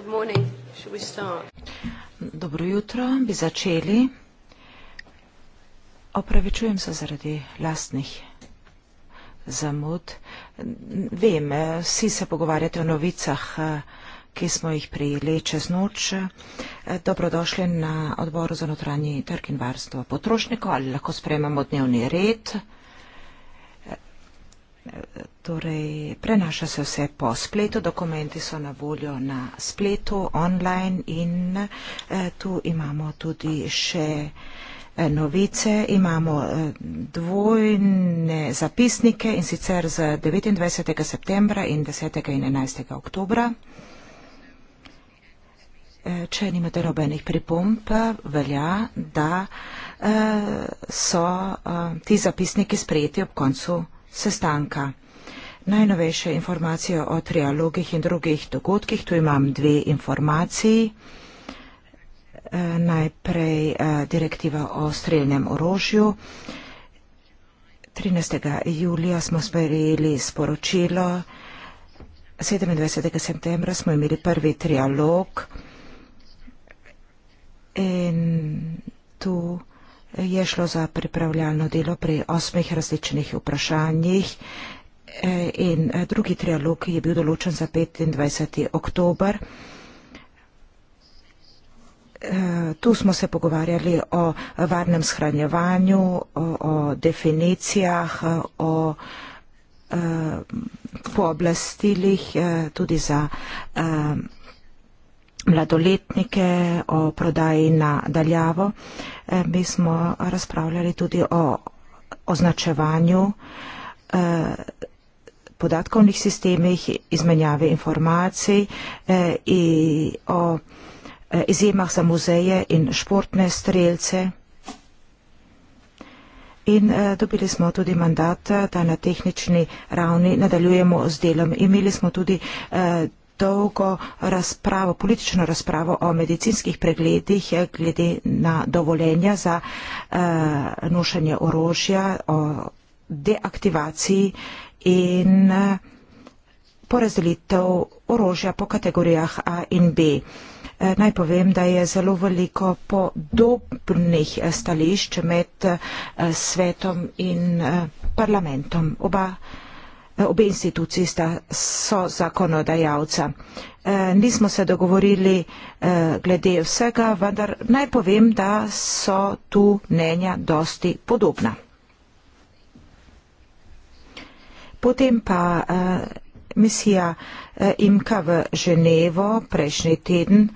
Good morning. Should we start? Dobro jutro, bi začeli. Opravičujem se zaradi lastnih zamud. Vem, vsi se pogovarjate o novicah, ki smo jih prijeli čez noč. Dobrodošli na odboru za notranji trg in varstvo potrošnikov ali lahko sprejmemo dnevni red. Torej, prenaša se vse po spletu, dokumenti so na voljo na spletu, online in eh, tu imamo tudi še eh, novice, imamo eh, dvojne zapisnike in sicer z 29. septembra in 10. in 11. oktobra. Eh, če nimate nobenih pripomp, velja, da eh, so eh, ti zapisniki sprejeti ob koncu sestanka. Najnovejše informacije o trialogih in drugih dogodkih. Tu imam dve informaciji. Najprej eh, direktiva o streljnem orožju. 13. julija smo sprejeli sporočilo. 27. septembra smo imeli prvi trialog. In tu je šlo za pripravljalno delo pri osmih različnih vprašanjih. Eh, in eh, drugi trialog je bil določen za 25. oktober. Eh, tu smo se pogovarjali o varnem shranjevanju, o, o definicijah, o, o pooblastilih tudi za o, mladoletnike, o prodaji na daljavo. Mi smo razpravljali tudi o označevanju podatkovnih sistemih, izmenjave informacij eh, in o eh, izjemah za muzeje in športne streljce. In eh, dobili smo tudi mandat, eh, da na tehnični ravni nadaljujemo z delom. Imeli smo tudi eh, dolgo razpravo, politično razpravo o medicinskih pregledih eh, glede na dovoljenja za eh, nošenje orožja, o deaktivaciji in eh, porazdelitev orožja po kategorijah A in B. Eh, naj povem, da je zelo veliko podobnih eh, stališč med svetom in parlamentom. Oba, obe instituciji sta so zakonodajalca. Nismo se dogovorili glede vsega, vendar naj povem, da so tu mnenja dosti podobna. Potem pa uh, misija uh, Imka v Ženevo prejšnji teden.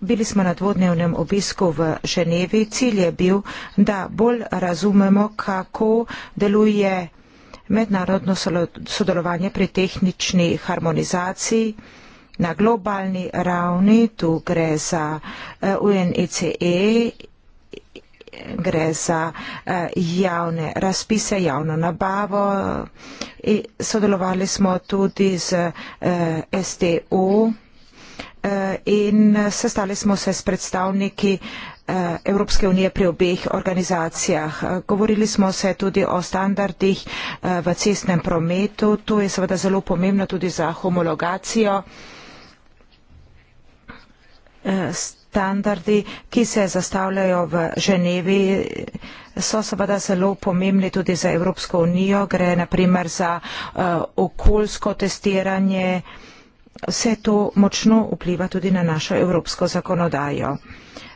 Bili smo na dvodnevnem obisku v Ženevi. Cilj je bil, da bolj razumemo, kako deluje mednarodno sodelovanje pri tehnični harmonizaciji na globalni ravni. Tu gre za eh, UNECE gre za eh, javne razpise, javno nabavo. Sodelovali smo tudi z eh, STO eh, in sestali smo se s predstavniki Evropske unije pri obeh organizacijah. Govorili smo se tudi o standardih v cestnem prometu. To je seveda zelo pomembno tudi za homologacijo. S standardi, ki se zastavljajo v Ženevi, so seveda zelo pomembni tudi za Evropsko unijo, gre naprimer za uh, okoljsko testiranje. Vse to močno vpliva tudi na našo evropsko zakonodajo.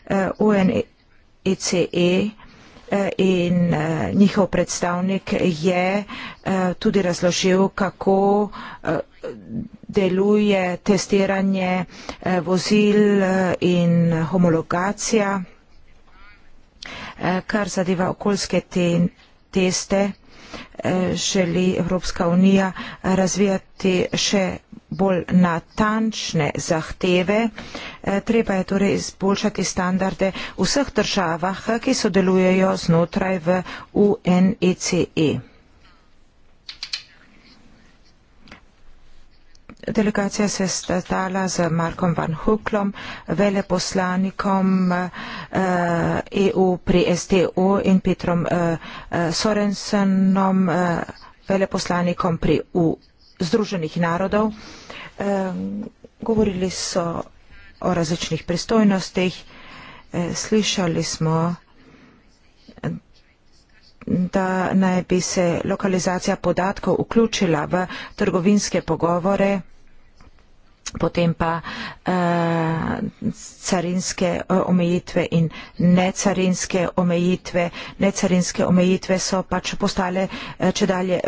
Eh, UNECE e, eh, in njihov predstavnik je tudi razložil, kako deluje testiranje eh, vozil eh, in homologacija, eh, kar zadeva okoljske te teste želi Evropska unija razvijati še bolj natančne zahteve. Treba je torej izboljšati standarde v vseh državah, ki sodelujejo znotraj v UNECE. delegacija se stala z Markom Van Huklom, veleposlanikom uh, eh, EU pri STO in Petrom uh, Sorensenom, uh, veleposlanikom pri U Združenih narodov. Uh, govorili so o različnih pristojnostih, uh, slišali smo da naj bi se lokalizacija podatkov vključila v trgovinske pogovore potem pa eh, carinske eh, omejitve in necarinske omejitve. Necarinske omejitve so pač postale eh, če dalje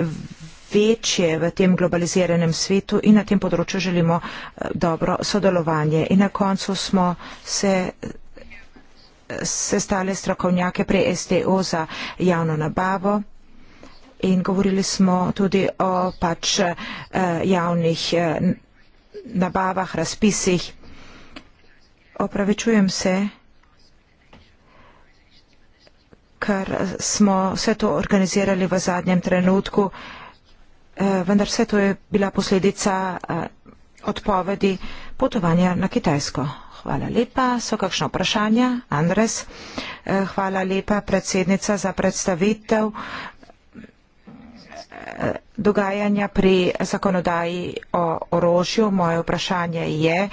večje v tem globaliziranem svetu in na tem področju želimo eh, dobro sodelovanje. In na koncu smo se eh, sestale strokovnjake pri STO za javno nabavo. In govorili smo tudi o pač eh, javnih. Eh, nabavah, razpisih. Opravičujem se, ker smo vse to organizirali v zadnjem trenutku, eh, vendar vse to je bila posledica eh, odpovedi potovanja na Kitajsko. Hvala lepa. So kakšno vprašanje? Andres. Eh, hvala lepa, predsednica, za predstavitev dogajanja pri zakonodaji o orožju. Moje vprašanje je,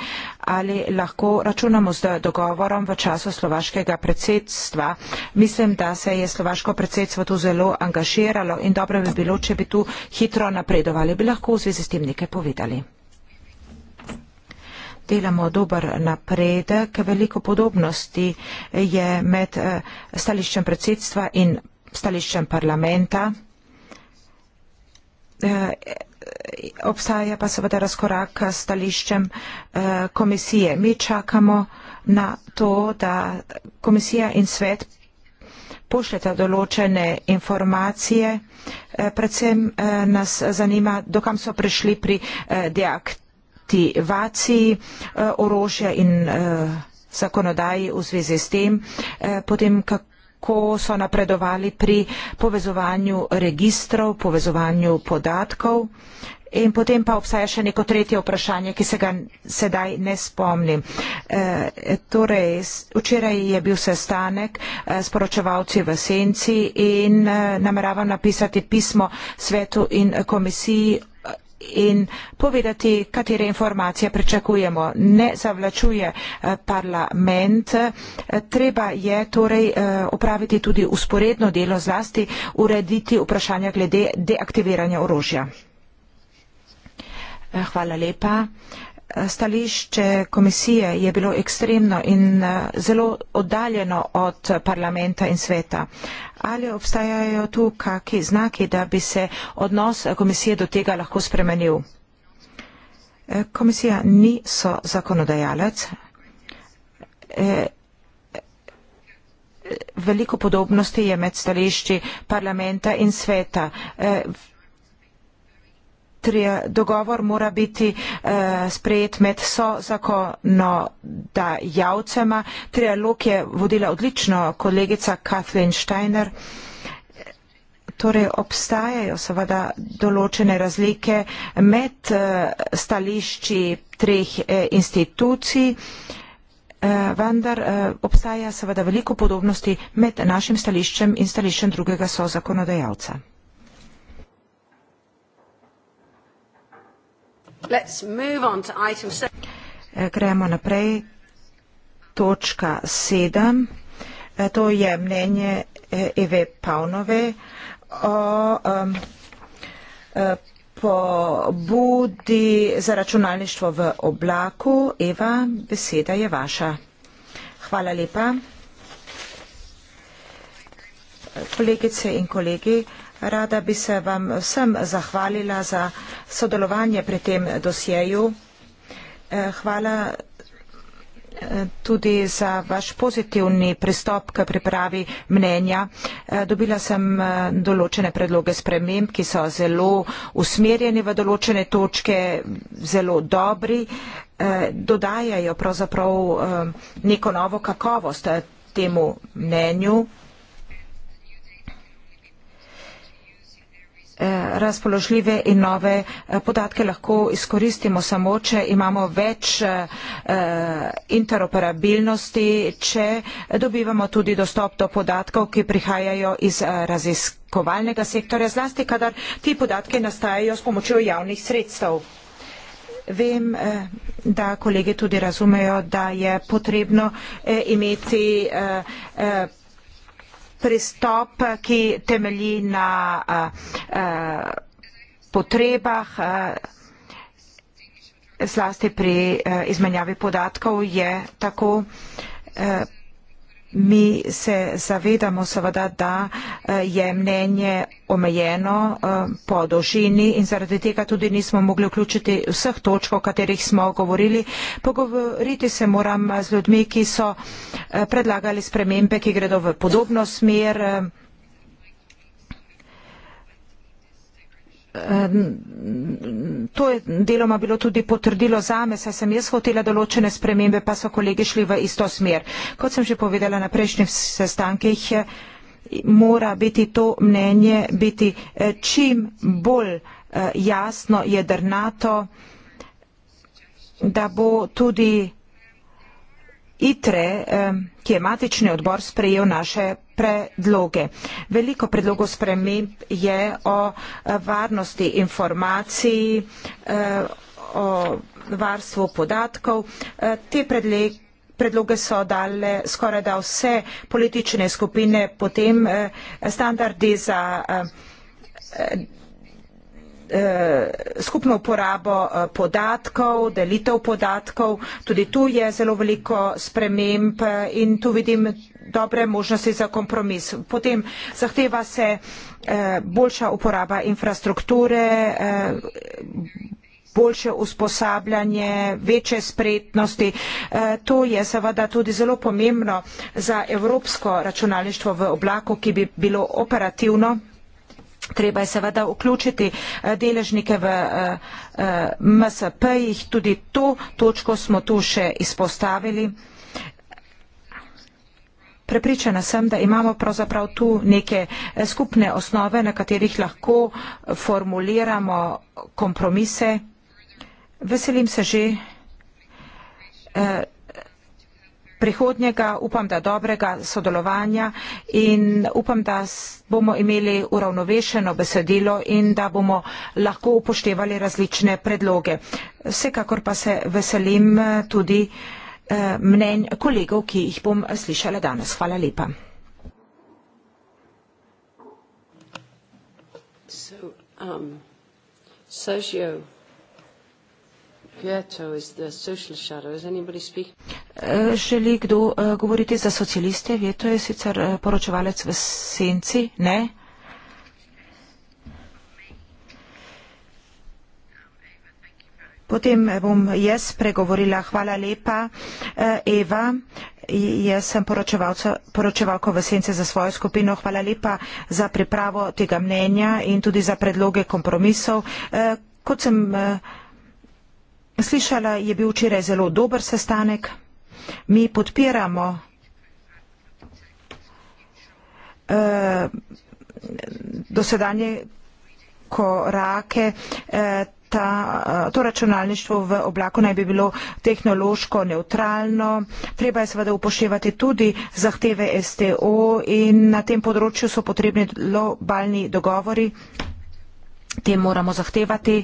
ali lahko računamo z dogovorom v času slovaškega predsedstva. Mislim, da se je slovaško predsedstvo tu zelo angažiralo in dobro bi bilo, če bi tu hitro napredovali. Bi lahko v zvezi s tem nekaj povedali? Delamo dober napredek. Veliko podobnosti je med eh, stališčem predsedstva in stališčem parlamenta. Eh, eh, obstaja pa seveda razkorak s stališčem eh, komisije. Mi čakamo na to, da komisija in svet pošljeta določene informacije. Predvsem nas zanima, dokam so prišli pri deaktivaciji orožja in zakonodaji v zvezi s tem, potem kako ko so napredovali pri povezovanju registrov, povezovanju podatkov. In potem pa obstaja še neko tretje vprašanje, ki se ga sedaj ne spomnim. E, torej, včeraj je bil sestanek e, s poročevalci v Senci in e, nameravam napisati pismo svetu in komisiji in povedati, katere informacije pričakujemo. Ne zavlačuje eh, parlament, eh, treba je torej eh, opraviti tudi usporedno delo zlasti, urediti vprašanja glede deaktiviranja orožja. Hvala lepa stališče komisije je bilo ekstremno in eh, zelo oddaljeno od parlamenta in sveta. Ali obstajajo tu kakšni znaki, da bi se odnos komisije do tega lahko spremenil? Eh, komisija ni so zakonodajalec. Eh, veliko podobnosti je med stališči parlamenta in sveta trija, dogovor mora biti e, sprejet med so zakono da javcema. Trialog je vodila odlično kolegica Kathleen Steiner. Torej obstajajo seveda določene razlike med e, stališči treh e, institucij, e, vendar e, obstaja seveda veliko podobnosti med našim stališčem in stališčem drugega sozakonodajalca. Eh, gremo naprej. Točka sedem. Eh, to je mnenje eh, Eve Pavnove o um, pobudi za računalništvo v oblaku. Eva, beseda je vaša. Hvala lepa. Kolegice in kolegi, Rada bi se vam vsem zahvalila za sodelovanje pri tem dosjeju. Eh, hvala eh, tudi za vaš pozitivni pristop k pripravi mnenja. Eh, dobila sem določene predloge sprememb, ki so zelo usmerjeni v določene točke, zelo dobri, dodajajo pravzaprav neko novo kakovost temu mnenju. Eh, razpoložljive in nove eh, podatke lahko izkoristimo samo, če imamo več eh, interoperabilnosti, če dobivamo tudi dostop do podatkov, ki prihajajo iz raziskovalnega sektorja, zlasti kadar ti podatke nastajajo s pomočjo javnih sredstev. Vem, da kolege tudi razumejo, da je potrebno imeti pristop, ki temelji na potrebah, zlasti pri izmenjavi podatkov je tako Mi se zavedamo seveda, da eh, je mnenje omejeno eh, po dolžini in zaradi tega tudi nismo mogli vključiti vseh točk, o katerih smo govorili. Pogovoriti se moram z ljudmi, ki so eh, predlagali spremembe, ki gredo v podobno smer. Um, to je deloma bilo tudi potrdilo zame, saj sem jaz hotela določene spremembe, pa so kolegi šli v isto smer. Kot sem že povedala na prejšnjih sestankih, mora biti to mnenje biti e, čim bolj e, jasno, jedrnato, da bo tudi ITRE, ki je matični odbor, sprejel naše predloge. Veliko predlogov sprememb je o varnosti informacij, eh, o varstvu podatkov. Eh, te predloge so dale skoraj da vse politične skupine, potem eh, standardi za skupno uporabo podatkov, delitev podatkov. Tudi tu je zelo veliko sprememb in tu vidim dobre možnosti za kompromis. Potem zahteva se eh, boljša uporaba infrastrukture, eh, boljše usposabljanje, večje spretnosti. Eh, to je seveda tudi zelo pomembno za evropsko računalništvo v oblaku, ki bi bilo operativno. Treba je seveda vključiti deležnike v MSP-jih. Tudi to točko smo tu še izpostavili. Prepričana sem, da imamo pravzaprav tu neke eh, skupne osnove, na katerih lahko eh, formuliramo kompromise. Veselim se že eh, prihodnjega, upam, da dobrega sodelovanja in upam, da bomo imeli uravnovešeno besedilo in da bomo lahko upoštevali različne predloge. Vsekakor pa se veselim tudi uh, Eh, mnen kolegov, ki jih bom slišala danes. Hvala lepa. Um, eh, želi kdo eh, govoriti za socialiste? Vjeto je sicer poročevalec v senci, ne? potem bom jaz pregovorila. Hvala lepa, eh, Eva. Jaz sem poročevalko v sence za svojo skupino. Hvala lepa za pripravo tega mnenja in tudi za predloge kompromisov. Eh, kot sem eh, slišala, je bil včeraj zelo dober sestanek. Mi podpiramo dosedanje korake ta, eh, to računalništvo v oblaku naj bi bilo tehnološko neutralno. Treba je seveda upoštevati tudi zahteve STO in na tem področju so potrebni globalni dogovori. Te moramo zahtevati.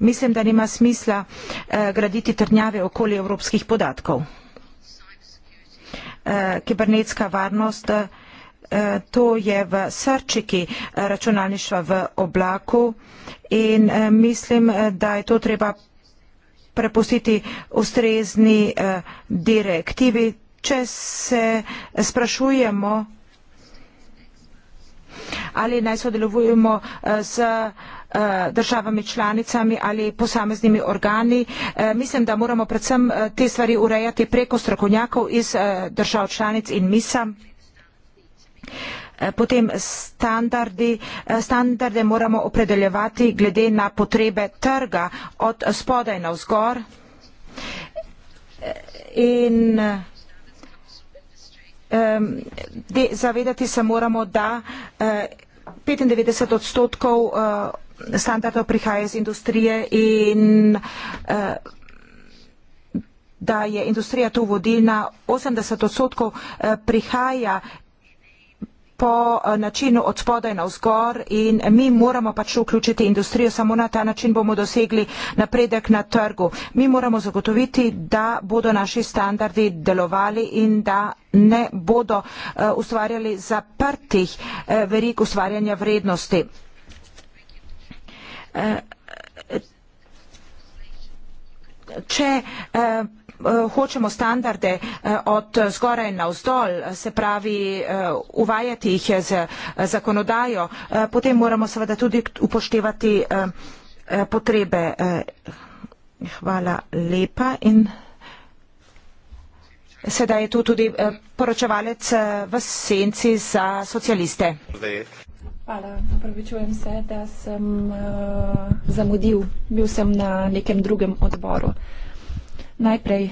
Mislim, da nima smisla eh, graditi trdnjave okoli evropskih podatkov. Eh, kibernetska varnost. Eh, Eh, to je v srčiki eh, računalništva v oblaku in eh, mislim, da je to treba prepustiti ustrezni direktivi, če se sprašujemo, ali naj sodelujemo z državami članicami ali posameznimi organi. Mislim, da moramo predvsem te stvari urejati preko strokovnjakov iz držav članic in misa. Potem standardi. standarde moramo opredeljevati glede na potrebe trga od spodaj na vzgor in de, zavedati se moramo, da 95 eh, odstotkov eh, standardov prihaja iz industrije in eh, da je industrija tu vodilna, 80 odstotkov prihaja po eh, načinu od spodaj na vzgor in mi moramo pač vključiti industrijo, samo na ta način bomo dosegli napredek na trgu. Mi moramo zagotoviti, da bodo naši standardi delovali in da ne bodo eh, ustvarjali zaprtih eh, verik ustvarjanja vrednosti. Če eh, Eh, hočemo standarde eh, od zgoraj na vzdolj, se pravi eh, uvajati jih z zakonodajo, potem moramo seveda tudi upoštevati potrebe. Hvala lepa in sedaj je tu tudi poročevalec v senci za socialiste. Hvala, upravičujem se, da sem uh, zamudil, bil sem na nekem drugem odboru. Uh, Najprej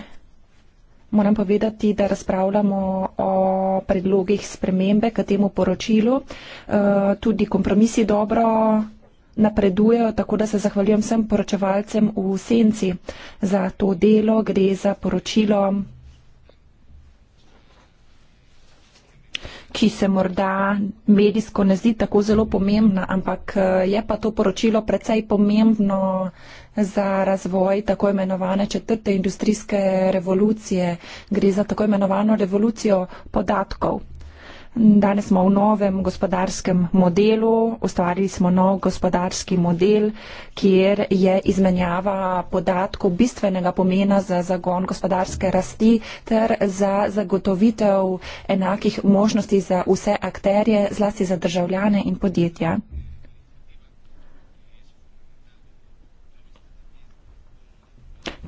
moram povedati, da razpravljamo o predlogih spremembe k temu poročilu. Eh, tudi kompromisi dobro napredujejo, tako da se zahvaljujem vsem poročevalcem v senci za to delo. Gre za poročilo, ki se morda medijsko ne zdi tako zelo pomembna, ampak eh, je pa to poročilo precej pomembno za razvoj tako imenovane četrte industrijske revolucije. Gre za tako imenovano revolucijo podatkov. Danes smo v novem gospodarskem modelu, ustvarili smo nov gospodarski model, kjer je izmenjava podatkov bistvenega pomena za zagon gospodarske rasti ter za zagotovitev enakih možnosti za vse akterje, zlasti za državljane in podjetja.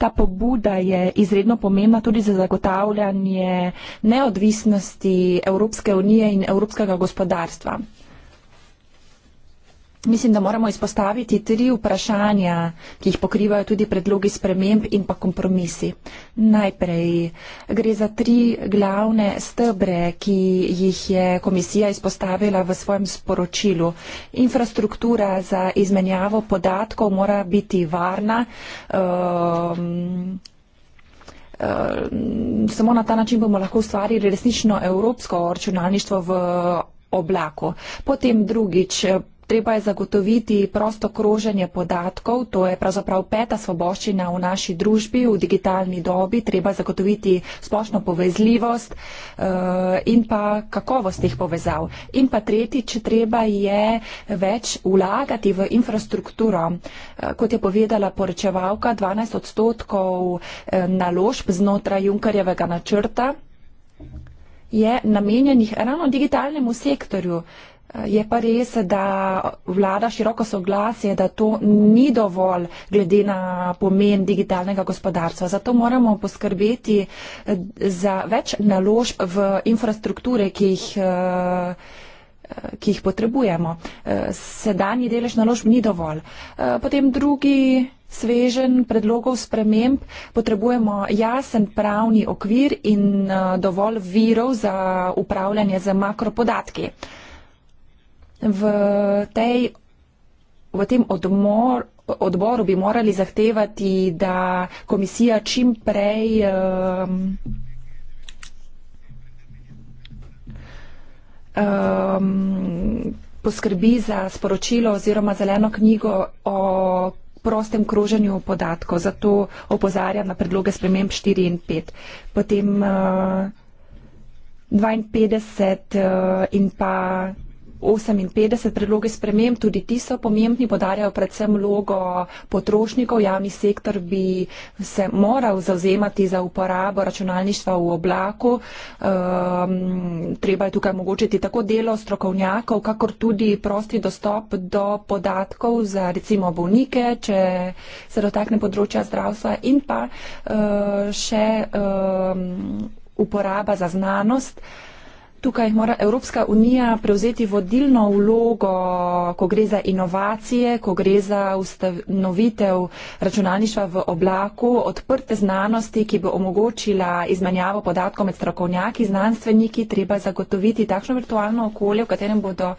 ta pobuda je izredno pomembna tudi za zagotavljanje neodvisnosti Evropske unije in evropskega gospodarstva. Mislim, da moramo izpostaviti tri vprašanja, ki jih pokrivajo tudi predlogi sprememb in pa kompromisi. Najprej gre za tri glavne stebre, ki jih je komisija izpostavila v svojem sporočilu. Infrastruktura za izmenjavo podatkov mora biti varna. Um, Samo na ta način bomo lahko ustvarili resnično evropsko računalništvo v oblaku. Potem drugič, treba je zagotoviti prosto kroženje podatkov, to je pravzaprav peta svoboščina v naši družbi, v digitalni dobi, treba zagotoviti splošno povezljivost eh, in pa kakovost teh povezav. In pa tretjič, treba je več vlagati v infrastrukturo. Eh, kot je povedala poročevalka, 12 odstotkov eh, naložb znotraj Junkarjevega načrta je namenjenih ravno digitalnemu sektorju. Je pa res, da vlada široko soglasje, da to ni dovolj glede na pomen digitalnega gospodarstva. Zato moramo poskrbeti eh, za več naložb v infrastrukture, ki jih, eh, ki jih potrebujemo. Eh, sedanji delež naložb ni dovolj. Potem drugi. Svežen predlogov sprememb potrebujemo jasen pravni okvir in dovolj virov za upravljanje z makropodatki. Uh, v, tej, v tem odmor, odboru bi morali zahtevati, da komisija čim prej. Um, um, poskrbi za sporočilo oziroma zeleno knjigo o prostem kroženju podatkov. Zato opozarjam na predloge sprememb 4 in 5. Potem uh, 52 uh, in pa 58 predloge sprememb, tudi ti so pomembni, podarjajo predvsem logo potrošnikov. Javni sektor bi se moral zauzemati za uporabo računalništva v oblaku. Um, treba je tukaj omogočiti tako delo strokovnjakov, kakor tudi prosti dostop do podatkov za recimo bolnike, če se dotakne področja zdravstva in pa uh, še um, uporaba za znanost. Tukaj mora Evropska unija prevzeti vodilno vlogo, ko gre za inovacije, ko gre za ustanovitev računalništva v oblaku, odprte znanosti, ki bi omogočila izmenjavo podatkov med strokovnjaki, znanstveniki, treba zagotoviti takšno virtualno okolje, v katerem bodo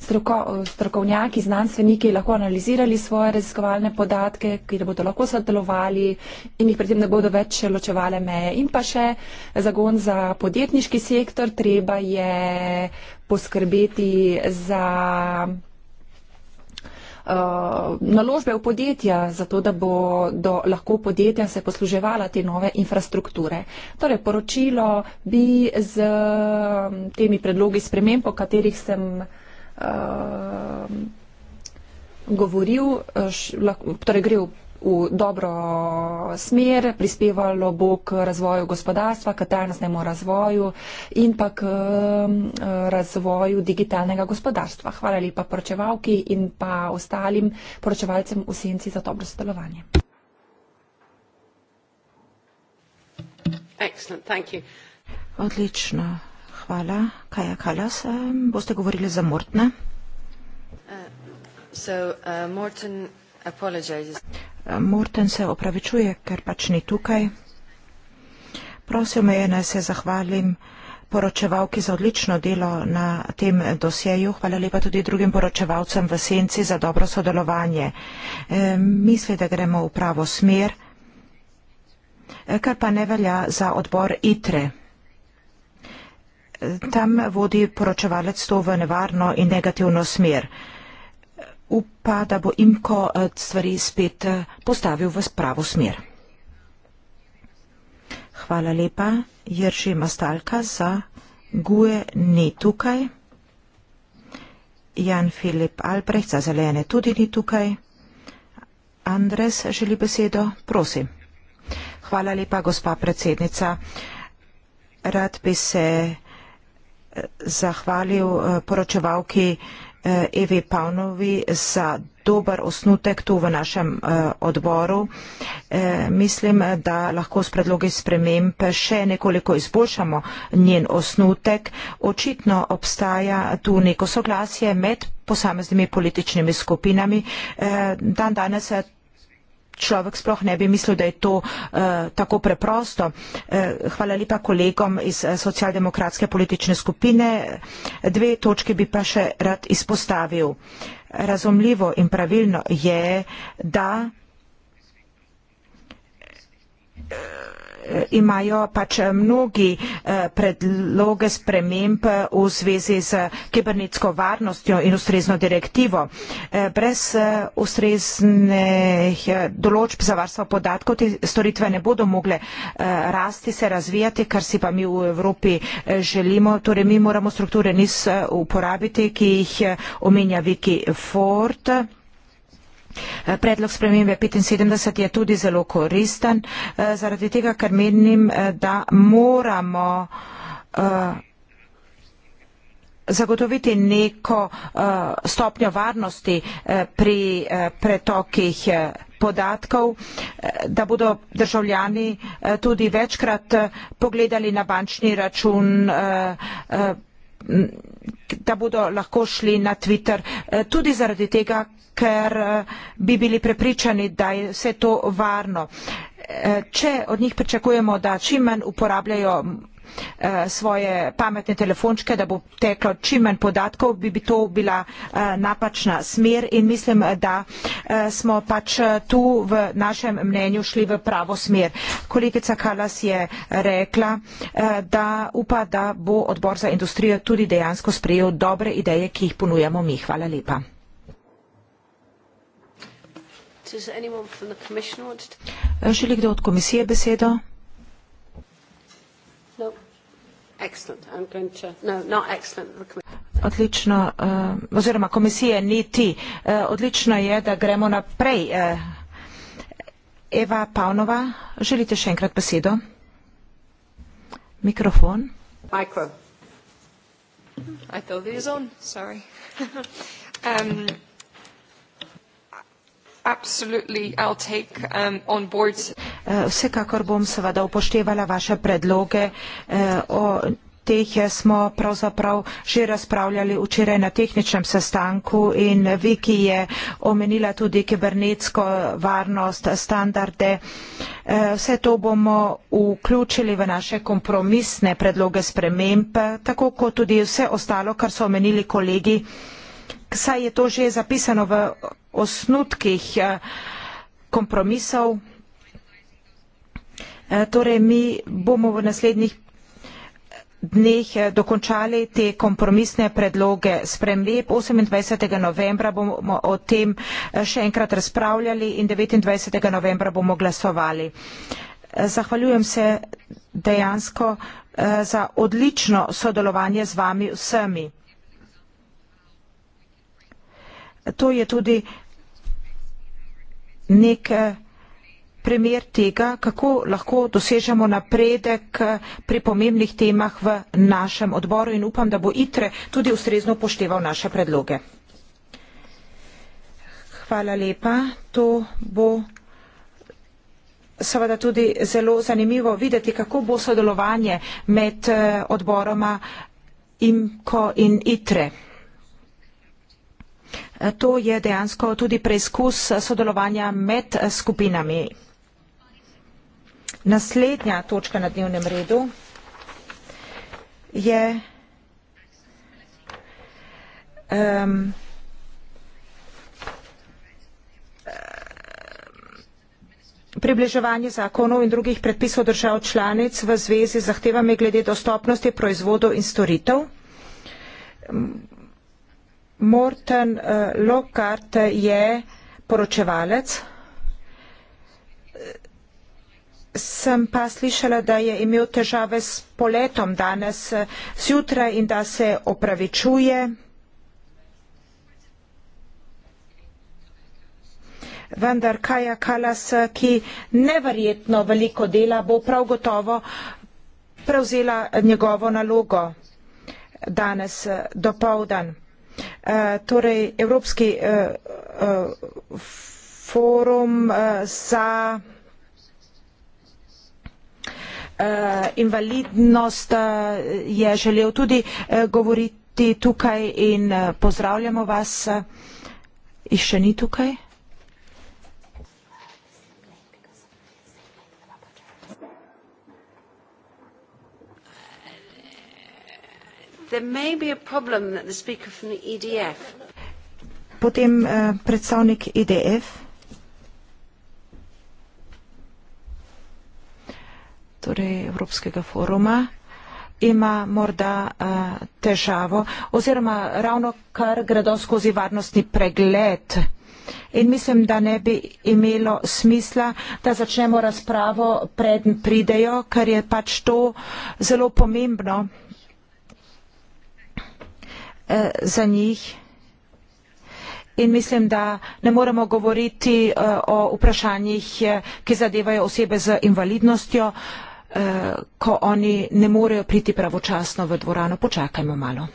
stroko, strokovnjaki, znanstveniki lahko analizirali svoje raziskovalne podatke, kjer bodo lahko sodelovali in jih predtem ne bodo več ločevale meje. In pa še zagon za podjetniški sektor, treba je poskrbeti za uh, naložbe v podjetja, zato da bo do, lahko podjetja se posluževala te nove infrastrukture. Torej, poročilo bi z um, temi predlogi sprememb, o katerih sem uh, uh, govoril, eh, š, lahko, torej gre v, v dobro smer, prispevalo bo k razvoju gospodarstva, k trajnostnemu razvoju in pa k uh, razvoju digitalnega gospodarstva. Hvala lepa poročevalki in pa ostalim poročevalcem v senci za dobro sodelovanje. Odlično hvala. Kaja Kalas, boste govorili za Mortna? Uh, e, Morten se opravičuje, ker pač ni tukaj. Prosil me je, naj se zahvalim poročevalki za odlično delo na tem dosjeju. Hvala lepa tudi drugim poročevalcem v Senci za dobro sodelovanje. E, misli, da gremo v pravo smer, e, kar pa ne velja za odbor ITRE. E, tam vodi poročevalec to v nevarno in negativno smer. Upa, da bo imko eh, stvari spet eh, postavil v spravo smer. Hvala lepa, Jerži Mastalka za Guje ni tukaj. Jan Filip Albrecht za Zelene tudi ni tukaj. Andres želi besedo, prosim. Hvala lepa, gospa predsednica. Rad bi se zahvalil eh, poročevalki eh, Evi Pavnovi za dober osnutek tu v našem eh, odboru. Mislim, da lahko s predlogi sprememb še nekoliko izboljšamo njen osnutek. Očitno obstaja tu neko soglasje med posameznimi političnimi skupinami. Dan danes človek sploh ne bi mislil, da je to eh, tako preprosto. Eh, hvala lepa kolegom iz eh, socialdemokratske politične skupine. Dve točke bi pa še rad izpostavil. Razumljivo in pravilno je, da. Eh, Eh, imajo pač eh, mnogi eh, predloge sprememb v zvezi z kibernetsko varnostjo in ustrezno direktivo. Brez ustreznih določb za varstvo podatkov te storitve ne bodo mogle rasti, se razvijati, kar si pa mi v Evropi želimo. Torej mi moramo strukture NIS uporabiti, ki jih omenja Viki Ford. Eh, predlog spremembe 75 je tudi zelo koristen, eh, zaradi tega, ker menim, eh, da moramo zagotoviti neko stopnjo varnosti pri pretokih podatkov, da bodo državljani tudi večkrat pogledali na bančni račun, da bodo lahko šli na Twitter. Eh, tudi zaradi tega, ker eh, bi bili prepričani, da je vse to varno. Eh, če od njih pričakujemo, da čim manj uporabljajo Eh, svoje pametne telefončke, da bo teklo čim manj podatkov, bi to bila eh, napačna smer in mislim, da eh, smo pač tu v našem mnenju šli v pravo smer. Kolegica Kalas je rekla, da upa, da bo odbor za industrijo tudi dejansko sprejel dobre ideje, ki jih ponujamo mi. Hvala lepa. Does anyone from the commission want to... Želi kdo od komisije besedo? Excellent. I'm going to, no, not excellent. Odlično, uh, oziroma komisije niti. Uh, eh, odlično je, da gremo naprej. Uh, Eva Pavnova, želite še enkrat besedo? Mikrofon. Mikrofon. I thought it was on, sorry. um, Um, eh, vsekakor bom seveda upoštevala vaše predloge. Eh, o teh smo pravzaprav že razpravljali včeraj na tehničnem sestanku in vi, ki je omenila tudi kibernetsko varnost, standarde, eh, vse to bomo vključili v naše kompromisne predloge sprememb, tako kot tudi vse ostalo, kar so omenili kolegi saj je to že zapisano v osnutkih eh, kompromisov. Eh, torej, mi bomo v naslednjih eh, dneh dokončali te kompromisne predloge spremljeb. 28. novembra bomo o tem še enkrat razpravljali in 29. novembra bomo glasovali. Zahvaljujem se dejansko za odlično sodelovanje z vami vsemi. To je tudi nek eh, primer tega, kako lahko dosežemo napredek eh, pri pomembnih temah v našem odboru in upam, da bo ITRE tudi ustrezno upošteval naše predloge. Hvala lepa. To bo seveda tudi zelo zanimivo videti, kako bo sodelovanje med eh, odboroma IMKO in ITRE to je dejansko tudi preizkus sodelovanja med skupinami. Naslednja točka na dnevnem redu je um, približevanje zakonov in drugih predpisov držav članic v zvezi z zahtevami glede dostopnosti proizvodov in storitev. Morten uh, Lockhart je poročevalec. Sem pa slišala, da je imel težave s poletom danes eh, zjutraj in da se opravičuje. Vendar Kaja Kalas, eh, ki neverjetno veliko dela, bo prav gotovo prevzela njegovo nalogo danes do povdan. Eh, torej Evropski eh, eh, forum za invalidnost je želel tudi govoriti tukaj in pozdravljamo vas. Išče ni tukaj? There may be a problem that the speaker from the EDF. Potem uh, predstavnik EDF. Torej Evropskega foruma ima morda uh, težavo oziroma ravno kar gredo skozi varnostni pregled. In mislim, da ne bi imelo smisla, da začnemo razpravo, preden pridejo, ker je pač to zelo pomembno. Eh, za njih. In mislim, da ne moremo govoriti eh, o vprašanjih, eh, ki zadevajo osebe z invalidnostjo, ko oni ne morejo priti pravočasno v dvorano. Počakajmo malo.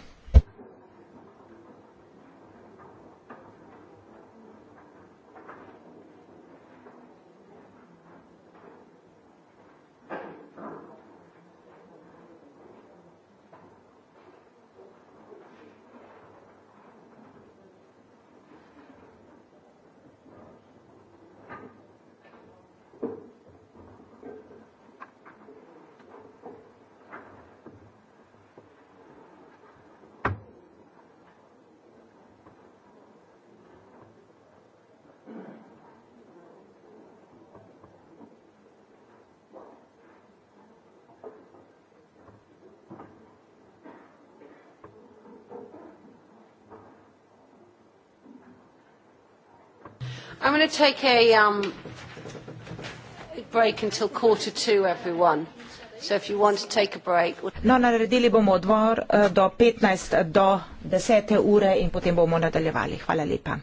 to take a um, break until quarter two, everyone. So if you want to take a break. No, naredili bomo odmor eh, do 15 do 10 ure in potem bomo nadaljevali. Hvala lepa.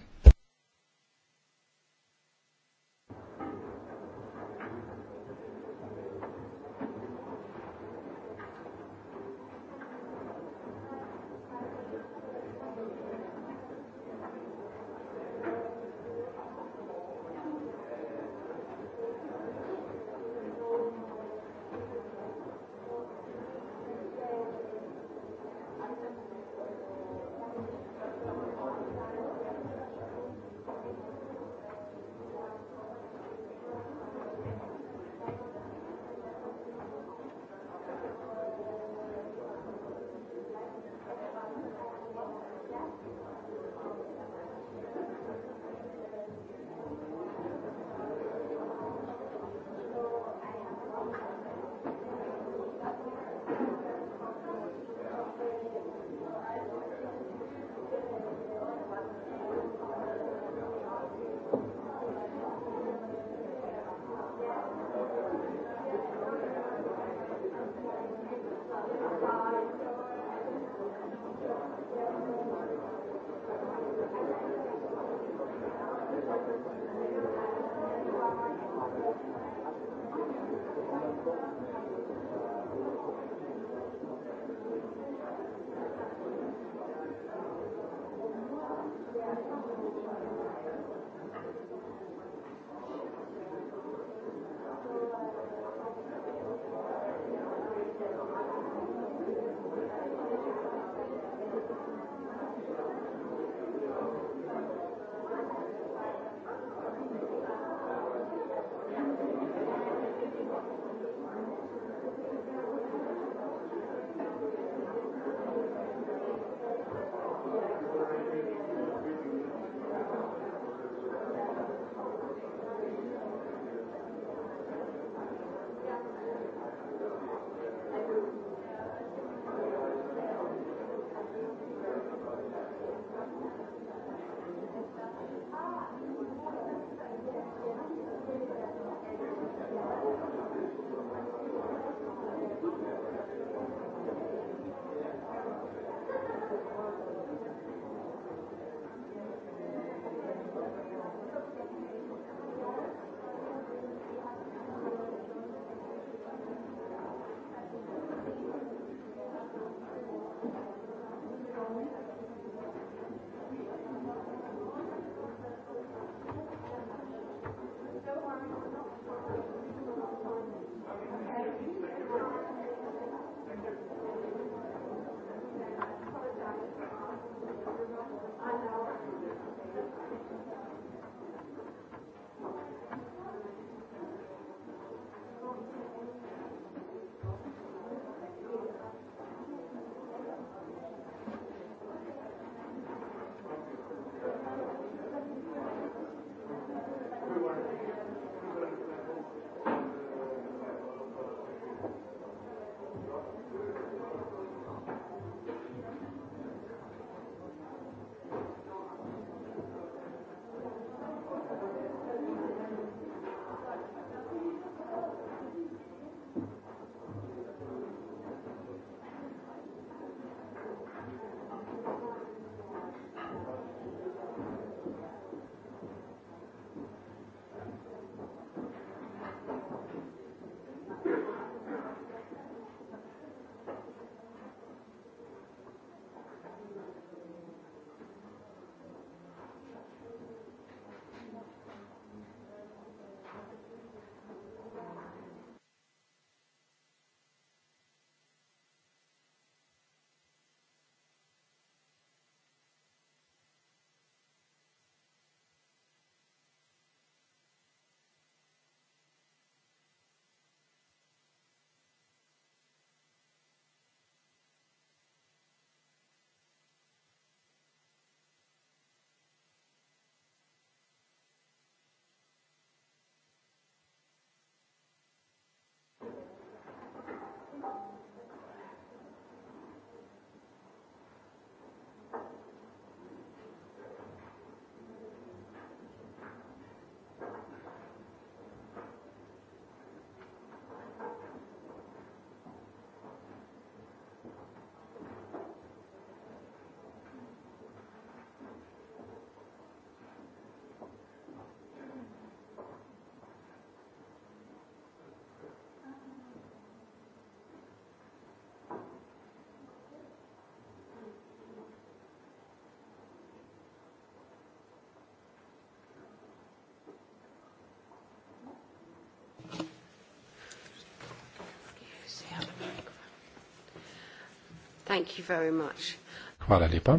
Hvala lepa.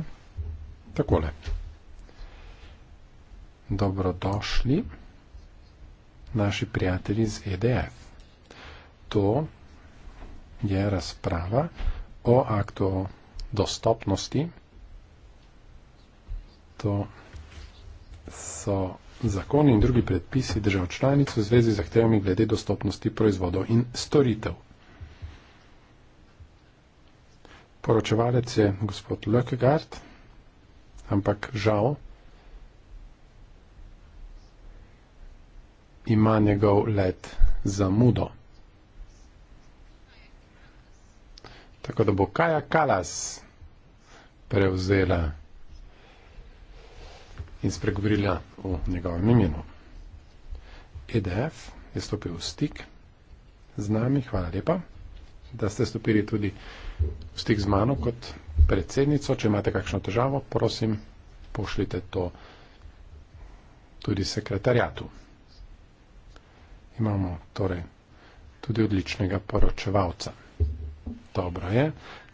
Takole. Dobrodošli naši prijatelji z EDF. E. To je razprava o aktu dostopnosti. To so zakoni in drugi predpisi držav članic v zvezi z zahtevami glede dostopnosti proizvodov in storitev. poročevalec je gospod Lökegard, ampak žal ima njegov let zamudo. Tako da bo Kaja Kalas prevzela in spregovorila o njegovem imenu. EDF je stopil v stik z nami, hvala lepa, da ste stopili tudi v stik v stik z mano kot predsednico. Če imate kakšno težavo, prosim, pošljite to tudi sekretarjatu. Imamo torej tudi odličnega poročevalca. Dobro je,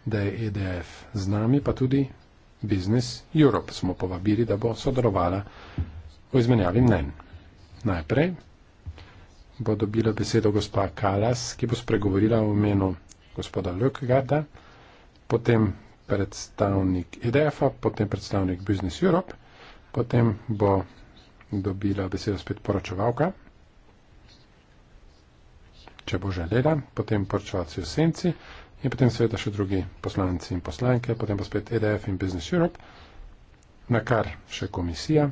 da je EDF z nami, pa tudi Business Europe smo povabili, da bo sodelovala v izmenjavi mnen. Najprej bo dobila besedo gospa Kalas, ki bo spregovorila v imenu gospoda Lukegarda, potem predstavnik IDF-a, e potem predstavnik Business Europe, potem bo dobila besedo spet poročevalka, če bo želela, potem poročevalci v senci in potem seveda še drugi poslanci in poslanke, potem pa spet IDF e in Business Europe, na kar še komisija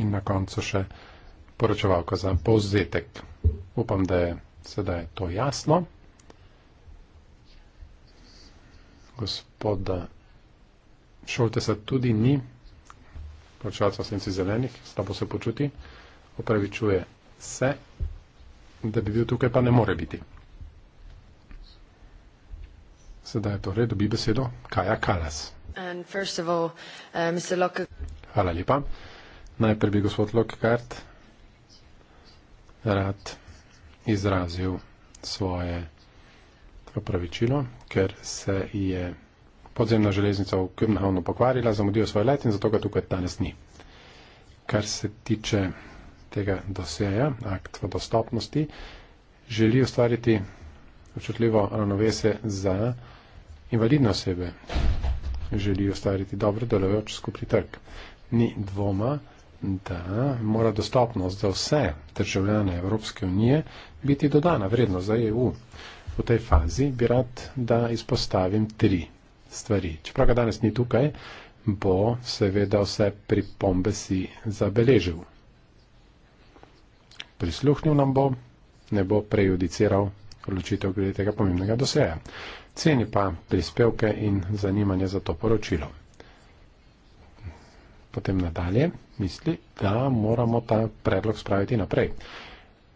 in na koncu še poročevalka za povzetek. Upam, da je sedaj to jasno. gospoda Šoltesa tudi ni, počasno senci zelenih, slabo se počuti, opravičuje se, da bi bil tukaj, pa ne more biti. Sedaj je torej, dobi besedo Kaja Kalas. All, uh, Hvala lepa. Najprej bi gospod Lockhart rad izrazil svoje opravičilo, ker se je podzemna železnica v Köbenhavnu pokvarila, zamudil svoj let in zato ga tukaj danes ni. Kar se tiče tega doseja, akt v dostopnosti, želi ustvariti občutljivo ravnovese za invalidne osebe. Želi ustvariti dobro delujoč skupni trg. Ni dvoma, da mora dostopnost za vse državljane Evropske unije biti dodana vrednost za EU v tej fazi bi rad, da izpostavim tri stvari. Čeprav ga danes ni tukaj, bo seveda vse pripombe si zabeležil. Prisluhnil nam bo, ne bo prejudiciral odločitev glede tega pomembnega doseja. Ceni pa prispevke in zanimanje za to poročilo. Potem nadalje misli, da moramo ta predlog spraviti naprej.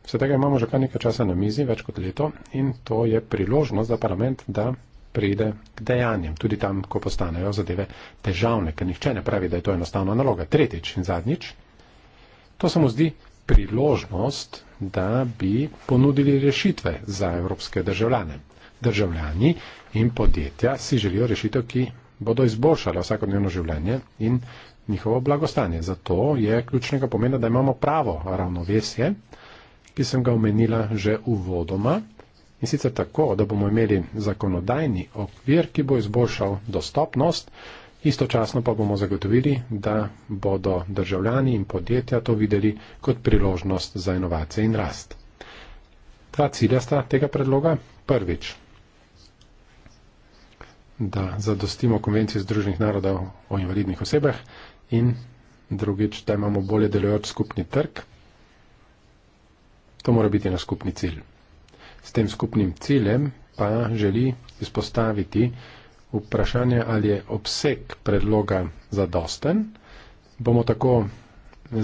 Vse tega imamo že kar nekaj časa na mizi, več kot leto, in to je priložnost za parlament, da pride k dejanjem, tudi tam, ko postanejo zadeve težavne, ker nihče ne pravi, da je to enostavna naloga. Tretjič in zadnjič, to se mu zdi priložnost, da bi ponudili rešitve za evropske državljane. Državljani in podjetja si želijo rešitev, ki bodo izboljšala vsakodnevno življenje in njihovo blagostanje. Zato je ključnega pomena, da imamo pravo ravnovesje, ki sem ga omenila že uvodoma. In sicer tako, da bomo imeli zakonodajni okvir, ki bo izboljšal dostopnost, istočasno pa bomo zagotovili, da bodo državljani in podjetja to videli kot priložnost za inovacije in rast. Dva cilja sta tega predloga. Prvič, da zadostimo konvenciji Združenih narodov o invalidnih osebah in drugič, da imamo bolje delujoč skupni trg To mora biti naš skupni cilj. S tem skupnim ciljem pa želi izpostaviti vprašanje, ali je obseg predloga zadosten. Bomo tako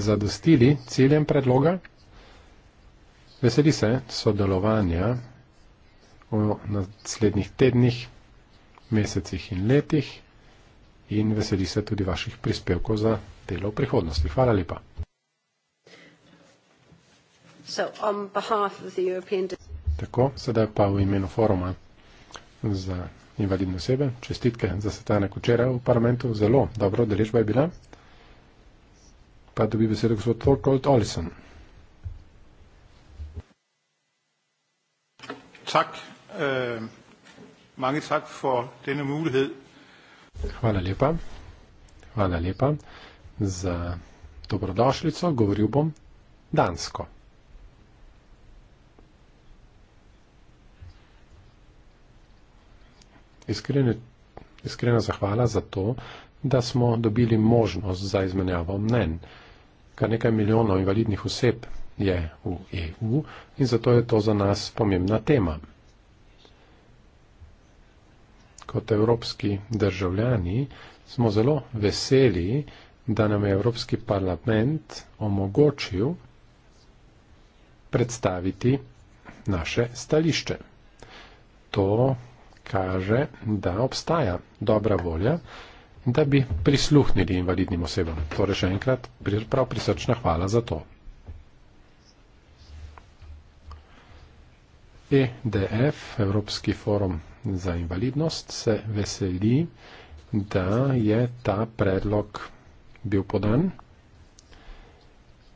zadostili ciljem predloga. Veseli se sodelovanja v naslednjih tednih, mesecih in letih in veseli se tudi vaših prispevkov za delo v prihodnosti. Hvala lepa. Tako, sedaj pa v imenu foruma za invalidne osebe. Čestitke za sestanek včeraj v parlamentu. Zelo dobro, deležba je bila. Pa dobi besedo gospod Torkold Olison. Tak. Eh, mange tak for denne mulighed. Hvala lepa. Hvala lepa za dobrodošlico. Govoril bom dansko. iskrene, iskrena zahvala za to, da smo dobili možnost za izmenjavo mnen. Kar nekaj milijonov invalidnih oseb je v EU in zato je to za nas pomembna tema. Kot evropski državljani smo zelo veseli, da nam je Evropski parlament omogočil predstaviti naše stališče. To kaže, da obstaja dobra volja, da bi prisluhnili invalidnim osebam. Torej še enkrat prav prisrčna hvala za to. EDF, Evropski forum za invalidnost, se veseli, da je ta predlog bil podan.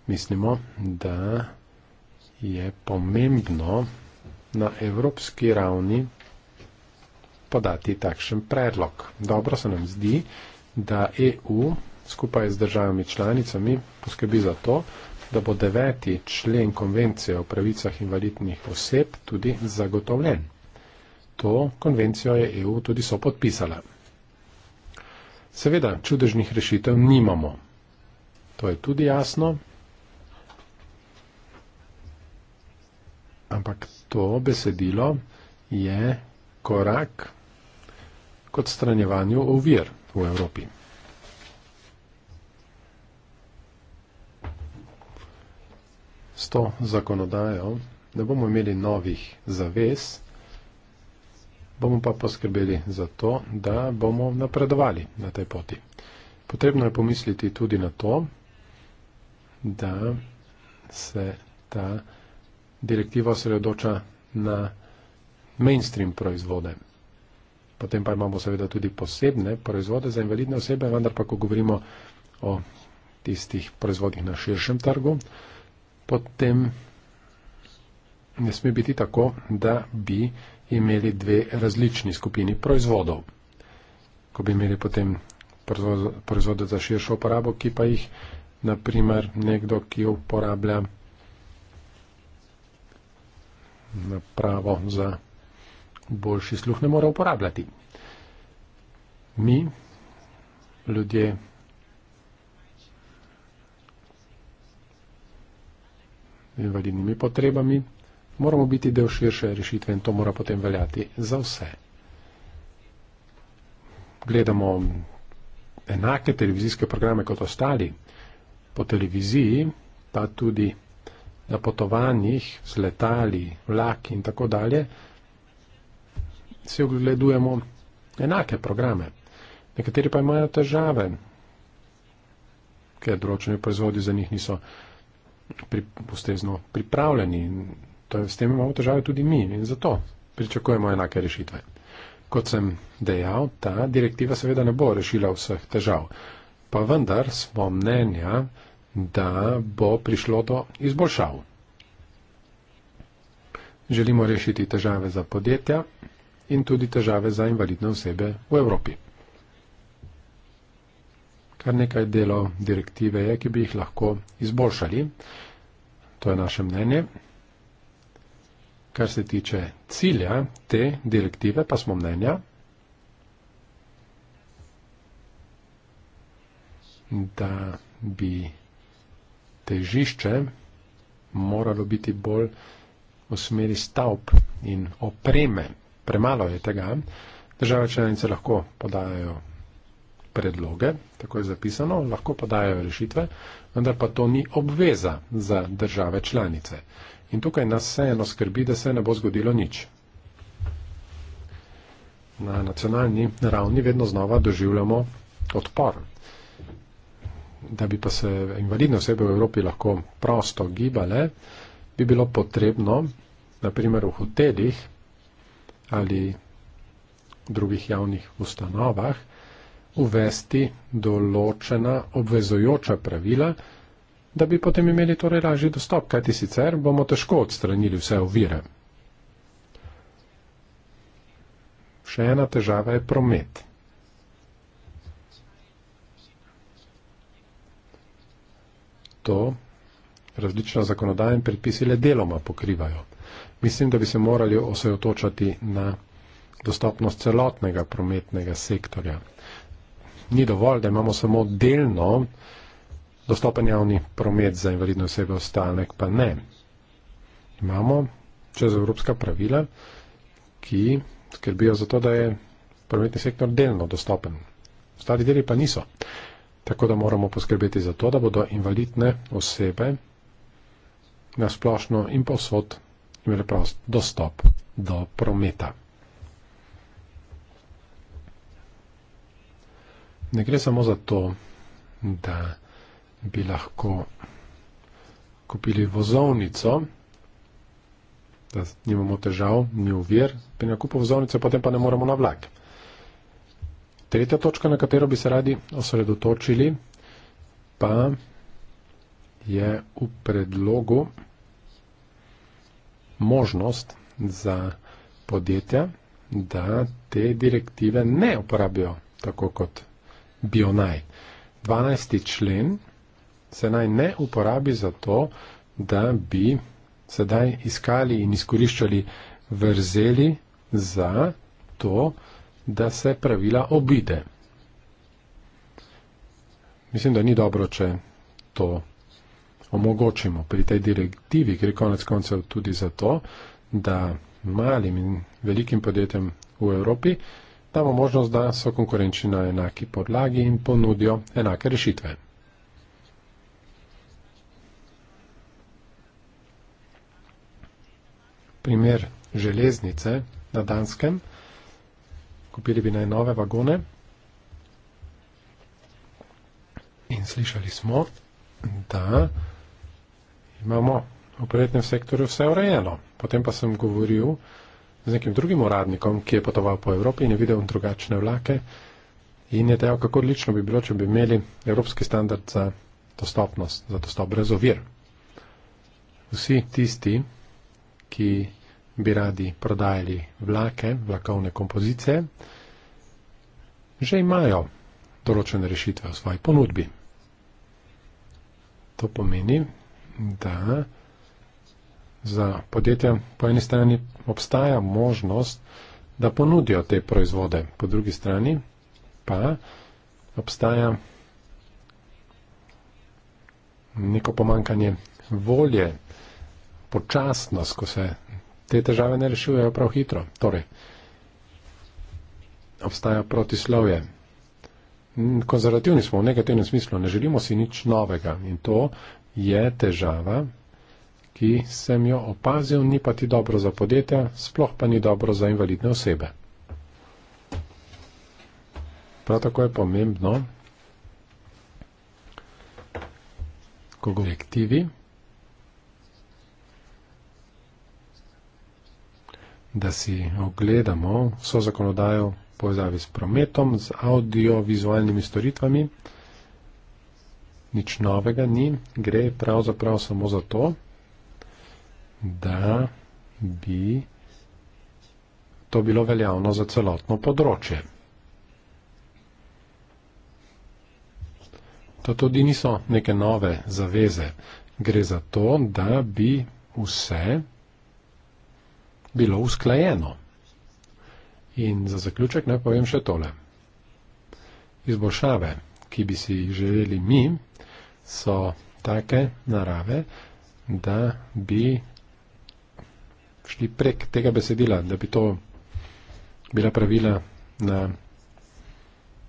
Mislimo, da je pomembno na evropski ravni podati takšen predlog. Dobro se nam zdi, da EU skupaj z državami članicami poskrbi za to, da bo deveti člen konvencije o pravicah invalidnih oseb tudi zagotovljen. To konvencijo je EU tudi so podpisala. Seveda, čudežnih rešitev nimamo. To je tudi jasno. Ampak to besedilo je korak k odstranjevanju ovir v Evropi. S to zakonodajo ne bomo imeli novih zavez, bomo pa poskrbeli za to, da bomo napredovali na tej poti. Potrebno je pomisliti tudi na to, da se ta direktiva osredotoča na mainstream proizvode potem pa imamo seveda tudi posebne proizvode za invalidne osebe, vendar pa, ko govorimo o tistih proizvodih na širšem trgu, potem ne sme biti tako, da bi imeli dve različni skupini proizvodov. Ko bi imeli potem proizvode za širšo uporabo, ki pa jih naprimer nekdo, ki uporablja napravo za boljši sluh ne more uporabljati. Mi, ljudje, z invalidnimi potrebami, moramo biti del širše rešitve in to mora potem veljati za vse. Gledamo enake televizijske programe kot ostali. Po televiziji, pa tudi na potovanjih z letali, vlaki in tako dalje, si ogledujemo enake programe. Nekateri pa imajo težave, ker določeni proizvodi za njih niso pri, ustezno pripravljeni. To, s tem imamo težave tudi mi in zato pričakujemo enake rešitve. Kot sem dejal, ta direktiva seveda ne bo rešila vseh težav, pa vendar smo mnenja, da bo prišlo do izboljšav. Želimo rešiti težave za podjetja, in tudi težave za invalidne osebe v Evropi. Kar nekaj delov direktive je, ki bi jih lahko izboljšali. To je naše mnenje. Kar se tiče cilja te direktive, pa smo mnenja, da bi težišče moralo biti bolj v smeri stavb in opreme premalo je tega. Države članice lahko podajajo predloge, tako je zapisano, lahko podajajo rešitve, vendar pa to ni obveza za države članice. In tukaj nas vseeno skrbi, da se ne bo zgodilo nič. Na nacionalni ravni vedno znova doživljamo odpor. Da bi pa se invalidne osebe v Evropi lahko prosto gibale, bi bilo potrebno, naprimer v hotelih, ali drugih javnih ustanovah, uvesti določena obvezojoča pravila, da bi potem imeli torej lažji dostop, kajti sicer bomo težko odstranili vse ovire. Še ena težava je promet. To različna zakonodaja in predpisi le deloma pokrivajo. Mislim, da bi se morali osredotočati na dostopnost celotnega prometnega sektorja. Ni dovolj, da imamo samo delno dostopen javni promet za invalidne osebe, ostanek pa ne. Imamo čez evropska pravila, ki skrbijo za to, da je prometni sektor delno dostopen. Ostali deli pa niso. Tako da moramo poskrbeti za to, da bodo invalidne osebe na splošno in posod imeli prost dostop do prometa. Ne gre samo za to, da bi lahko kupili vozovnico, da nimamo težav, ni uvir pri nakupu vozovnice, potem pa ne moremo na vlak. Tretja točka, na katero bi se radi osredotočili, pa je v predlogu možnost za podjetja, da te direktive ne uporabijo tako kot bio naj. 12. člen se naj ne uporabi za to, da bi sedaj iskali in izkoriščali vrzeli za to, da se pravila obide. Mislim, da ni dobro, če to omogočimo. Pri tej direktivi gre konec koncev tudi za to, da malim in velikim podjetjem v Evropi damo možnost, da so konkurenčni na enaki podlagi in ponudijo enake rešitve. Primer železnice na Danskem. Kupili bi naj nove vagone. In slišali smo, da imamo v prijetnem sektorju vse urejeno. Potem pa sem govoril z nekim drugim uradnikom, ki je potoval po Evropi in je videl drugačne vlake in je dejal, kako odlično bi bilo, če bi imeli evropski standard za dostopnost, za dostop brez ovir. Vsi tisti, ki bi radi prodajali vlake, vlakovne kompozicije, že imajo določene rešitve v svoji ponudbi. To pomeni, da za podjetja po eni strani obstaja možnost, da ponudijo te proizvode, po drugi strani pa obstaja neko pomankanje volje, počasnost, ko se te težave ne rešujejo prav hitro. Torej, obstaja protislovje. Konzervativni smo v negativnem smislu, ne želimo si nič novega in to je težava, ki sem jo opazil, ni pa ti dobro za podjetja, sploh pa ni dobro za invalidne osebe. Prav tako je pomembno, ko govorimo o kolektivi, da si ogledamo vso zakonodajo v povezavi s prometom, z audiovizualnimi storitvami nič novega ni, gre pravzaprav samo za to, da bi to bilo veljavno za celotno področje. To tudi niso neke nove zaveze. Gre za to, da bi vse bilo usklajeno. In za zaključek naj povem še tole. Izboljšave, ki bi si jih želeli mi, so take narave, da bi šli prek tega besedila, da bi to bila pravila na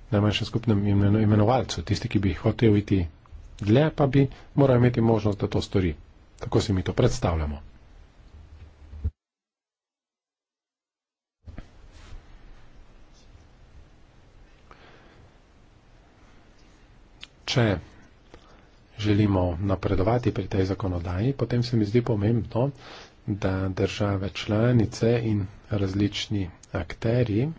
najmanjšem skupnem imenovalcu, tisti, ki bi hotel iti dlje, pa bi moral imeti možnost, da to stori. Tako si mi to predstavljamo. Če želimo napredovati pri tej zakonodaji, potem se mi zdi pomembno, da države članice in različni akteri,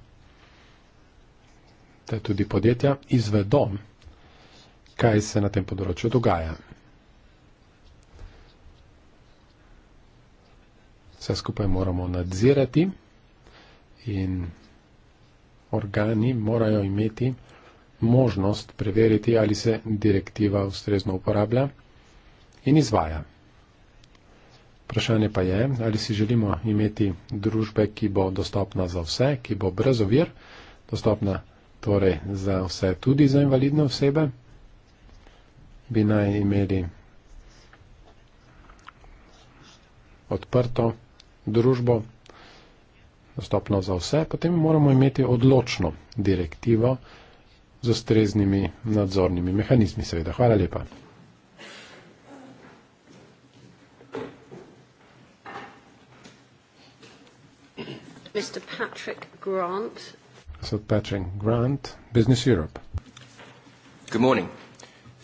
te tudi podjetja, izvedo, kaj se na tem področju dogaja. Vse skupaj moramo nadzirati in organi morajo imeti možnost preveriti, ali se direktiva ustrezno uporablja in izvaja. Vprašanje pa je, ali si želimo imeti družbe, ki bo dostopna za vse, ki bo brez ovir, dostopna torej za vse, tudi za invalidne osebe, bi naj imeli odprto družbo, dostopno za vse, potem moramo imeti odločno direktivo, z ustreznimi nadzornimi mehanizmi. Seveda. Hvala lepa. Mr. Patrick Grant. So Patrick Grant, Business Europe. Good morning.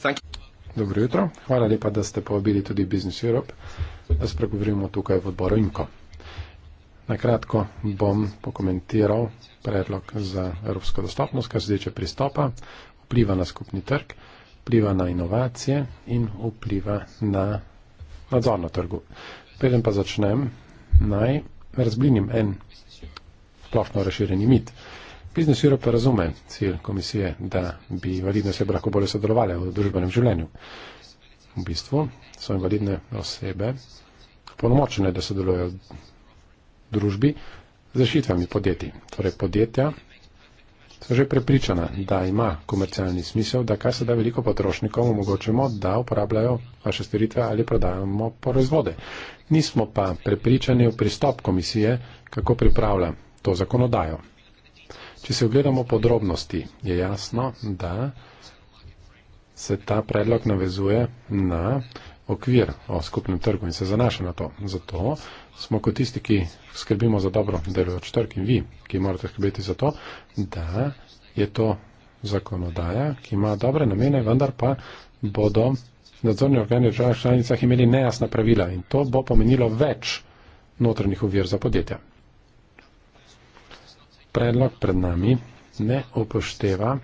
Thank you. Dobro jutro. Hvala lepa, da ste povabili tudi Business Europe, da spregovorimo tukaj v odboru IMCO. Nakratko bom pokomentiral predlog za evropsko dostopnost, kar zdiče pristopa, vpliva na skupni trg, vpliva na inovacije in vpliva na nadzor na trgu. Preden pa začnem, naj razblinim en splošno razširjeni mit. Biznis Europe razume cilj komisije, da bi validne osebe lahko bolje sodelovali v družbenem življenju. V bistvu so invalidne osebe polnomočene, da sodelujejo v družbi, z rešitvami podjetij. Torej, podjetja so že prepričana, da ima komercialni smisel, da kar se da veliko potrošnikov omogočimo, da uporabljajo vaše storitve ali prodajamo proizvode. Nismo pa prepričani v pristop komisije, kako pripravlja to zakonodajo. Če se ogledamo podrobnosti, je jasno, da se ta predlog navezuje na okvir o skupnem trgu in se zanaša na to. Zato smo kot tisti, ki skrbimo za dobro delujoč trg in vi, ki morate skrbeti za to, da je to zakonodaja, ki ima dobre namene, vendar pa bodo nadzorni organi v državah članicah imeli nejasna pravila in to bo pomenilo več notranjih uvir za podjetja. Predlog pred nami ne upošteva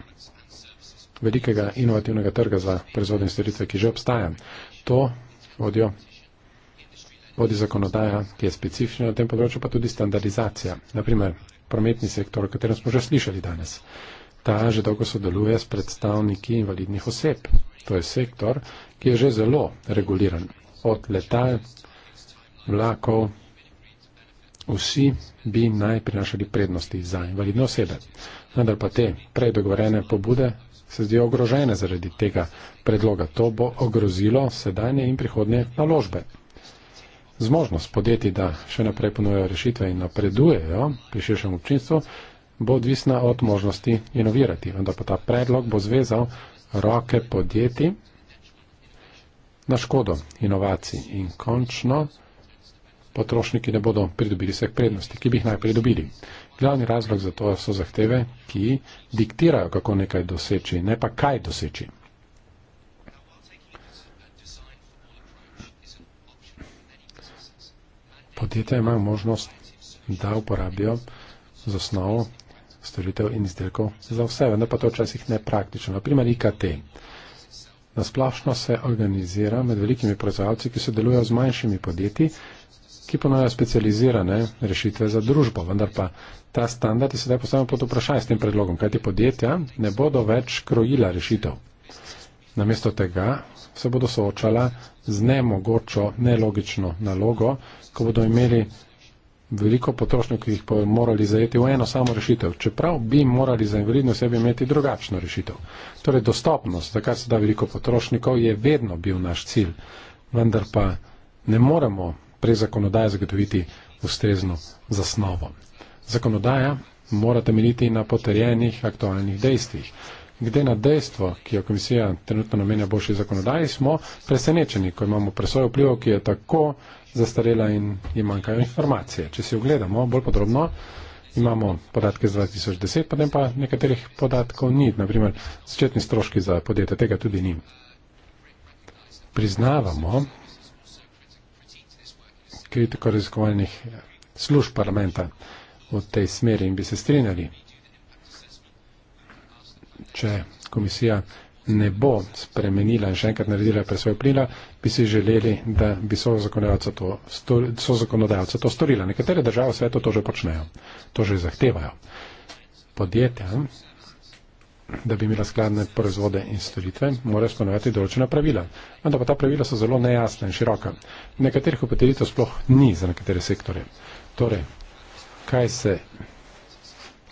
velikega inovativnega trga za proizvodne storitve, ki že obstaja to vodijo, vodi zakonodaja, ki je specifična na tem področju, pa tudi standardizacija. Naprimer, prometni sektor, o katerem smo že slišali danes. Ta že dolgo sodeluje s predstavniki invalidnih oseb. To je sektor, ki je že zelo reguliran. Od letal, vlakov, vsi bi naj prinašali prednosti za invalidne osebe. Vendar pa te predogovorene pobude se zdijo ogrožene zaradi tega predloga. To bo ogrozilo sedanje in prihodnje naložbe. Zmožnost podjeti, da še naprej ponujejo rešitve in napredujejo pri širšem občinstvu, bo odvisna od možnosti inovirati. Vendar pa ta predlog bo zvezal roke podjeti na škodo inovacij in končno potrošniki ne bodo pridobili vseh prednosti, ki bi jih naj pridobili. Glavni razlog za to so zahteve, ki diktirajo, kako nekaj doseči, ne pa kaj doseči. Podjetja imajo možnost, da uporabijo z osnovo storitev in izdelkov za vse, vendar pa to včasih ne praktično. Naprimer IKT. Nasplašno se organizira med velikimi proizvajalci, ki sodelujejo z manjšimi podjetji, ki ponujajo specializirane rešitve za družbo, vendar pa ta standard je sedaj postavljen pod vprašanje s tem predlogom, kajti podjetja ne bodo več krojila rešitev. Namesto tega se bodo soočala z nemogočo, nelogično nalogo, ko bodo imeli veliko potrošnjo, ki jih bodo morali zajeti v eno samo rešitev, čeprav bi morali za invalidno osebe imeti drugačno rešitev. Torej dostopnost, za kar se da veliko potrošnikov, je vedno bil naš cilj, vendar pa ne moremo prej zakonodaje zagotoviti ustrezno zasnovo. Zakonodaja mora temeljiti na potrjenih aktualnih dejstvih. Gde na dejstvo, ki jo komisija trenutno namenja boljši zakonodaji, smo presenečeni, ko imamo presojo vplivov, ki je tako zastarela in jim manjkajo informacije. Če si ogledamo bolj podrobno, imamo podatke z 2010, potem pa nekaterih podatkov ni, naprimer začetni stroški za podjetje, tega tudi ni. Priznavamo kritiko raziskovalnih služb parlamenta v tej smeri in bi se strinjali. Če komisija ne bo spremenila in še enkrat naredila presoje vplina, bi si želeli, da bi so zakonodajalca to, stori, so zakonodajalca to storila. Nekatere države sveto to že počnejo, to že zahtevajo. Podjetja, da bi imela skladne proizvode in storitve, mora spomenovati določena pravila. Vendar pa ta pravila so zelo nejasna in široka. Nekaterih opredelitev sploh ni za nekatere sektore. Torej, kaj se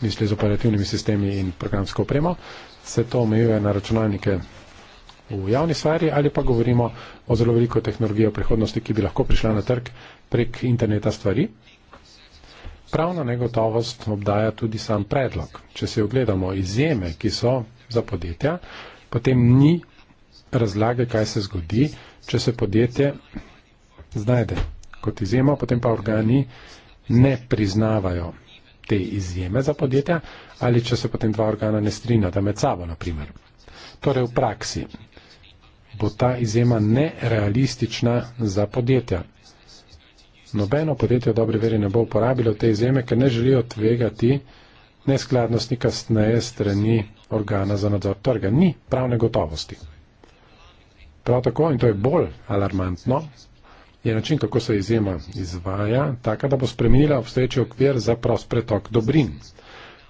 misli z operativnimi sistemi in programsko opremo, se to omejuje na računalnike v javni sferi ali pa govorimo o zelo veliko tehnologijo prihodnosti, ki bi lahko prišla na trg prek interneta stvari. Pravna negotovost obdaja tudi sam predlog. Če si ogledamo izjeme, ki so za podjetja, potem ni razlage, kaj se zgodi, če se podjetje znajde kot izjema, potem pa organi ne priznavajo te izjeme za podjetja ali če se potem dva organa ne strinjata med sabo, naprimer. Torej v praksi bo ta izjema nerealistična za podjetja. Nobeno podjetje v dobri veri ne bo uporabilo te izjeme, ker ne želijo tvegati neskladnosti kasneje strani organa za nadzor trga. Ni pravne gotovosti. Prav tako, in to je bolj alarmantno, je način, kako se izjema izvaja, taka, da bo spremenila obstoječi okvir za prost pretok dobrin.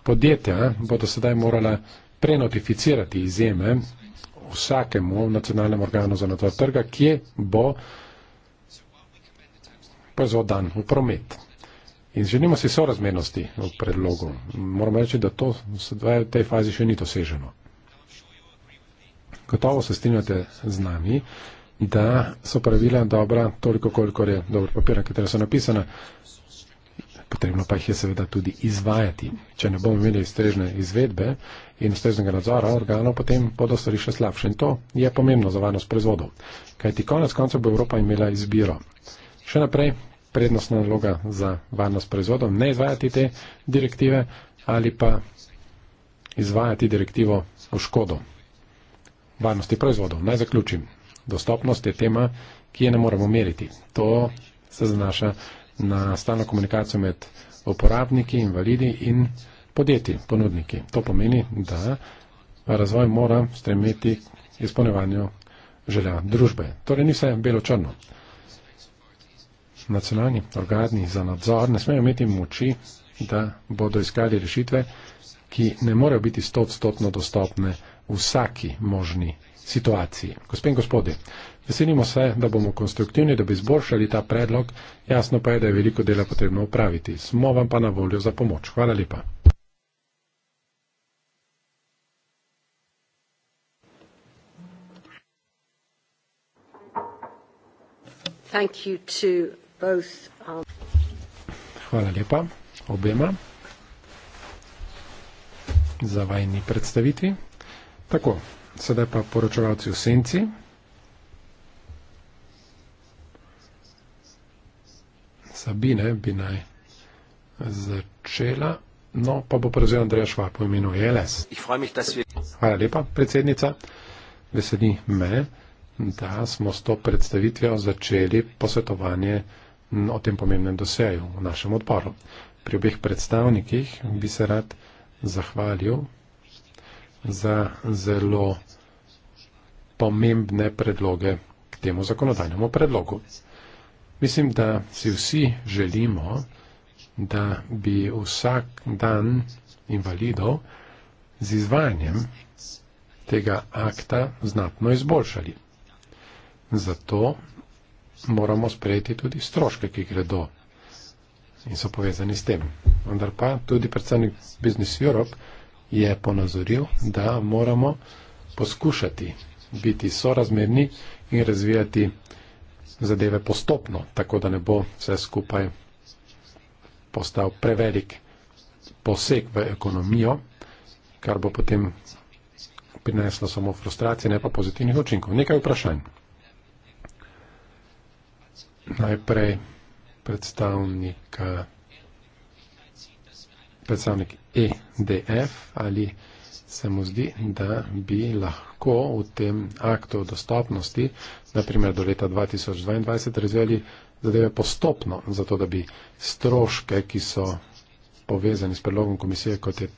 Podjetja bodo sedaj morala prenotificirati izjeme vsakemu nacionalnemu organu za nadzor trga, kje bo proizvod dan v promet. In želimo si sorazmernosti v predlogu. Moramo reči, da to sedaj v tej fazi še ni doseženo. Gotovo se strinjate z nami, da so pravila dobra toliko, koliko je dobro papira, katera so napisana. Potrebno pa jih je seveda tudi izvajati. Če ne bomo imeli strežne izvedbe in strežnega nadzora organov, potem bodo stvari še slabše. In to je pomembno za varnost proizvodov. Kaj ti konec koncev bo Evropa imela izbiro. Še naprej prednostna naloga za varnost proizvodov, ne izvajati te direktive ali pa izvajati direktivo v škodo varnosti proizvodov. Naj zaključim. Dostopnost je tema, ki je ne moremo meriti. To se zanaša na stalno komunikacijo med uporabniki, invalidi in podjetji, ponudniki. To pomeni, da razvoj mora stremeti k izpolnevanju želja družbe. Torej ni vse belo-črno. Nacionalni organi za nadzor ne smejo imeti moči, da bodo iskali rešitve, ki ne morejo biti stotstotno dostopne vsaki možni situaciji. Gospe in gospodje, veselimo se, da bomo konstruktivni, da bi izboljšali ta predlog. Jasno pa je, da je veliko dela potrebno upraviti. Smo vam pa na voljo za pomoč. Hvala lepa. Hvala lepa obema za vajni predstaviti. Tako, Sedaj pa poročevalci v senci. Sabine bi naj začela, no pa bo prevzela Andreja Švab po imenu ELS. Hvala lepa, predsednica. Veseli me, da smo s to predstavitvijo začeli posvetovanje o tem pomembnem doseju v našem odporu. Pri obeh predstavnikih bi se rad zahvalil za zelo pomembne predloge k temu zakonodajnemu predlogu. Mislim, da si vsi želimo, da bi vsak dan invalidov z izvajanjem tega akta znatno izboljšali. Zato moramo sprejeti tudi stroške, ki gredo in so povezani s tem. Vendar pa tudi predsednik Business Europe je ponazoril, da moramo poskušati biti sorazmerni in razvijati zadeve postopno, tako da ne bo vse skupaj postal prevelik poseg v ekonomijo, kar bo potem prineslo samo frustracije, ne pa pozitivnih učinkov. Nekaj vprašanj. Najprej predstavnik, predstavnik EDF ali predstavnik se mu zdi, da bi lahko v tem aktu dostopnosti, naprimer do leta 2022, razvijali zadeve postopno, zato da bi stroške, ki so povezani s predlogom komisije, kot je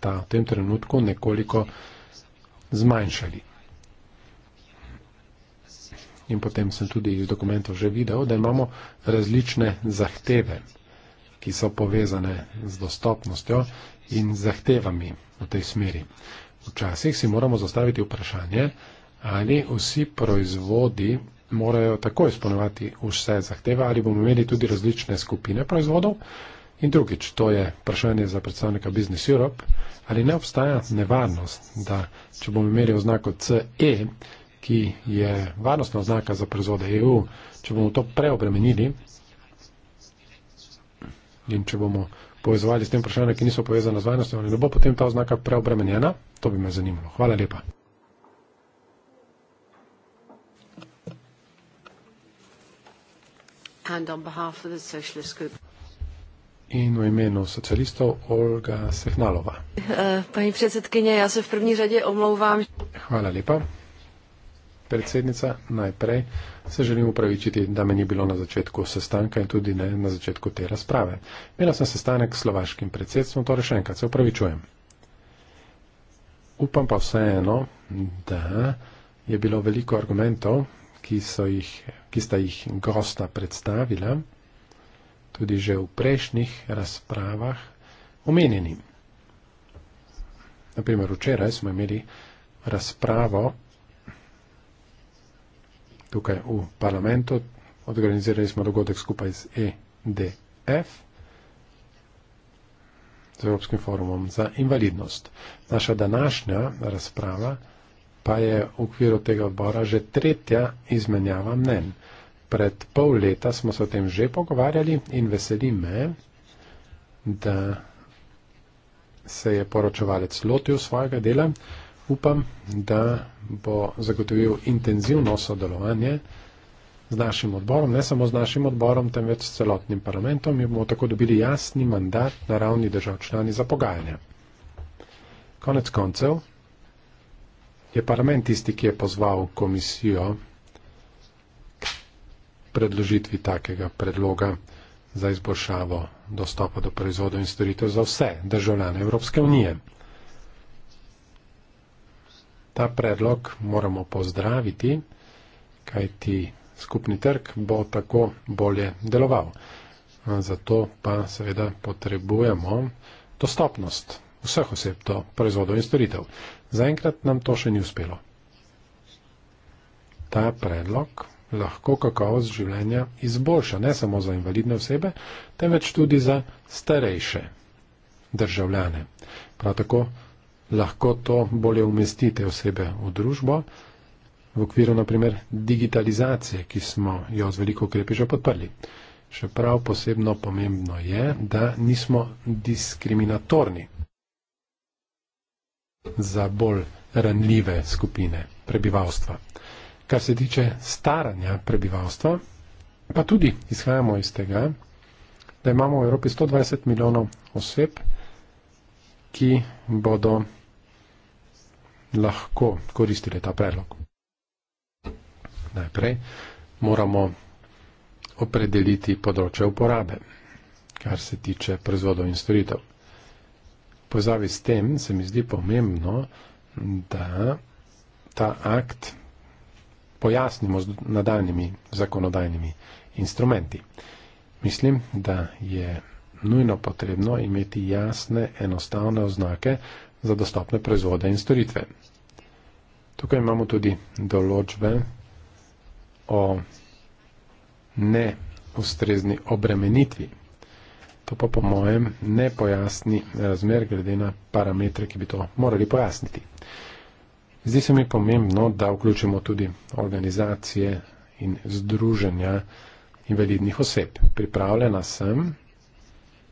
ta v tem trenutku, nekoliko zmanjšali. In potem sem tudi iz dokumentov že videl, da imamo različne zahteve ki so povezane z dostopnostjo in zahtevami v tej smeri. Včasih si moramo zastaviti vprašanje, ali vsi proizvodi morajo tako izpolnjevati vse zahteve, ali bomo imeli tudi različne skupine proizvodov. In drugič, to je vprašanje za predstavnika Business Europe, ali ne obstaja nevarnost, da če bomo imeli oznako CE, ki je varnostna oznaka za proizvode EU, če bomo to preobremenili, In če bomo povezovali s tem vprašanjem, ki niso povezane z varnostjo, ali ne bo potem ta oznaka preobremenjena, to bi me zanimalo. Hvala lepa. In v imenu socialistov Olga Sehnalova. Uh, eh, Pani predsedkinja, jaz se v prvi řadě omlouvam. Hvala lepa predsednica, najprej se želim upravičiti, da me ni bilo na začetku sestanka in tudi ne na začetku te razprave. Imela sem sestanek s slovaškim predsedstvom, torej še enkrat se upravičujem. Upam pa vseeno, da je bilo veliko argumentov, ki, jih, ki sta jih gosta predstavila, tudi že v prejšnjih razpravah omenjeni. Naprimer, včeraj smo imeli razpravo tukaj v parlamentu. Organizirali smo dogodek skupaj z EDF, z Evropskim forumom za invalidnost. Naša današnja razprava pa je v okviru tega odbora že tretja izmenjava mnen. Pred pol leta smo se o tem že pogovarjali in veseli me, da se je poročevalec lotil svojega dela upam, da bo zagotovil intenzivno sodelovanje z našim odborom, ne samo z našim odborom, temveč s celotnim parlamentom in bomo tako dobili jasni mandat na ravni držav člani za pogajanja. Konec koncev je parlament tisti, ki je pozval komisijo k predložitvi takega predloga za izboljšavo dostopa do proizvodov in storitev za vse državljane Evropske unije ta predlog moramo pozdraviti, kaj ti skupni trg bo tako bolje deloval. Zato pa seveda potrebujemo dostopnost vseh oseb do proizvodov in storitev. Zaenkrat nam to še ni uspelo. Ta predlog lahko kakovost življenja izboljša, ne samo za invalidne osebe, temveč tudi za starejše državljane. Prav tako lahko to bolje umestite osebe v družbo v okviru naprimer digitalizacije, ki smo jo z veliko ukrepi že podprli. Še prav posebno pomembno je, da nismo diskriminatorni za bolj ranljive skupine prebivalstva. Kar se tiče staranja prebivalstva, pa tudi izhajamo iz tega, da imamo v Evropi 120 milijonov oseb, ki bodo lahko koristili ta predlog. Najprej moramo opredeliti področje uporabe, kar se tiče proizvodov in storitev. Pozavi s tem se mi zdi pomembno, da ta akt pojasnimo z nadaljnimi zakonodajnimi instrumenti. Mislim, da je nujno potrebno imeti jasne, enostavne oznake za dostopne proizvode in storitve. Tukaj imamo tudi določbe o neustrezni obremenitvi. To pa po mojem ne pojasni razmer glede na parametre, ki bi to morali pojasniti. Zdi se mi pomembno, da vključimo tudi organizacije in združenja invalidnih oseb. Pripravljena sem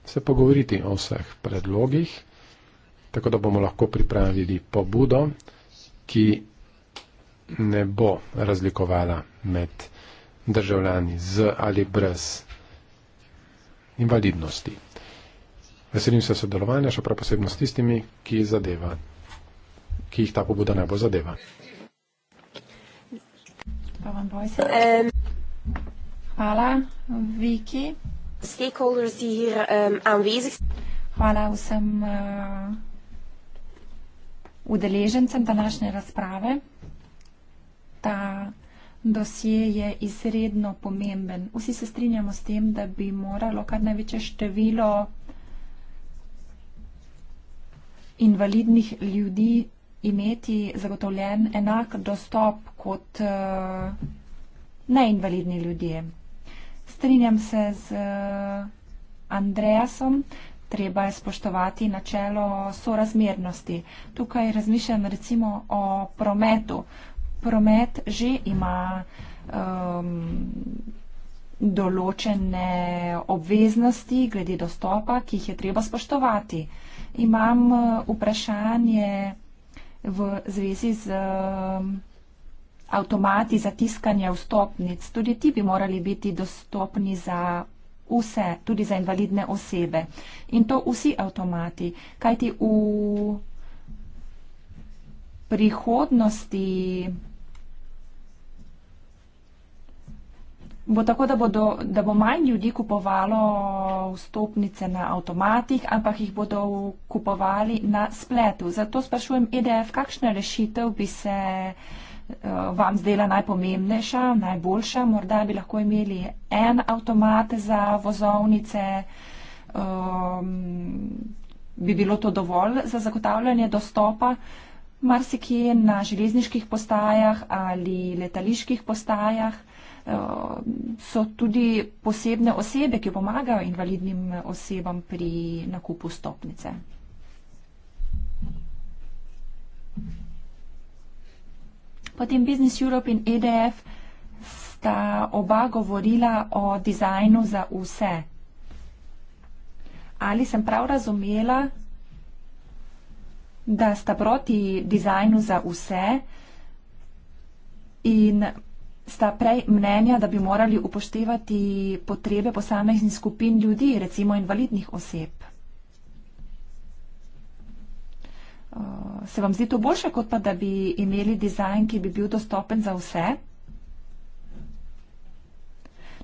se pogovoriti o vseh predlogih, tako da bomo lahko pripravili pobudo, ki ne bo razlikovala med državljani z ali brez invalidnosti. Veselim se sodelovanja, še prav posebno s tistimi, ki, zadeva, ki jih ta pobuda ne bo zadeva. Hvala, Viki stakeholders die hier um, aanwezig zijn. Hvala vsem uh, udeležencem današnje razprave. Ta dosje je izredno pomemben. Vsi se strinjamo s tem, da bi moralo kar največje število invalidnih ljudi imeti zagotovljen enak dostop kot uh, neinvalidni ljudje strinjam se z eh, Andreasom, treba je spoštovati načelo sorazmernosti. Tukaj razmišljam recimo o prometu. Promet že ima um, določene obveznosti glede dostopa, ki jih je treba spoštovati. Imam eh, vprašanje v zvezi z um, avtomati za tiskanje vstopnic, tudi ti bi morali biti dostopni za vse, tudi za invalidne osebe. In to vsi avtomati, kajti v prihodnosti bo tako, da, bodo, da bo manj ljudi kupovalo vstopnice na avtomatih, ampak jih bodo kupovali na spletu. Zato sprašujem EDF, kakšna rešitev bi se uh, Eh, vam zdela najpomembnejša, najboljša. Morda bi lahko imeli en avtomat za vozovnice. Um, bi bilo to dovolj za zagotavljanje dostopa marsikje na železniških postajah ali letaliških postajah? Uh, so tudi posebne osebe, ki pomagajo invalidnim osebam pri nakupu stopnice? Potem Business Europe in EDF sta oba govorila o dizajnu za vse. Ali sem prav razumela, da sta proti dizajnu za vse in sta prej mnenja, da bi morali upoštevati potrebe posameznih skupin ljudi, recimo invalidnih oseb? Uh, se vam zdi to boljše, kot pa da bi imeli dizajn, ki bi bil dostopen za vse?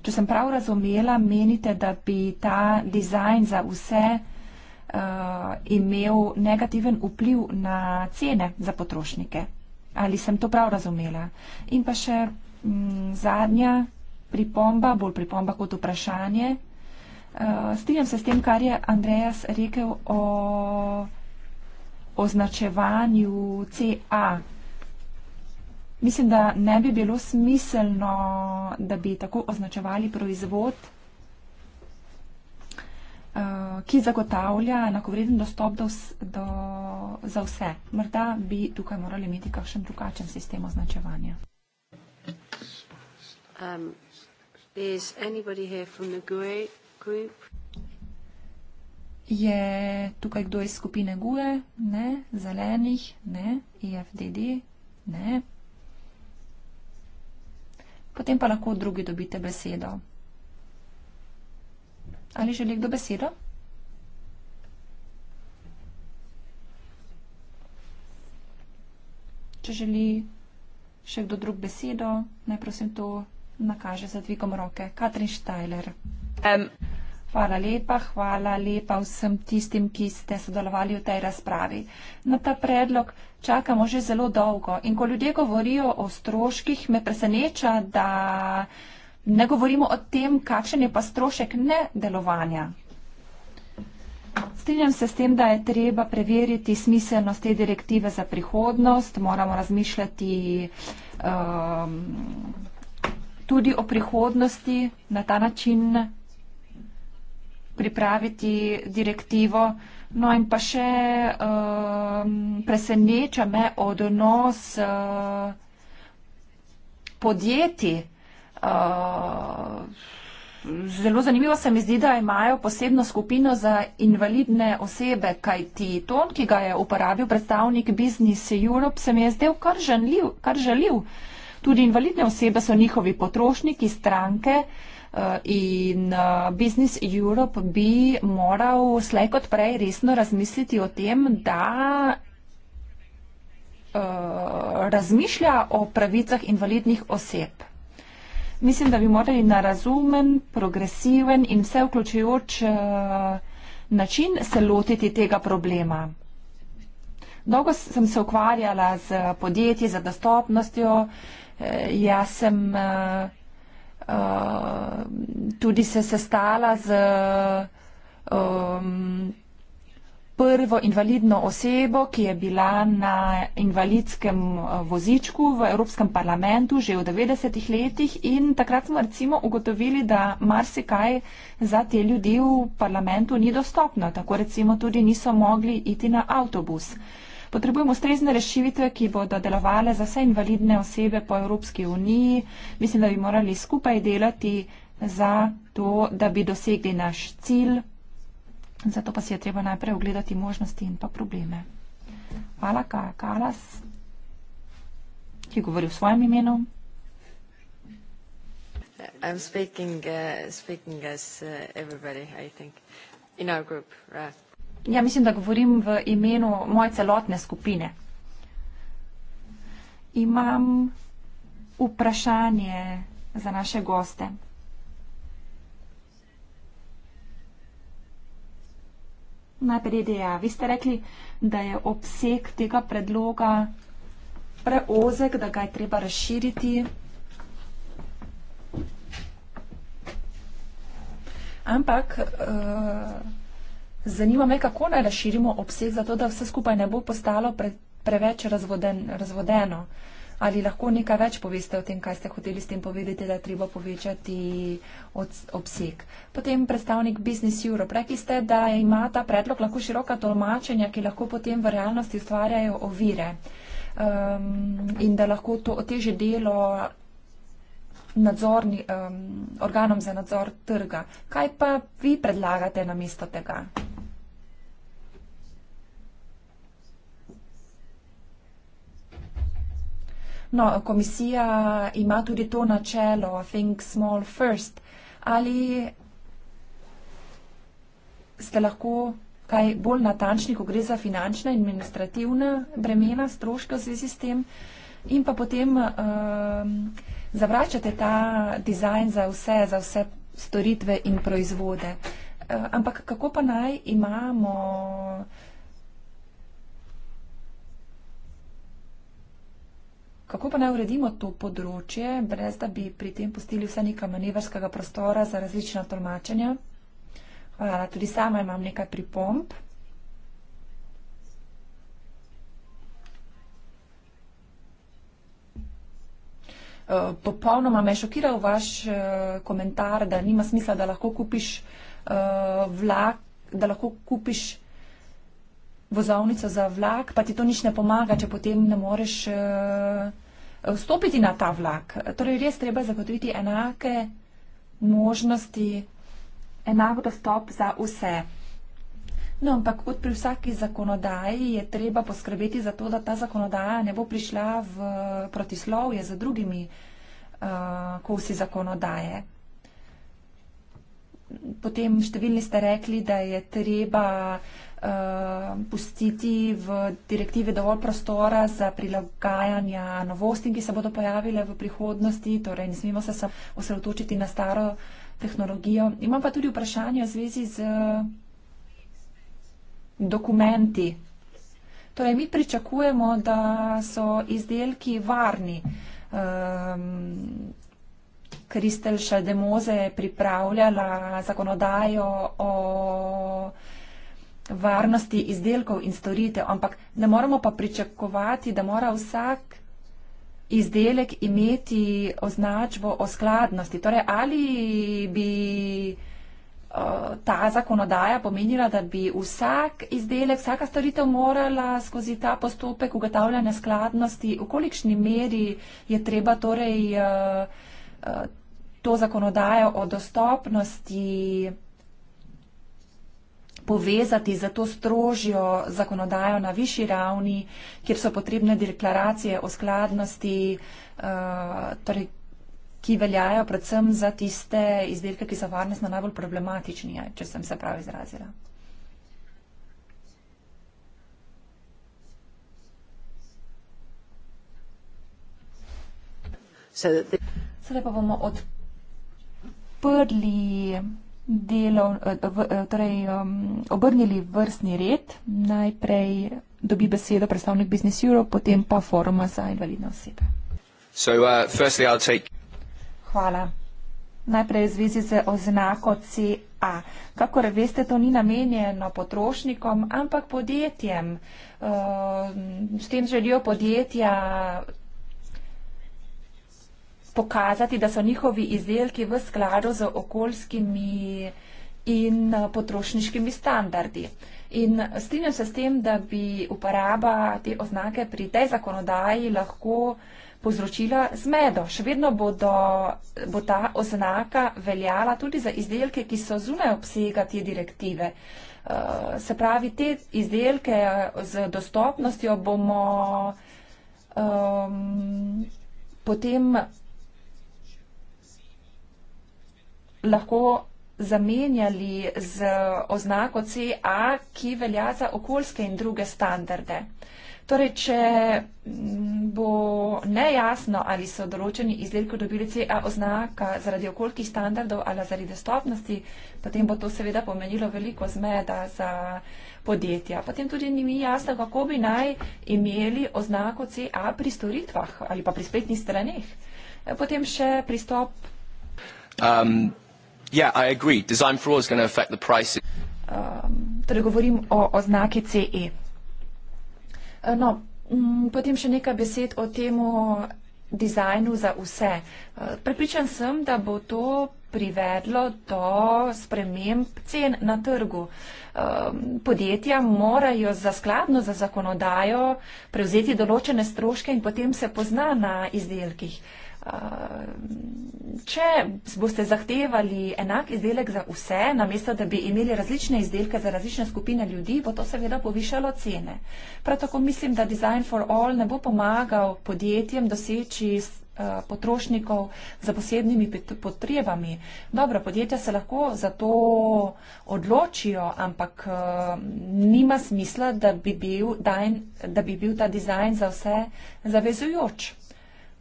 Če sem prav razumela, menite, da bi ta dizajn za vse uh, imel negativen vpliv na cene za potrošnike. Ali sem to prav razumela? In pa še m, mm, zadnja pripomba, bolj pripomba kot vprašanje. Uh, Strinjam se s tem, kar je Andrejas rekel o označevanju CA. Mislim, da ne bi bilo smiselno, da bi tako označevali proizvod, eh, ki zagotavlja enakovreden dostop do, do, za vse. Morda bi tukaj morali imeti kakšen drugačen sistem označevanja. Um, is anybody here from the GUE group? je tukaj kdo iz skupine GUE, ne, zelenih, ne, IFDD, e ne. Potem pa lahko drugi dobite besedo. Ali želi kdo besedo? Če želi še kdo drug besedo, najprosim to nakaže za dvigom roke. Katrin Štajler. Um. Hvala lepa, hvala lepa vsem tistim, ki ste sodelovali v tej razpravi. Na ta predlog čakamo že zelo dolgo in ko ljudje govorijo o stroških, me preseneča, da ne govorimo o tem, kakšen je pa strošek nedelovanja. Strinjam se s tem, da je treba preveriti smiselnost te direktive za prihodnost, moramo razmišljati um, tudi o prihodnosti na ta način pripraviti direktivo. No in pa še um, preseneča me odnos uh, podjetij. Uh, zelo zanimivo se mi zdi, da imajo posebno skupino za invalidne osebe, kaj ti ton, ki ga je uporabil predstavnik Business Europe, se mi je zdel kar želil. Kar želil. Tudi invalidne osebe so njihovi potrošniki, stranke, uh, Eh, in eh, Business Europe bi moral slej kot prej resno razmisliti o tem, da eh, razmišlja o pravicah invalidnih oseb. Mislim, da bi morali na razumen, progresiven in vse vključujoč način se lotiti tega problema. Dolgo sem se ukvarjala z podjetji, z dostopnostjo, jaz sem uh, tudi se sestala z um, prvo invalidno osebo, ki je bila na invalidskem eh, vozičku v Evropskem parlamentu že v 90-ih letih in takrat smo recimo ugotovili, da marsikaj za te ljudi v parlamentu ni dostopno, tako recimo tudi niso mogli iti na avtobus. Uh, Potrebujemo strezne rešitve, ki bodo delovale za vse invalidne osebe po Evropski uniji. Mislim, da bi morali skupaj delati za to, da bi dosegli naš cilj. Zato pa si je treba najprej ogledati možnosti in pa probleme. Hvala, Kaja Kalas, ki govori v svojem imenu. I'm speaking, uh, speaking as uh, everybody, I think, in our group. Right? Ja, mislim, da govorim v imenu moje celotne skupine. Imam vprašanje za naše goste. Najprej ideja. Vi ste rekli, da je obseg tega predloga preozek, da ga je treba razširiti. Ampak. Uh, Zanima me, kako naj razširimo obseg, zato da vse skupaj ne bo postalo pre, preveč razvoden, razvodeno. Ali lahko nekaj več poveste o tem, kaj ste hoteli s tem povedati, da je treba povečati obseg. Potem predstavnik Business Europe. Rekli ste, da ima ta predlog lahko široka tolmačenja, ki lahko potem v realnosti ustvarjajo ovire um, in da lahko to oteže delo nadzorni, um, organom za nadzor trga. Kaj pa vi predlagate na mesto tega? No, komisija ima tudi to načelo, think small first. Ali ste lahko kaj bolj natančni, ko gre za finančna in administrativna bremena, stroške v zvezi s tem in pa potem um, zavračate ta dizajn za vse, za vse storitve in proizvode. Uh, ampak kako pa naj imamo uh, Kako pa naj uredimo to področje, brez da bi pri tem pustili vse neka manevrskega prostora za različna tolmačenja? Hvala, tudi sama imam nekaj pripomp. Eh, popolnoma me je šokiral vaš eh, komentar, da nima smisla, da lahko kupiš eh, vlak, da lahko kupiš vlak, vozovnico za vlak, pa ti to nič ne pomaga, če potem ne moreš eh, vstopiti na ta vlak. Torej, res treba zagotoviti enake možnosti, enak dostop za vse. No, ampak kot pri vsaki zakonodaji je treba poskrbeti za to, da ta zakonodaja ne bo prišla v protislovje z drugimi uh, kosi zakonodaje. Potem številni ste rekli, da je treba uh, Eh, pustiti v direktive dovolj prostora za prilagajanja novostim, ki se bodo pojavile v prihodnosti, torej ne smemo se samo osredotočiti na staro tehnologijo. Imam pa tudi vprašanje v zvezi z dokumenti. Torej, mi pričakujemo, da so izdelki varni. Um, Kristel Šaldemoze je pripravljala zakonodajo o varnosti izdelkov in storitev, ampak ne moramo pa pričakovati, da mora vsak izdelek imeti označbo o skladnosti. Torej, ali bi eh, ta zakonodaja pomenila, da bi vsak izdelek, vsaka storitev morala skozi ta postopek ugotavljanja skladnosti, v kolikšni meri je treba torej eh, eh, to zakonodajo o dostopnosti povezati z to strožjo zakonodajo na višji ravni, kjer so potrebne deklaracije o skladnosti, eh, torej, ki veljajo predvsem za tiste izdelke, ki so varnostno najbolj problematični, ja, če sem se prav izrazila. Sedaj pa bomo odprli delov, eh, v, eh, torej, um, obrnili vrstni red. Najprej dobi besedo predstavnik Business Europe, potem pa foruma za invalidne osebe. So, uh, firstly, Hvala. Najprej v zvezi z oznako CA. Kakor veste, to ni namenjeno potrošnikom, ampak podjetjem. Uh, s tem želijo podjetja pokazati, da so njihovi izdelki v skladu z okoljskimi in eh, potrošniškimi standardi. In eh, strinjam se s tem, da bi uporaba te oznake pri tej zakonodaji lahko povzročila zmedo. Še vedno bodo, eh, bo ta oznaka veljala tudi za izdelke, ki so zunaj obsega te direktive. Se pravi, te izdelke z dostopnostjo bomo um, potem lahko zamenjali z oznako CA, ki velja za okoljske in druge standarde. Torej, če bo nejasno, ali so določeni izdelki dobili CA oznaka zaradi okoljskih standardov ali zaradi dostopnosti, potem bo to seveda pomenilo veliko zmeda za podjetja. Potem tudi ni mi jasno, kako bi naj imeli oznako CA pri storitvah ali pa pri spletnih straneh. Potem še pristop. Um. Yeah, I agree. Design flaw is going to affect the prices. Um, torej, govorim o oznaki CE. Uh, no, m, mm, potem še nekaj besed o tem dizajnu za vse. Uh, prepričan sem, da bo to privedlo do sprememb cen na trgu. Um, podjetja morajo za skladno za zakonodajo prevzeti določene stroške in potem se pozna na izdelkih če boste zahtevali enak izdelek za vse, namesto da bi imeli različne izdelke za različne skupine ljudi, bo to seveda povišalo cene. Prav tako mislim, da Design for All ne bo pomagal podjetjem doseči eh, potrošnikov za posebnimi potrebami. Dobro, podjetja se lahko za to odločijo, ampak eh, nima smisla, da bi bil, da bi bil ta dizajn za vse zavezujoč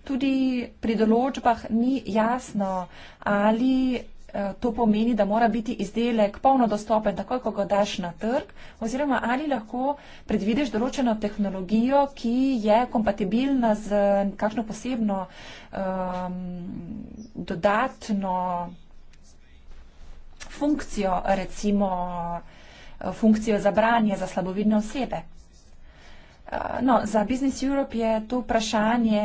tudi pri določbah ni jasno, ali eh, to pomeni, da mora biti izdelek polno dostopen, takoj ko ga daš na trg, oziroma ali lahko predvideš določeno tehnologijo, ki je kompatibilna z kakšno posebno um, dodatno funkcijo, recimo eh, funkcijo za branje za slabovidne osebe. Eh, no, za Business Europe je to vprašanje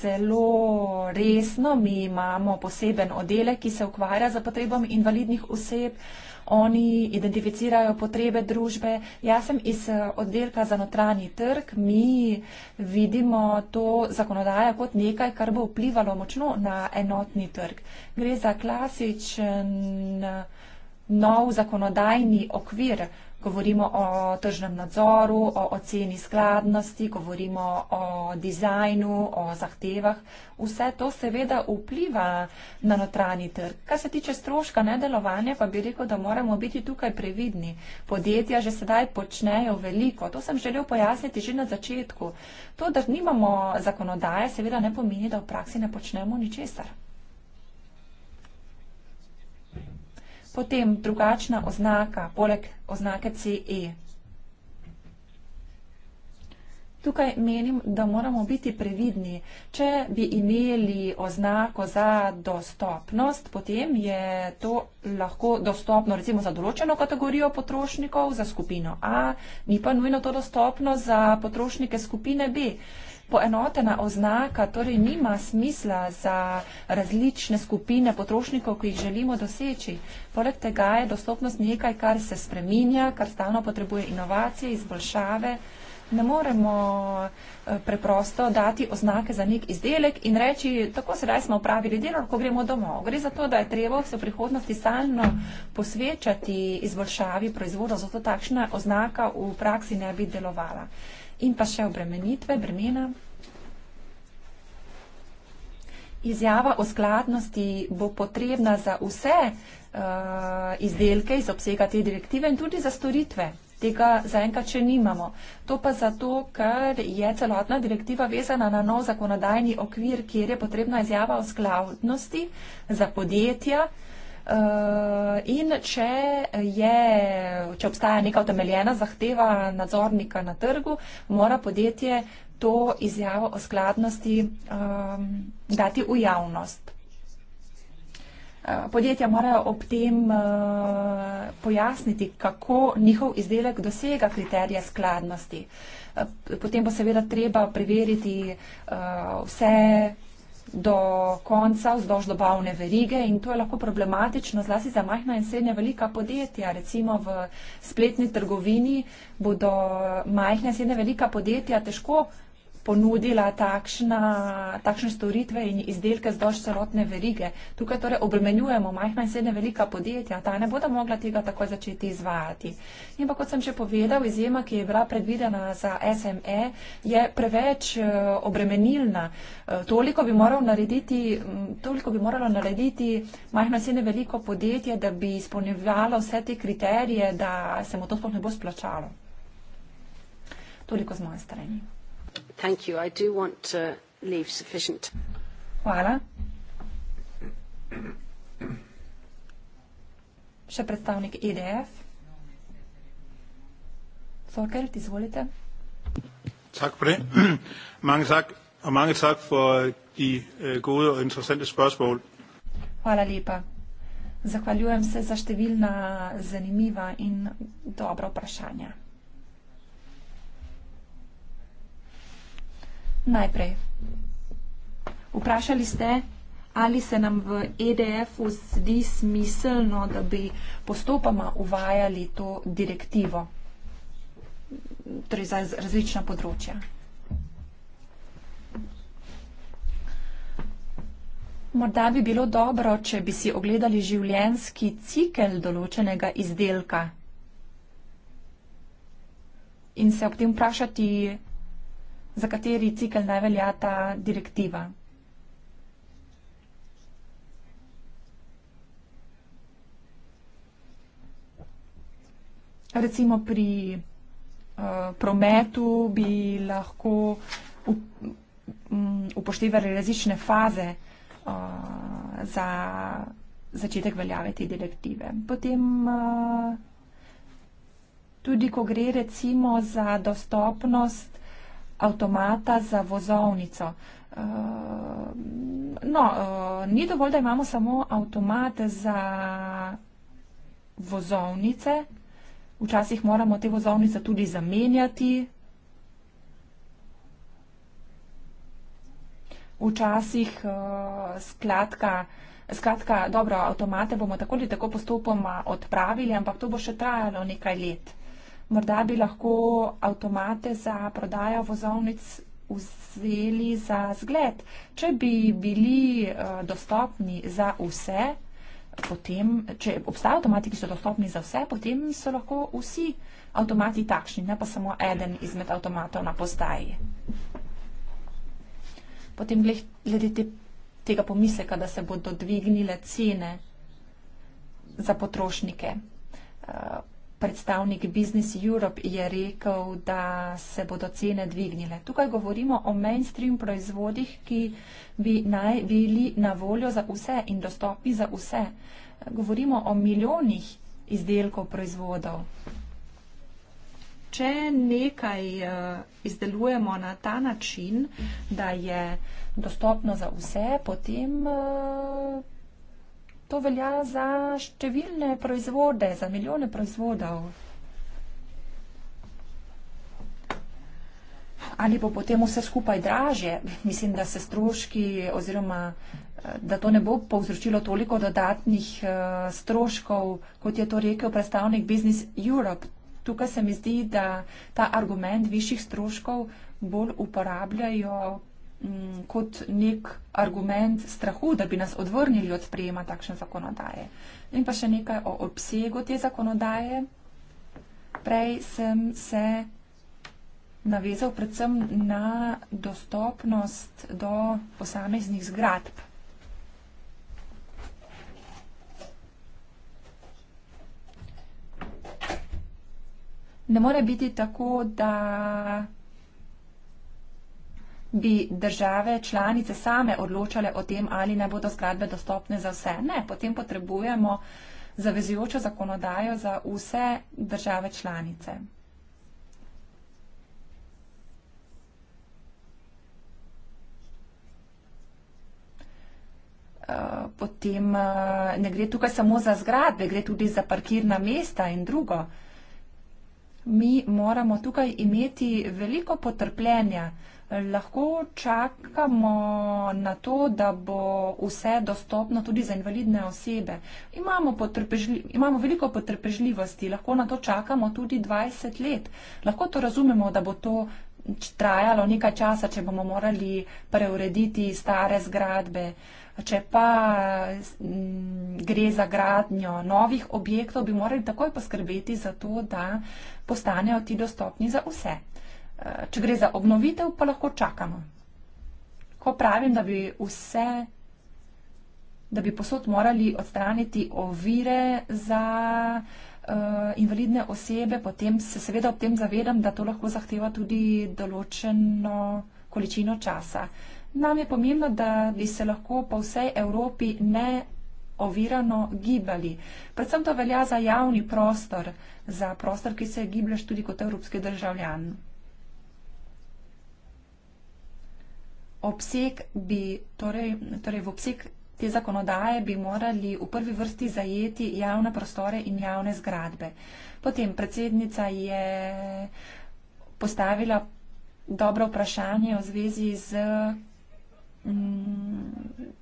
zelo resno. Mi imamo poseben oddelek, ki se ukvarja za potrebami invalidnih oseb. Oni identificirajo potrebe družbe. Jaz sem iz eh, oddelka za notranji trg. Mi vidimo to zakonodajo kot nekaj, kar bo vplivalo močno na enotni trg. Gre za klasičen eh, nov zakonodajni okvir. Govorimo o tržnem nadzoru, o oceni skladnosti, govorimo o dizajnu, o zahtevah. Vse to seveda vpliva na notranji trg. Kar se tiče stroška nedelovanja, pa bi rekel, da moramo biti tukaj previdni. Podjetja že sedaj počnejo veliko. To sem želel pojasniti že na začetku. To, da nimamo zakonodaje, seveda ne pomeni, da v praksi ne počnemo ničesar. Potem drugačna oznaka, poleg oznake CE. Tukaj menim, da moramo biti previdni. Če bi imeli oznako za dostopnost, potem je to lahko dostopno recimo za določeno kategorijo potrošnikov, za skupino A, ni pa nujno to dostopno za potrošnike skupine B poenotena oznaka torej nima smisla za različne skupine potrošnikov, ki jih želimo doseči. Poleg tega je dostopnost nekaj, kar se spreminja, kar stalno potrebuje inovacije, izboljšave. Ne moremo eh, preprosto dati oznake za nek izdelek in reči, tako sedaj smo upravili delo, ko gremo domov. Gre za to, da je treba se v prihodnosti stalno posvečati izboljšavi proizvoda, zato takšna oznaka v praksi ne bi delovala in pa še obremenitve, bremena. Izjava o skladnosti bo potrebna za vse uh, izdelke iz obsega te direktive in tudi za storitve. Tega zaenkrat še nimamo. To pa zato, ker je celotna direktiva vezana na nov zakonodajni okvir, kjer je potrebna izjava o skladnosti za podjetja, uh, Eh, in če, je, če obstaja neka utemeljena zahteva nadzornika na trgu, mora podjetje to izjavo o skladnosti um, dati v javnost. Eh, podjetja morajo ob tem uh, pojasniti, kako njihov izdelek dosega kriterije skladnosti. Potem bo seveda treba preveriti uh, vse do konca vzdolž dobavne verige in to je lahko problematično, zlasti za majhna in srednja velika podjetja. Recimo v spletni trgovini bodo majhna in srednja velika podjetja težko ponudila takšna, takšne storitve in izdelke zdolž celotne verige. Tukaj torej obremenjujemo majhna in srednja velika podjetja, ta ne bodo mogla tega tako začeti izvajati. In pa kot sem že povedal, izjema, ki je bila predvidena za SME, je preveč eh, obremenilna. Eh, toliko bi, moral narediti, toliko bi moralo narediti majhno in srednje veliko podjetje, da bi izpolnjevalo vse te kriterije, da se mu to sploh ne bo splačalo. Toliko z moje strani. Thank you. I do want to leave sufficient. Hvala. Še predstavnik IDF. E Folkert, izvolite. Tak for det. Mange tak, og mange tak for de øh, gode og interessante spørgsmål. Hvala lepa. Zahvaljujem se za številna zanimiva in dobra vprašanja. Najprej. Vprašali ste, ali se nam v EDF-u zdi smiselno, da bi postopoma uvajali to direktivo, torej za različna področja. Morda bi bilo dobro, če bi si ogledali življenski cikel določenega izdelka in se ob tem vprašati, za kateri cikl ne velja ta direktiva. Recimo pri uh, prometu bi lahko up, um, upoštevali različne faze uh, za začetek veljave te direktive. Potem uh, tudi, ko gre recimo za dostopnost avtomata za vozovnico. Eh, no, eh, ni dovolj, da imamo samo avtomate za vozovnice, včasih moramo te vozovnice tudi zamenjati. Včasih uh, eh, skladka, skladka, dobro, avtomate bomo tako ali tako postopoma odpravili, ampak to bo še trajalo nekaj let morda bi lahko avtomate za prodajo vozovnic vzeli za zgled. Če bi bili eh, dostopni za vse, potem, če obstajajo avtomati, ki so dostopni za vse, potem so lahko vsi avtomati takšni, ne pa samo eden izmed avtomatov na postaji. Potem glede te, tega pomisleka, da se bodo dvignile cene za potrošnike. Uh, Predstavnik Business Europe je rekel, da se bodo cene dvignile. Tukaj govorimo o mainstream proizvodih, ki bi naj bili na voljo za vse in dostopni za vse. Govorimo o milijonih izdelkov proizvodov. Če nekaj eh, izdelujemo na ta način, da je dostopno za vse, potem. Eh, To velja za številne proizvode, za milijone proizvodov. Ali bo potem vse skupaj draže? Mislim, da se stroški oziroma, eh, da to ne bo povzročilo toliko dodatnih eh, stroškov, kot je to rekel predstavnik Business Europe. Tukaj se mi zdi, da ta argument višjih stroškov bolj uporabljajo Mm, kot nek argument strahu, da bi nas odvrnili od sprejema takšne zakonodaje. In pa še nekaj o obsegu te zakonodaje. Prej sem se navezal predvsem na dostopnost do posameznih zgradb. Ne more biti tako, da bi države članice same odločale o tem, ali ne bodo zgradbe dostopne za vse. Ne, potem potrebujemo zavezujočo zakonodajo za vse države članice. Eh, potem eh, ne gre tukaj samo za zgradbe, gre tudi za parkirna mesta in drugo. Mi moramo tukaj imeti veliko potrpljenja, lahko čakamo na to, da bo vse dostopno tudi za invalidne osebe. Imamo, imamo veliko potrpežljivosti, lahko na to čakamo tudi 20 let. Lahko to razumemo, da bo to trajalo nekaj časa, če bomo morali preurediti stare zgradbe. Če pa mm, gre za gradnjo novih objektov, bi morali takoj poskrbeti za to, da postanejo ti dostopni za vse. Eh, če gre za obnovitev, pa lahko čakamo. Ko pravim, da bi vse, da bi posod morali odstraniti ovire za eh, invalidne osebe, potem se seveda ob tem zavedam, da to lahko zahteva tudi določeno količino časa. Nam je pomembno, da bi se lahko po vsej Evropi neovirano gibali. Predvsem to velja za javni prostor, za prostor, ki se giblješ tudi kot evropski državljan. obseg bi, torej, torej v obseg te zakonodaje bi morali v prvi vrsti zajeti javne prostore in javne zgradbe. Potem predsednica je postavila dobro vprašanje v zvezi z. Mm,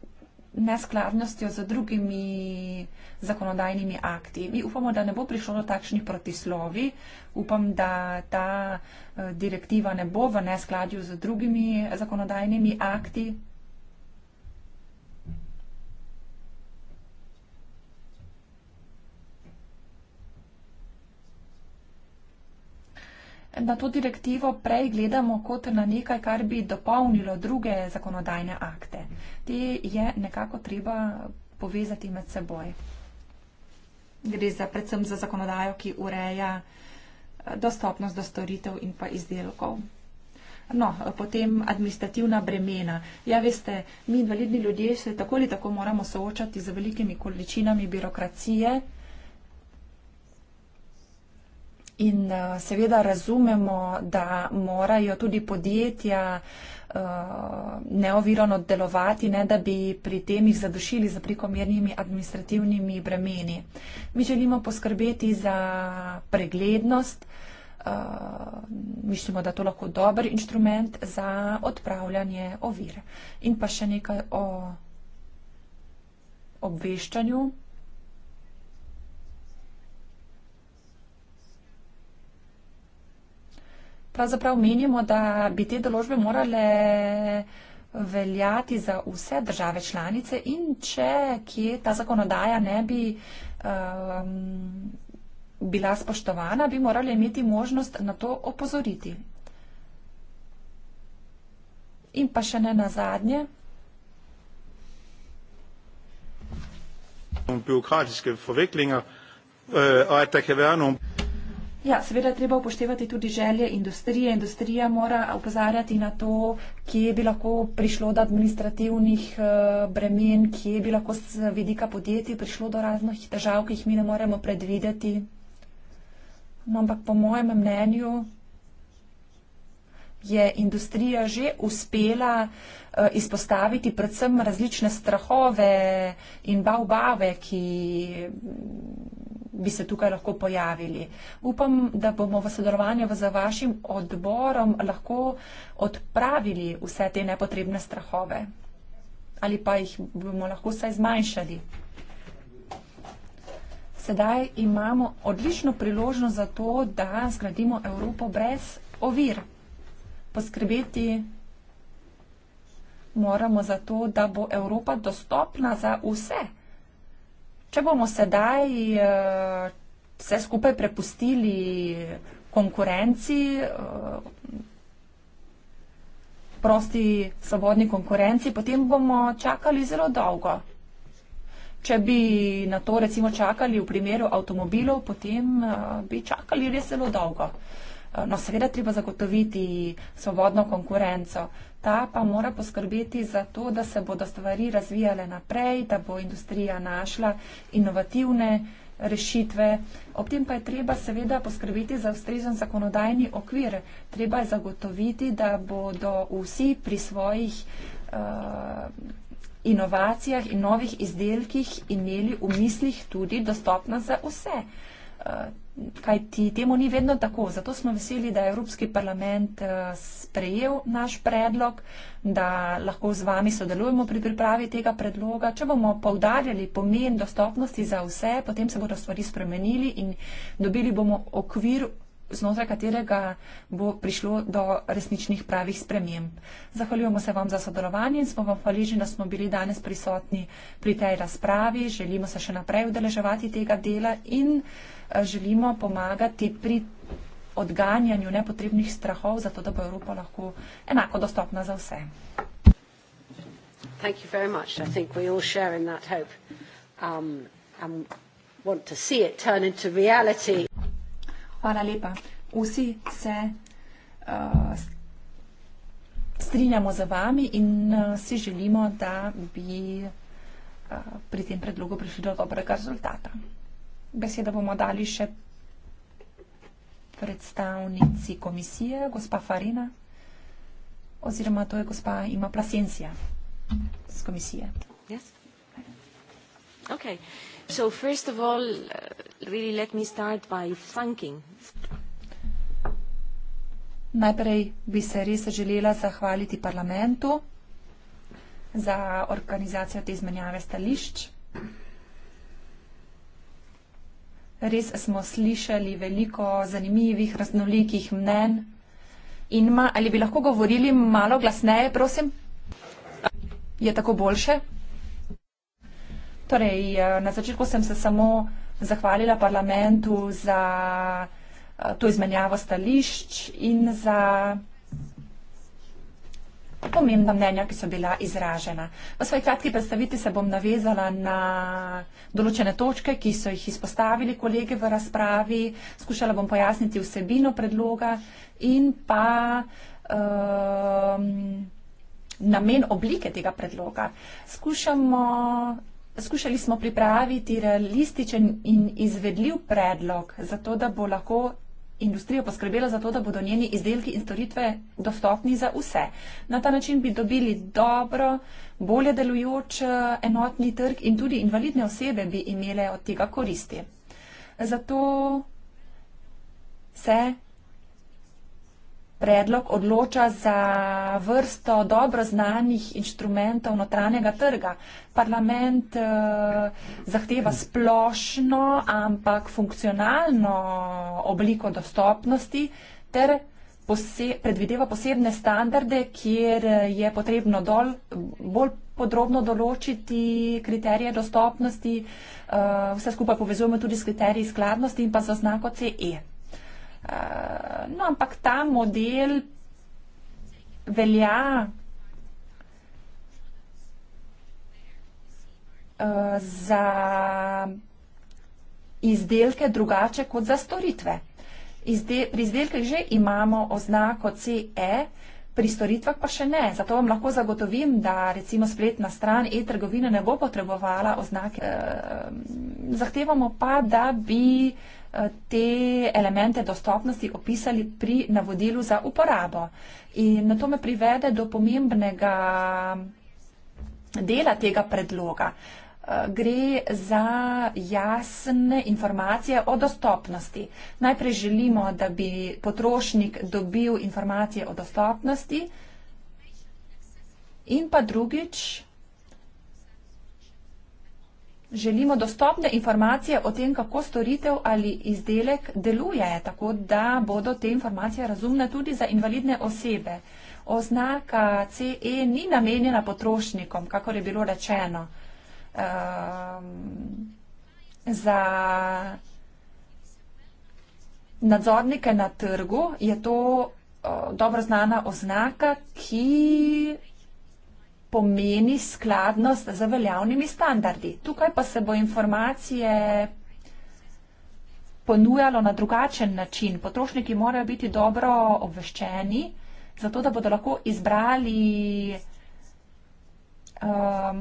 neskladnostjo z drugimi zakonodajnimi akti. Mi upamo, da ne bo prišlo do takšnih protislovi, upam, da ta eh, direktiva ne bo v neskladju z drugimi zakonodajnimi akti, na to direktivo prej gledamo kot na nekaj, kar bi dopolnilo druge zakonodajne akte. Te je nekako treba povezati med seboj. Gre za predvsem za zakonodajo, ki ureja eh, dostopnost do storitev in pa izdelkov. No, eh, potem administrativna bremena. Ja, veste, mi invalidni ljudje se tako ali tako moramo soočati z velikimi količinami birokracije in eh, seveda razumemo, da morajo tudi podjetja eh, neovirano delovati, ne da bi pri tem jih zadušili za prekomernimi administrativnimi bremeni. Mi želimo poskrbeti za preglednost, eh, mislimo, da to lahko dober inštrument za odpravljanje ovir. In pa še nekaj o obveščanju. pravzaprav menimo, da bi te določbe morale veljati za vse države članice in če kje ta zakonodaja ne bi um, bila spoštovana, bi morali imeti možnost na to opozoriti. In pa še ne na zadnje. Birokratiske forviklinge, uh, øh, a da kan være nogle Ja, seveda je treba upoštevati tudi želje industrije. Industrija mora upozarjati na to, kje bi lahko prišlo do administrativnih eh, bremen, kje bi lahko z vidika podjetij prišlo do raznih težav, ki jih mi ne moremo predvideti. No, ampak po mojem mnenju je industrija že uspela eh, izpostaviti predvsem različne strahove in bavbave, ki bi se tukaj lahko pojavili. Upam, da bomo v sodelovanju z vašim odborom lahko odpravili vse te nepotrebne strahove ali pa jih bomo lahko vsaj zmanjšali. Sedaj imamo odlično priložnost za to, da zgradimo Evropo brez ovir. Poskrbeti moramo za to, da bo Evropa dostopna za vse. Če bomo sedaj eh, vse skupaj prepustili konkurenci, eh, prosti, svobodni konkurenci, potem bomo čakali zelo dolgo. Če bi na to recimo čakali v primeru avtomobilov, potem eh, bi čakali res zelo dolgo. No, seveda treba zagotoviti svobodno konkurenco ta pa mora poskrbeti za to, da se bodo stvari razvijale naprej, da bo industrija našla inovativne rešitve. Ob tem pa je treba seveda poskrbeti za ustrezen zakonodajni okvir. Treba je zagotoviti, da bodo vsi pri svojih uh, inovacijah in novih izdelkih imeli v mislih tudi dostopnost za vse. Uh, kajti temu ni vedno tako. Zato smo veseli, da je Evropski parlament eh, sprejel naš predlog, da lahko z vami sodelujemo pri pripravi tega predloga. Če bomo povdarjali pomen dostopnosti za vse, potem se bodo stvari spremenili in dobili bomo okvir znotraj katerega bo prišlo do resničnih pravih sprememb. Zahvaljujemo se vam za sodelovanje in smo vam hvaležni, da smo bili danes prisotni pri tej razpravi. Želimo se še naprej udeleževati tega dela in eh, želimo pomagati pri odganjanju nepotrebnih strahov, zato da bo Evropa lahko enako dostopna za vse. Thank you very much. I think we all share in that hope um, and want to see it turn into reality. Hvala lepa. Vsi se uh, strinjamo za vami in uh, si želimo, da bi uh, pri tem predlogu prišli do dobrega rezultata. Besedo bomo dali še predstavnici komisije, gospa Farina, oziroma to je gospa Ima Plasencija z komisije. Yes. Okay. So first of all, uh, really let me start by thanking. Najprej bi se res želela zahvaliti parlamentu za organizacijo te izmenjave stališč. Res smo slišali veliko zanimivih, raznolikih mnen. In ma, ali bi lahko govorili malo glasneje, prosim? Je tako boljše? Torej, eh, na začetku sem se samo zahvalila parlamentu za eh, to izmenjavo stališč in za pomembna mnenja, ki so bila izražena. V svoji kratki predstaviti se bom navezala na določene točke, ki so jih izpostavili kolege v razpravi, skušala bom pojasniti vsebino predloga in pa um, namen oblike tega predloga. Skušamo Skušali smo pripraviti realističen in izvedljiv predlog, zato da bo lahko industrija poskrbela za to, da bodo njeni izdelki in storitve dostopni za vse. Na ta način bi dobili dobro, bolje delujoč eh, enotni trg in tudi invalidne osebe bi imele od tega koristi. Zato se predlog odloča za vrsto dobro znanih inštrumentov notranjega trga. Parlament eh, zahteva splošno, ampak funkcionalno obliko dostopnosti ter pose predvideva posebne standarde, kjer je potrebno dol, bolj podrobno določiti kriterije dostopnosti. Eh, vse skupaj povezujemo tudi s kriteriji skladnosti in pa z oznako CE. Eh, no, ampak ta model velja eh, za izdelke drugače kot za storitve. Pri izdelkih že imamo oznako CE, pri storitvah pa še ne. Zato vam lahko zagotovim, da recimo spletna stran e-trgovine ne bo potrebovala oznake. Eh, zahtevamo pa, da bi te elemente dostopnosti opisali pri navodilu za uporabo. In na to me privede do pomembnega dela tega predloga. Eh, gre za jasne informacije o dostopnosti. Najprej želimo, da bi potrošnik dobil informacije o dostopnosti in pa drugič, želimo dostopne informacije o tem, kako storitev ali izdelek deluje, tako da bodo te informacije razumne tudi za invalidne osebe. Oznaka CE ni namenjena potrošnikom, kako je bilo rečeno. Um, za nadzornike na trgu je to uh, dobro znana oznaka, ki pomeni skladnost z veljavnimi standardi. Tukaj pa se bo informacije ponujalo na drugačen način. Potrošniki morajo biti dobro obveščeni, zato da bodo lahko izbrali um,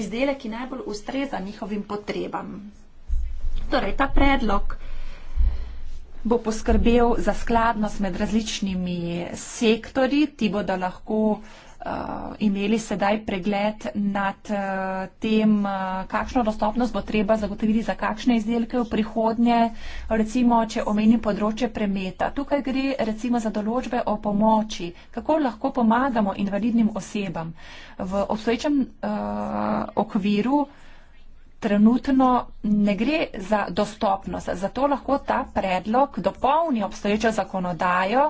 izdelek, ki najbolj ustreza njihovim potrebam. Torej, ta predlog bo poskrbel za skladnost med različnimi sektori, ti bodo lahko uh, Eh, imeli sedaj pregled nad eh, tem, eh, kakšno dostopnost bo treba zagotoviti za kakšne izdelke v prihodnje, recimo, če omenim področje premeta. Tukaj gre recimo za določbe o pomoči, kako lahko pomagamo invalidnim osebam v obstoječem okviru trenutno ne gre za dostopnost. Zato lahko ta predlog dopolni obstoječo zakonodajo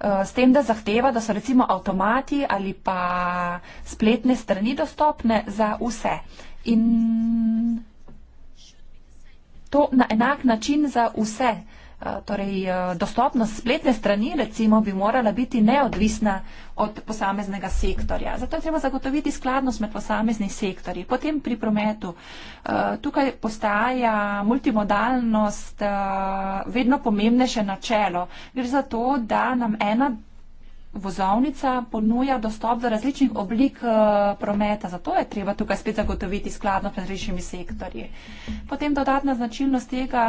eh, s tem, da zahteva, da so recimo avtomati ali pa spletne strani dostopne za vse. In to na enak način za vse. Eh, torej eh, dostopnost spletne strani recimo bi morala biti neodvisna od posameznega sektorja. Zato je treba zagotoviti skladnost med posamezni sektorji. Potem pri prometu. Eh, tukaj postaja multimodalnost vedno pomembnejše načelo. Gre za to, da nam ena vozovnica ponuja dostop do različnih oblik prometa. Zato je treba tukaj spet zagotoviti skladnost med različnimi sektorji. Potem dodatna značilnost tega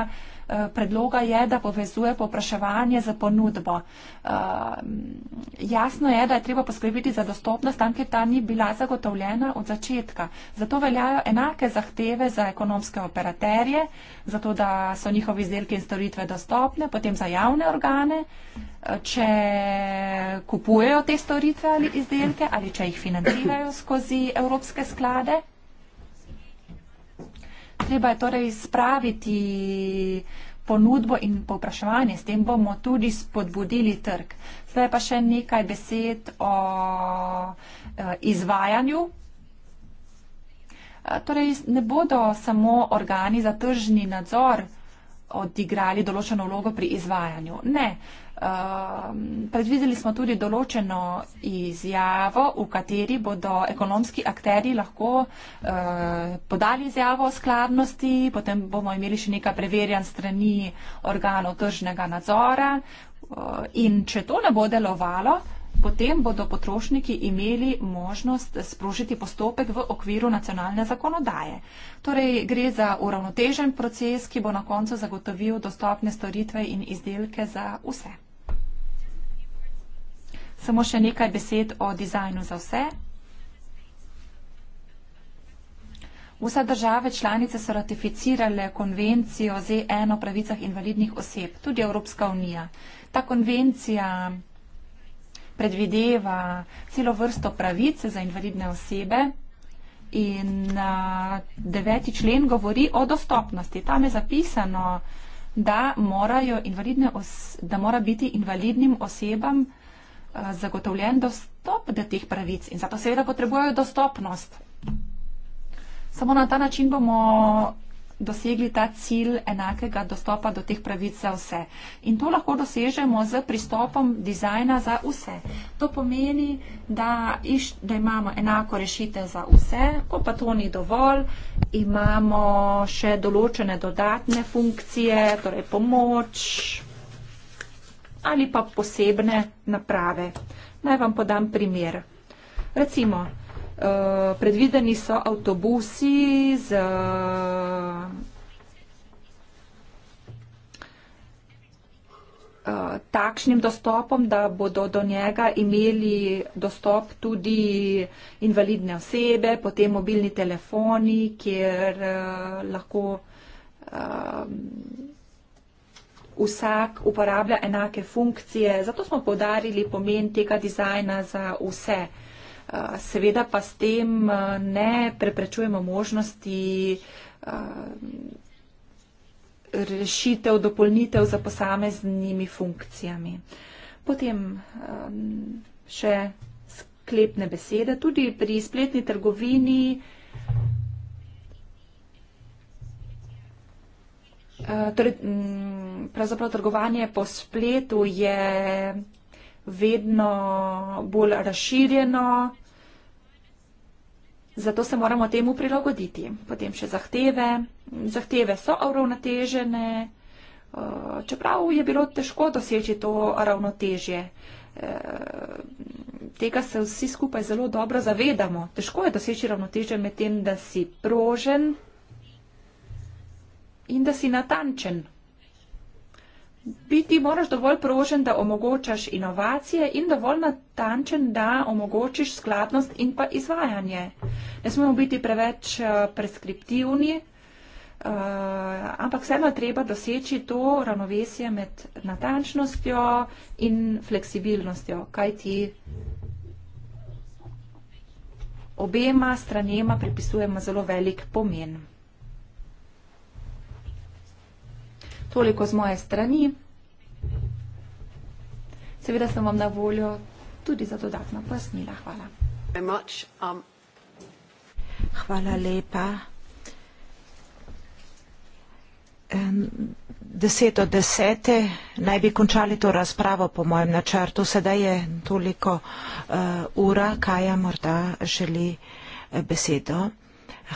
Eh, predloga je, da povezuje popraševanje z ponudbo. Eh, jasno je, da je treba poskrbeti za dostopnost, tam, kjer ta ni bila zagotovljena od začetka. Zato veljajo enake zahteve za ekonomske operaterje, zato da so njihovi izdelki in storitve dostopne, potem za javne organe, eh, če kupujejo te storitve ali izdelke ali če jih financirajo skozi evropske sklade. Treba je torej spraviti ponudbo in povpraševanje, s tem bomo tudi spodbudili trg. Zdaj pa še nekaj besed o e, izvajanju. E, torej, ne bodo samo organi za tržni nadzor odigrali določeno vlogo pri izvajanju. Ne. Uh, Um, predvideli smo tudi določeno izjavo, v kateri bodo ekonomski akteri lahko uh, podali izjavo o skladnosti, potem bomo imeli še nekaj preverjan strani organov tržnega nadzora uh, in če to ne bo delovalo, potem bodo potrošniki imeli možnost sprožiti postopek v okviru nacionalne zakonodaje. Torej gre za uravnotežen proces, ki bo na koncu zagotovil dostopne storitve in izdelke za vse. Samo še nekaj besed o dizajnu za vse. Vsa države članice so ratificirale konvencijo ZN o pravicah invalidnih oseb, tudi Evropska unija. Ta konvencija predvideva celo vrsto pravice za invalidne osebe in deveti člen govori o dostopnosti. Tam je zapisano, da, morajo invalidne os da mora biti invalidnim osebam Eh, zagotovljen dostop do teh pravic in zato seveda potrebujejo dostopnost. Samo na ta način bomo dosegli ta cilj enakega dostopa do teh pravic za vse. In to lahko dosežemo z pristopom dizajna za vse. To pomeni, da, iš, da imamo enako rešitev za vse, ko pa to ni dovolj, imamo še določene dodatne funkcije, torej pomoč, ali pa posebne naprave. Naj vam podam primer. Recimo, eh, predvideni so avtobusi z eh, takšnim dostopom, da bodo do njega imeli dostop tudi invalidne osebe, potem mobilni telefoni, kjer eh, lahko vsak uporablja enake funkcije, zato smo povdarili pomen tega dizajna za vse. Eh, seveda pa s tem eh, ne preprečujemo možnosti eh, rešitev, dopolnitev za posameznimi funkcijami. Potem še sklepne besede. Tudi pri spletni trgovini Eh, torej, mm, pravzaprav trgovanje po spletu je vedno bolj razširjeno, zato se moramo temu prilagoditi. Potem še zahteve. Zahteve so uravnotežene, eh, čeprav je bilo težko doseči to ravnotežje. Eh, tega se vsi skupaj zelo dobro zavedamo. Težko je doseči ravnotežje med tem, da si prožen in da si natančen. Biti moraš dovolj prožen, da omogočaš inovacije in dovolj natančen, da omogočiš skladnost in pa izvajanje. Ne smemo biti preveč eh, preskriptivni, eh, ampak vseeno je treba doseči to ravnovesje med natančnostjo in fleksibilnostjo, kaj ti obema stranema pripisujemo zelo velik pomen. Toliko z moje strani. Seveda sem vam na voljo tudi za dodatna pojasnila. Hvala. Um, Hvala lepa. Deset od desete naj bi končali to razpravo po mojem načrtu. Sedaj je toliko uh, ura, kaj ja morda želi eh, besedo.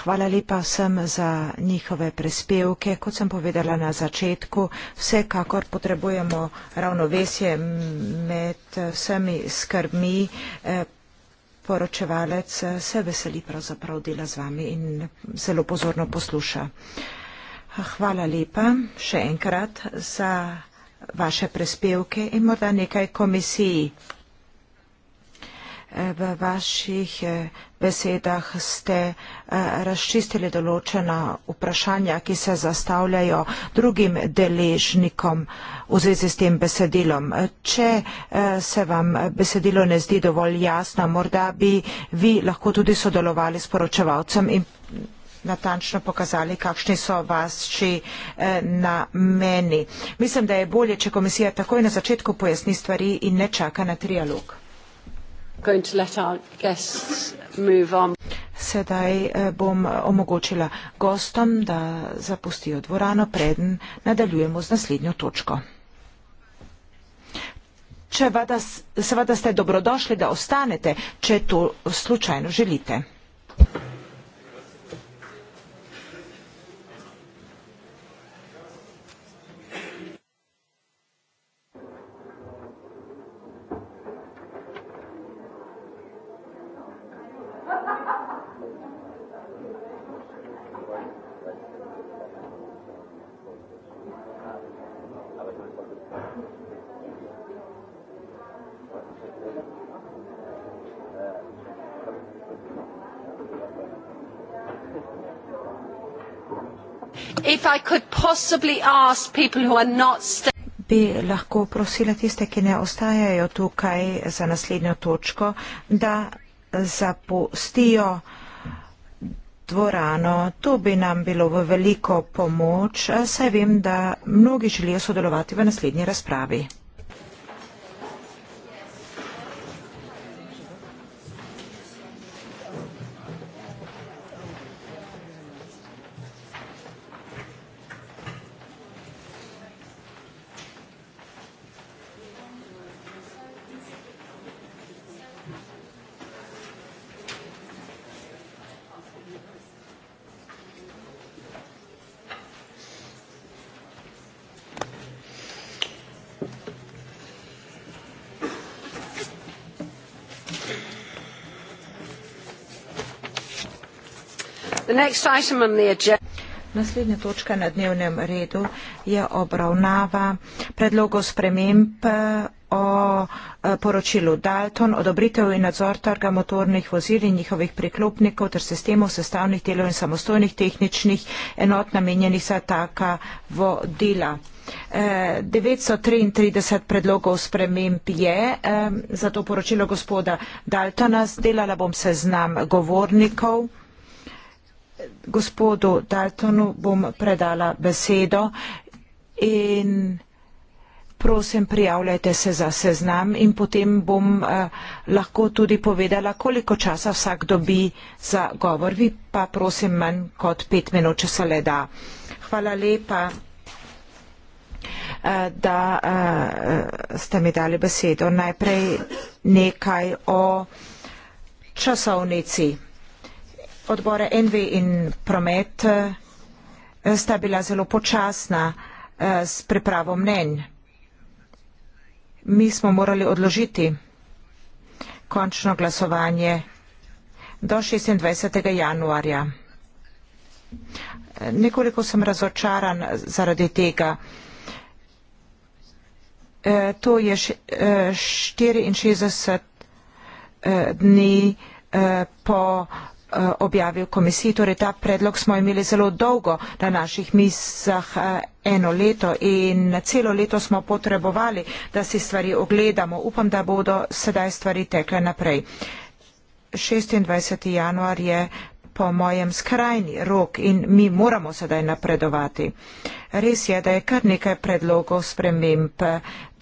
Hvala lepa vsem za njihove prispevke. Kot sem povedala na začetku, vsekakor potrebujemo ravnovesje med vsemi skrbmi. Eh, poročevalec eh, se veseli pravzaprav dela z vami in zelo pozorno posluša. Hvala lepa še enkrat za vaše prispevke in morda nekaj komisiji v vaših eh, besedah ste eh, razčistili določena vprašanja, ki se zastavljajo drugim deležnikom v zvezi s tem besedilom. Če eh, se vam besedilo ne zdi dovolj jasno, morda bi vi lahko tudi sodelovali s poročevalcem in natančno pokazali, kakšni so vaši na meni. Mislim, da je bolje, če komisija takoj na začetku pojasni stvari in ne čaka na trialog going to let our guests move on. Sedaj eh, bom eh, omogočila gostom, da zapustijo dvorano, preden nadaljujemo z naslednjo točko. Če vada, seveda ste dobrodošli, da ostanete, če to slučajno želite. bi lahko prosila tiste, ki ne ostajajo tukaj za naslednjo točko, da zapustijo dvorano. To bi nam bilo v veliko pomoč, saj vem, da mnogi želijo sodelovati v naslednji razpravi. Naslednja točka na dnevnem redu je obravnava predlogov sprememb eh, o eh, poročilu Dalton, odobritev in nadzor trga motornih vozil in njihovih priklopnikov ter sistemov sestavnih delov in samostojnih tehničnih enot namenjenih za taka vodila. 933 eh, predlogov sprememb je za to poročilo gospoda Daltona. Zdelala bom seznam govornikov gospodu Daltonu bom predala besedo in prosim, prijavljajte se za seznam in potem bom eh, lahko tudi povedala, koliko časa vsak dobi za govor. Vi pa prosim manj kot pet minut, če se le da. Hvala lepa, eh, da eh, ste mi dali besedo. Najprej nekaj o časovnici odbora NV in promet eh, sta bila zelo počasna eh, s pripravo mnenj. Mi smo morali odložiti končno glasovanje do 26. januarja. Eh, nekoliko sem razočaran zaradi tega. To je 64 dni po Eh, objavil komisiji. Torej, ta predlog smo imeli zelo dolgo na naših mizah eh, eno leto in celo leto smo potrebovali, da si stvari ogledamo. Upam, da bodo sedaj stvari tekle naprej. 26. januar je po mojem skrajni rok in mi moramo sedaj napredovati. Res je, da je kar nekaj predlogov sprememb.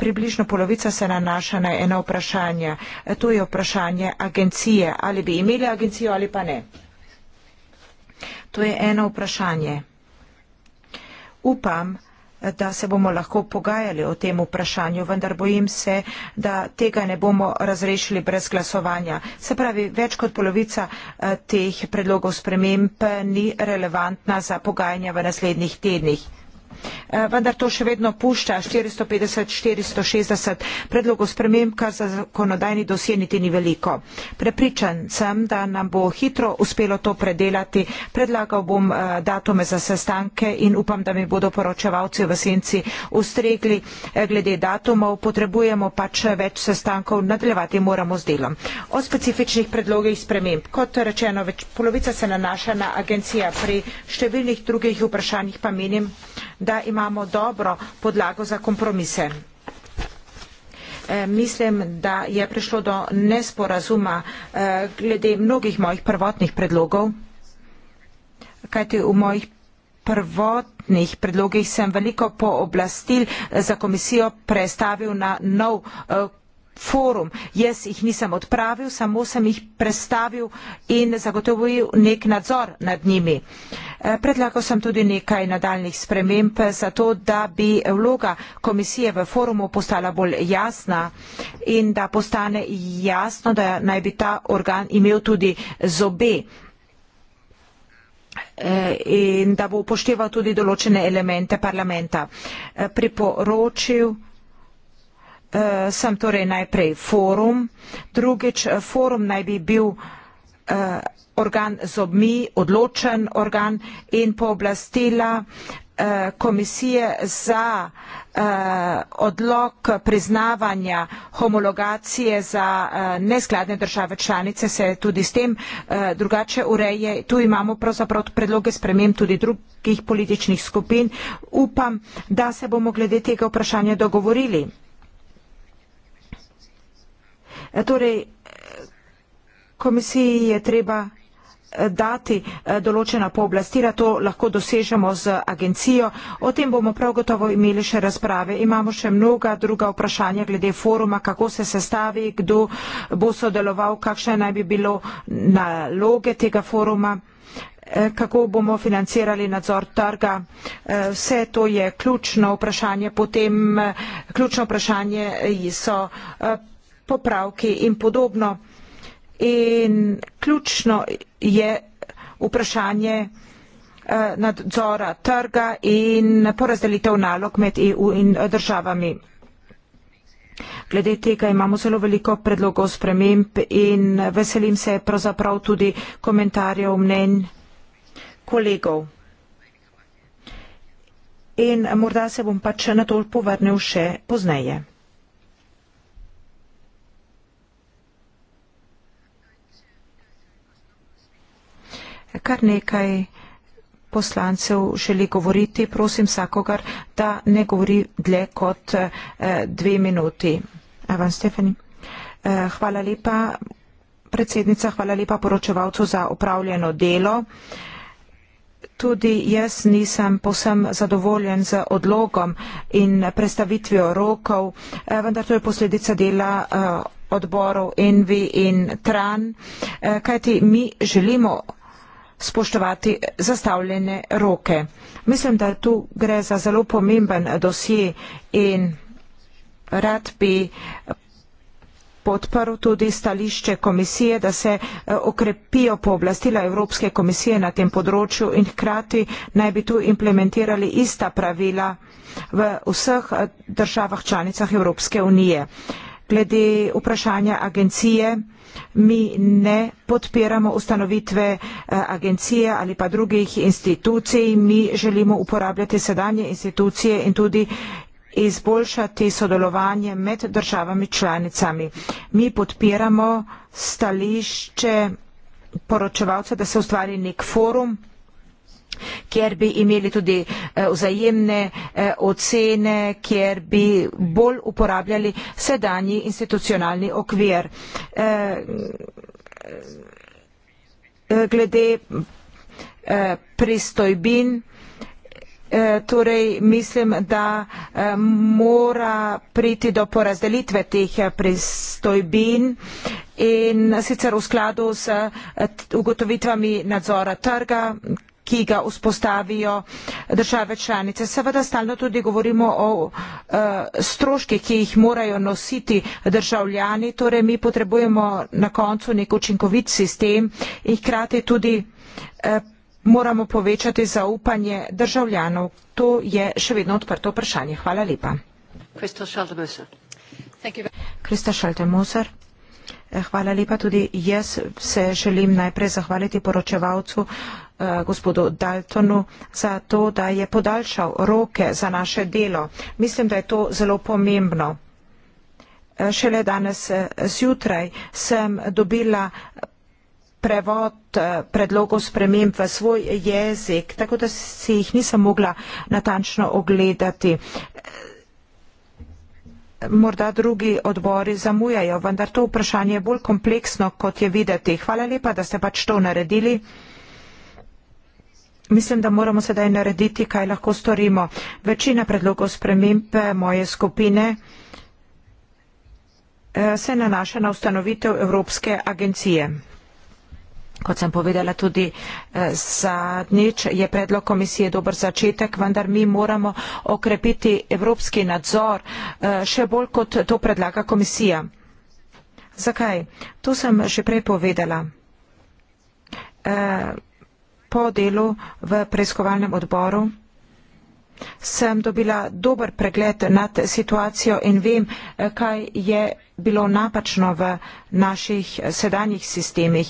Približno polovica se nanaša na eno vprašanje. To je vprašanje agencije. Ali bi imeli agencijo ali pa ne? To je eno vprašanje. Upam, da se bomo lahko pogajali o tem vprašanju, vendar bojim se, da tega ne bomo razrešili brez glasovanja. Se pravi, več kot polovica eh, teh predlogov sprememb ni relevantna za pogajanja v naslednjih tednih. Eh, vendar to še vedno pušča 450-460 predlogov sprememb, kar za zakonodajni dosjeniti ni veliko. Prepričan sem, da nam bo hitro uspelo to predelati. Predlagal bom eh, datume za sestanke in upam, da mi bodo poročevalci v senci ustregli eh, glede datumov. Potrebujemo pač več sestankov, nadaljevati moramo z delom. O specifičnih predlogih sprememb. Kot rečeno, več polovica se nanaša na agencija. Pri številnih drugih vprašanjih pa menim, da imamo dobro podlago za kompromise. E, mislim, da je prišlo do nesporazuma e, glede mnogih mojih prvotnih predlogov, kajti v mojih prvotnih predlogih sem veliko pooblastil za komisijo prestavil na nov e, forum. Jaz jih nisem odpravil, samo sem jih prestavil in zagotovil nek nadzor nad njimi. E, Predlagal sem tudi nekaj nadaljnih sprememb, zato da bi vloga komisije v forumu postala bolj jasna in da postane jasno, da naj bi ta organ imel tudi zobe eh, in da bo upošteval tudi določene elemente parlamenta. Eh, priporočil eh, sem torej najprej forum, drugič forum naj bi bil uh, organ z obmi, odločen organ in pooblastila eh, komisije za eh, odlog priznavanja homologacije za eh, neskladne države članice se tudi s tem eh, drugače ureje. Tu imamo pravzaprav predloge spremem tudi drugih političnih skupin. Upam, da se bomo glede tega vprašanja dogovorili. E, torej, komisiji je treba eh, dati eh, določena pooblastila, to lahko dosežemo z agencijo. O tem bomo prav gotovo imeli še razprave. Imamo še mnoga druga vprašanja glede foruma, kako se sestavi, kdo bo sodeloval, kakšne naj bi bilo naloge tega foruma, eh, kako bomo financirali nadzor trga. Vse to je ključno vprašanje. Potem ključno vprašanje so popravki in podobno. In ključno je vprašanje eh, nadzora trga in porazdelitev nalog med EU in eh, državami. Glede tega imamo zelo veliko predlogov sprememb in eh, veselim se pravzaprav tudi komentarjev mnen kolegov. In morda se bom pač na to povrnil še pozneje. kar nekaj poslancev želi govoriti. Prosim vsakogar, da ne govori dlje kot eh, dve minuti. Evan Stefani. Eh, hvala lepa, predsednica, hvala lepa poročevalcu za upravljeno delo. Tudi jaz nisem posem zadovoljen z odlogom in predstavitvijo rokov, eh, vendar to je posledica dela odborov Envi in Tran, kajti mi želimo spoštovati zastavljene roke. Mislim, da tu gre za zelo pomemben dosje in rad bi podprl tudi stališče komisije, da se eh, okrepijo pooblastila Evropske komisije na tem področju in hkrati naj bi tu implementirali ista pravila v vseh eh, državah članicah Evropske unije glede vprašanja agencije. Mi ne podpiramo ustanovitve eh, agencije ali pa drugih institucij. Mi želimo uporabljati sedanje institucije in tudi izboljšati sodelovanje med državami članicami. Mi podpiramo stališče poročevalca, da se ustvari nek forum kjer bi imeli tudi eh, vzajemne eh, ocene, kjer bi bolj uporabljali sedanji institucionalni okvir. Eh, glede pristojbin, torej mislim, da mora priti do porazdelitve teh pristojbin in sicer v skladu s ugotovitvami nadzora trga, ki ga vzpostavijo države članice. Seveda stalno tudi govorimo o e, stroških, ki jih morajo nositi državljani, torej mi potrebujemo na koncu nek učinkovit sistem in hkrati tudi e, moramo povečati zaupanje državljanov. To je še vedno odprto vprašanje. Hvala lepa. Krista Šaltemoser. Eh, hvala lepa tudi jaz se želim najprej zahvaliti poročevalcu. Eh, gospodu Daltonu za to, da je podaljšal roke za naše delo. Mislim, da je to zelo pomembno. Eh, šele danes eh, zjutraj sem dobila prevod predlogov sprememb v svoj jezik, tako da si jih nisem mogla natančno ogledati. Morda drugi odbori zamujajo, vendar to vprašanje je bolj kompleksno, kot je videti. Hvala lepa, da ste pač to naredili. Mislim, da moramo sedaj narediti, kaj lahko storimo. Večina predlogov sprememb eh, moje skupine eh, se nanaša na ustanovitev Evropske agencije. Kot sem povedala tudi eh, zadnjič, je predlog komisije dober začetek, vendar mi moramo okrepiti evropski nadzor še bolj, kot to predlaga komisija. Zakaj? To sem že prej povedala. E, po delu v preiskovalnem odboru sem dobila dober pregled nad situacijo in vem, eh, kaj je bilo napačno v naših eh, sedanjih sistemih.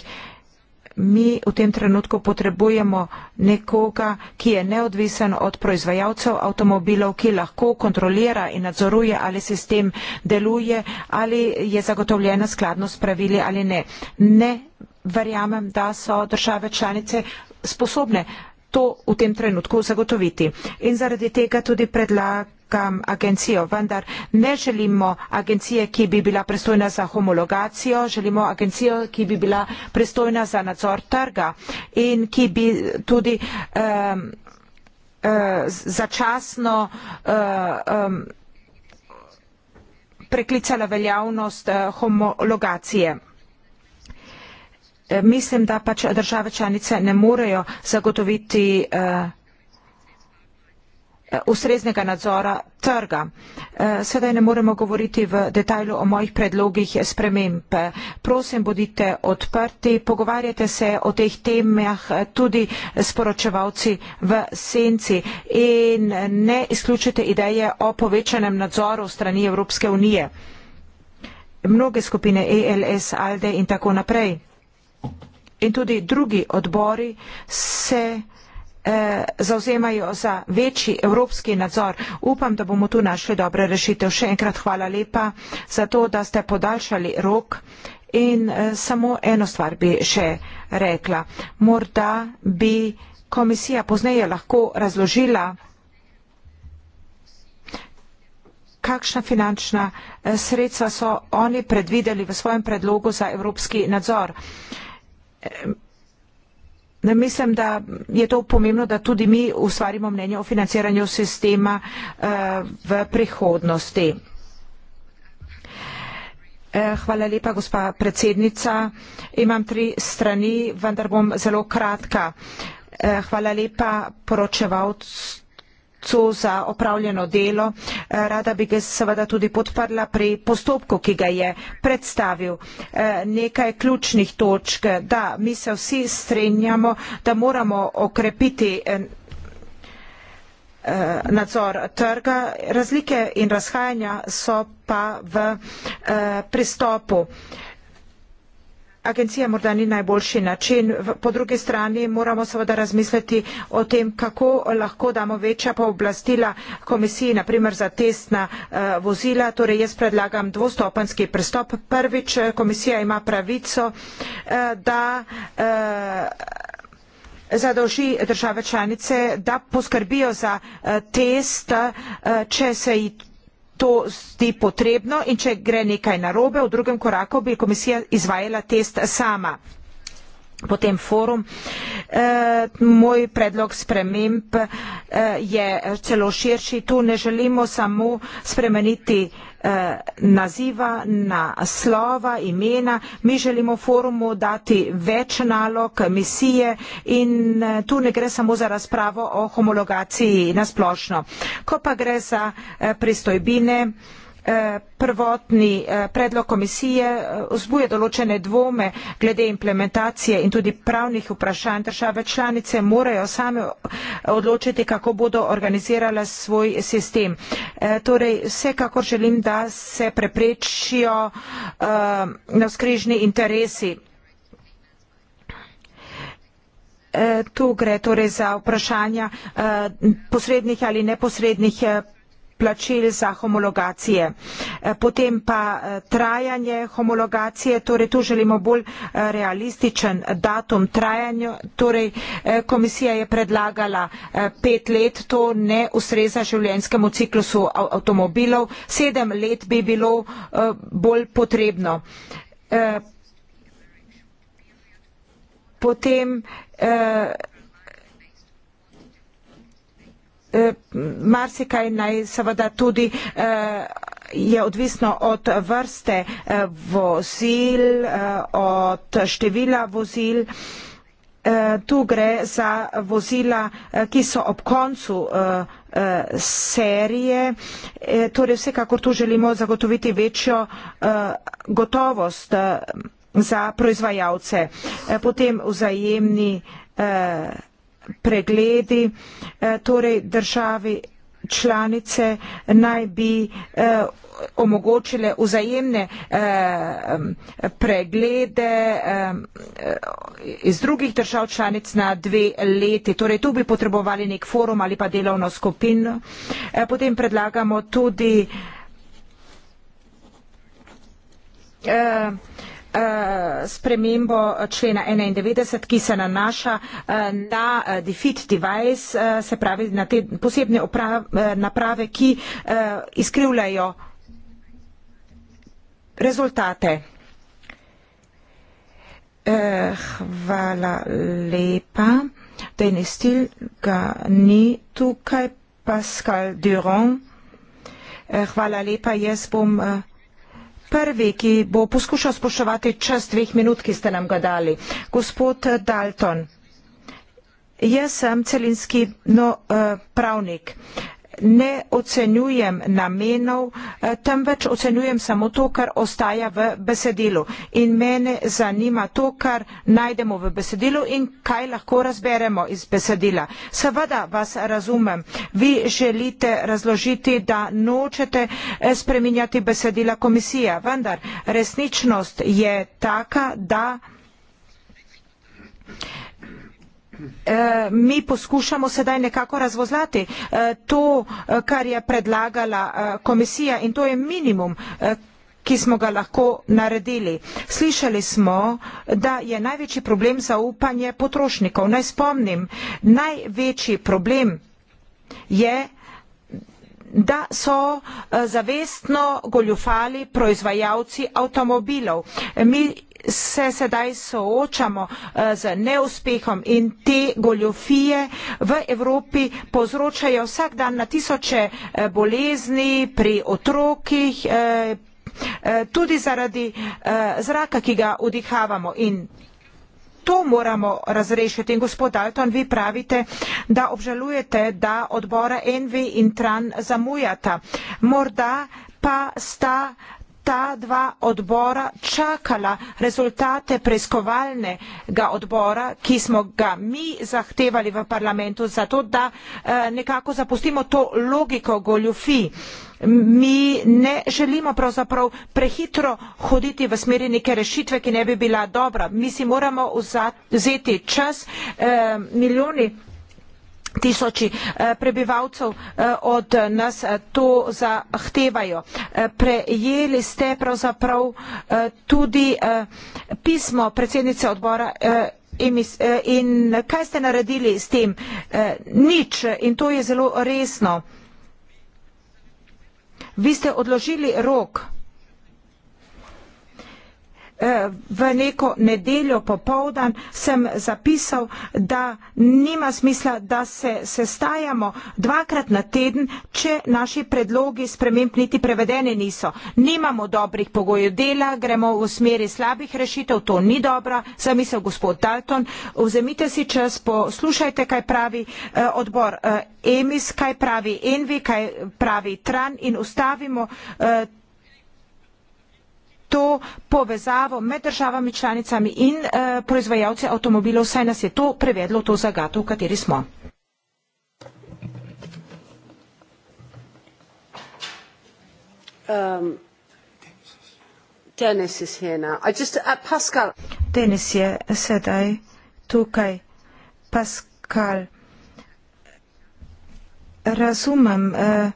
Mi v tem trenutku potrebujemo nekoga, ki je neodvisen od proizvajalcev avtomobilov, ki lahko kontrolira in nadzoruje, ali sistem deluje, ali je zagotovljena skladnost pravili ali ne. Ne verjamem, da so države članice sposobne to v tem trenutku zagotoviti. In zaradi tega tudi predlagam agencijo, vendar ne želimo agencije, ki bi bila pristojna za homologacijo, želimo agencijo, ki bi bila pristojna za nadzor trga in ki bi tudi um, uh, začasno uh, um, preklicala veljavnost uh, homologacije. Eh, mislim, da pač države članice ne morejo zagotoviti eh, eh, ustreznega nadzora trga. Sedaj ne moremo govoriti v detajlu o mojih predlogih sprememb. Prosim, bodite odprti, pogovarjajte se o teh temah tudi s poročevalci v senci in ne izključite ideje o povečanem nadzoru strani Evropske unije. Mnoge skupine ELS, ALDE in tako naprej in tudi drugi odbori se eh, zauzemajo za večji evropski nadzor. Upam, da bomo tu našli dobre rešitev. Še enkrat hvala lepa za to, da ste podaljšali rok in eh, samo eno stvar bi še rekla. Morda bi komisija pozneje lahko razložila, kakšna finančna eh, sredstva so oni predvideli v svojem predlogu za evropski nadzor. Mislim, da je to pomembno, da tudi mi ustvarimo mnenje o financiranju sistema eh, v prihodnosti. Eh, hvala lepa, gospa predsednica. Imam tri strani, vendar bom zelo kratka. Eh, hvala lepa poročevalcu. Kovancu za opravljeno delo. Eh, rada bi ga seveda tudi podprla pri postopku, ki ga je predstavil. Eh, nekaj ključnih točk, da mi se vsi strenjamo, da moramo okrepiti eh, nadzor trga. Razlike in razhajanja so pa v pristopu agencija morda ni najboljši način. Po drugi strani moramo seveda razmisliti o tem, kako lahko damo večja pooblastila komisiji, naprimer za testna eh, vozila. Torej jaz predlagam dvostopanski pristop. Prvič, eh, komisija ima pravico, eh, da zadolži države članice, da poskrbijo za test, če se jih to zdi potrebno in če gre nekaj narobe v drugem koraku bi komisija izvajala test sama potem forum. E, moj predlog sprememb e, je celo širši. Tu ne želimo samo spremeniti e, naziva, naslova, imena. Mi želimo forumu dati več nalog, misije in e, tu ne gre samo za razpravo o homologaciji nasplošno. Ko pa gre za e, pristojbine, Eh, prvotni eh, predlog komisije eh, vzbuje določene dvome glede implementacije in tudi pravnih vprašanj. Države članice morajo same odločiti, kako bodo organizirale svoj sistem. Torej, vsekakor želim, da se preprečijo navskrižni interesi. Tu gre torej za vprašanja posrednih ali neposrednih plačil za homologacije. E, potem pa e, trajanje homologacije, torej tu želimo bolj e, realističen datum trajanja. Torej komisija je predlagala pet let, to ne ustreza življenjskemu ciklusu avtomobilov, sedem let bi bilo bolj potrebno. Potem Eh, marsikaj naj seveda tudi eh, je odvisno od vrste eh, vozil, od števila vozil. Tu gre za vozila, ki so ob koncu serije, torej vsekakor tu želimo zagotoviti večjo gotovost za proizvajalce. Potem vzajemni pregledi, eh, torej državi članice naj bi eh, omogočile vzajemne eh, preglede eh, iz drugih držav članic na dve leti. Torej tu bi potrebovali nek forum ali pa delovno skupino. Eh, potem predlagamo tudi eh, Eh, spremembo člena 91, ki se nanaša eh, na eh, defeat device, se pravi na te posebne naprave, ki izkrivljajo rezultate. Hvala lepa. Denis Stil ga ni tukaj. Pascal Duron. Hvala lepa. Jaz bom prvi, ki bo poskušal spoštovati čas dveh minut, ki ste nam ga dali. Gospod Dalton, jaz sem celinski no, eh, pravnik ne ocenjujem namenov, eh, temveč ocenjujem samo to, kar ostaja v besedilu. In mene zanima to, kar najdemo v besedilu in kaj lahko razberemo iz besedila. Seveda vas razumem, vi želite razložiti, da nočete eh, spreminjati besedila komisije, vendar resničnost je taka, da Eh, mi poskušamo sedaj nekako razvozlati eh, to, eh, kar je predlagala komisija in to je minimum, ki smo ga lahko naredili. Slišali smo, da je največji problem zaupanje potrošnikov. Naj spomnim, največji problem je da so eh, zavestno goljufali proizvajalci avtomobilov. Mi se sedaj soočamo eh, z neuspehom in te goljofije v Evropi povzročajo vsak dan na tisoče eh, bolezni pri otrokih, tudi zaradi zraka, ki ga vdihavamo in to moramo razrešiti. In gospod Dalton, vi pravite, da obžalujete, da odbora Envi in Tran zamujata. Morda pa sta ta dva odbora čakala rezultate preiskovalnega odbora, ki smo ga mi zahtevali v parlamentu, zato da eh, nekako zapustimo to logiko goljufi mi ne želimo pravzaprav prehitro hoditi v smeri neke rešitve ki ne bi bila dobra mi si moramo vzeti čas eh, milijoni tisoči eh, prebivalcev eh, od nas to zahtevajo. Prejeli ste pravzaprav tudi pismo predsednice odbora in kaj ste naredili s tem? Nič in to je zelo resno. Vi ste odložili rok v neko nedeljo popovdan sem zapisal, da nima smisla, da se sestajamo dvakrat na teden, če naši predlogi sprememb niti prevedeni niso. Nimamo dobrih pogojev dela, gremo v smeri slabih rešitev, to ni dobro, zamisel gospod Dalton. Vzemite si čas, poslušajte, kaj pravi eh, odbor eh, EMIS, kaj pravi ENVI, kaj pravi TRAN in ustavimo eh, to povezavo med državami članicami in eh, proizvajalci avtomobilov, saj nas je to prevedlo v to zagato, v kateri smo. Um. Denis, just, uh, Pascal. Denis je sedaj tukaj. Pascal, razumem, uh,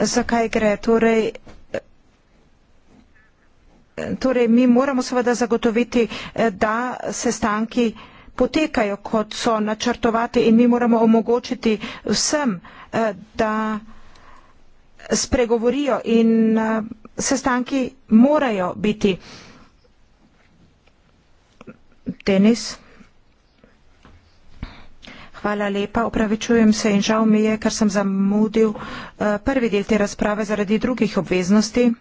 zakaj gre. Torej, Torej, mi moramo seveda zagotoviti, eh, da sestanki potekajo, kot so načrtovati in mi moramo omogočiti vsem, eh, da spregovorijo in eh, sestanki morajo biti. Denis. Hvala lepa, opravičujem se in žal mi je, ker sem zamudil prvi del te razprave zaradi drugih obveznosti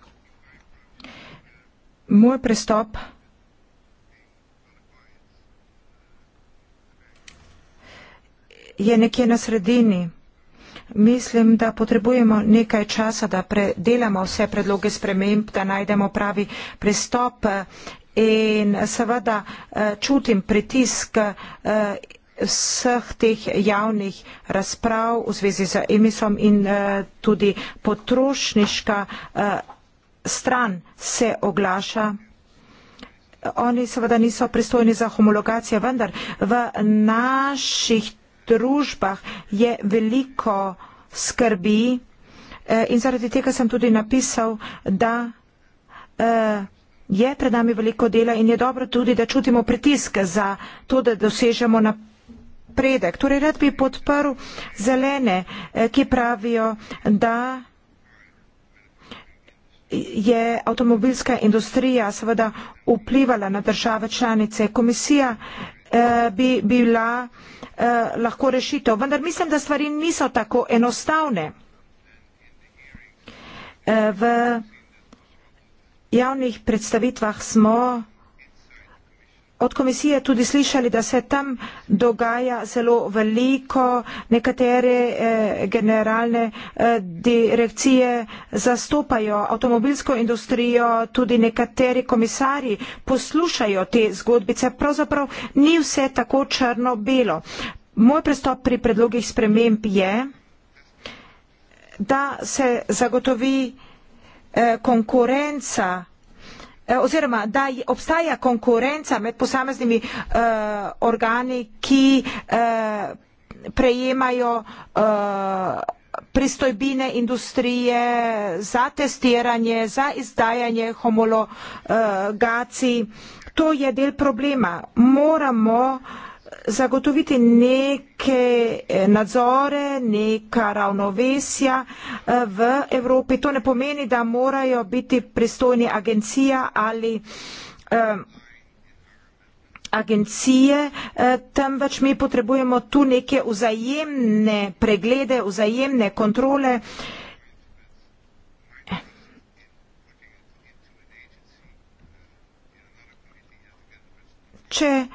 moj prestop. Je nekje na sredini. Mislim, da potrebujemo nekaj časa, da predelamo vse predloge sprememb, da najdemo pravi pristop in seveda eh, čutim pritisk eh, vseh teh javnih razprav v zvezi z emisom in eh, tudi potrošniška stran se oglaša. Oni seveda niso pristojni za homologacije, vendar v naših družbah je veliko skrbi eh, in zaradi tega sem tudi napisal, da eh, je pred nami veliko dela in je dobro tudi, da čutimo pritisk za to, da dosežemo napredek. Torej, rad bi podprl zelene, eh, ki pravijo, da je avtomobilska industrija seveda vplivala na države članice. Komisija eh, bi bila eh, lahko rešitev, vendar mislim, da stvari niso tako enostavne. Eh, v javnih predstavitvah smo od komisije tudi slišali, da se tam dogaja zelo veliko, nekatere eh, generalne eh, direkcije zastopajo avtomobilsko industrijo, tudi nekateri komisari poslušajo te zgodbice. Pravzaprav ni vse tako črno-belo. Moj pristop pri predlogih sprememb je, da se zagotovi eh, konkurenca, Eh, oziroma da obstaja konkurenca med posameznimi uh, organi, ki uh, prejemajo uh, pristojbine industrije za testiranje, za izdajanje homologacij. To je del problema. Moramo uh, zagotoviti neke eh, nadzore, neka ravnovesja eh, v Evropi. To ne pomeni, da morajo biti pristojni agencija ali eh, agencije, temveč mi potrebujemo tu neke vzajemne preglede, vzajemne kontrole. Če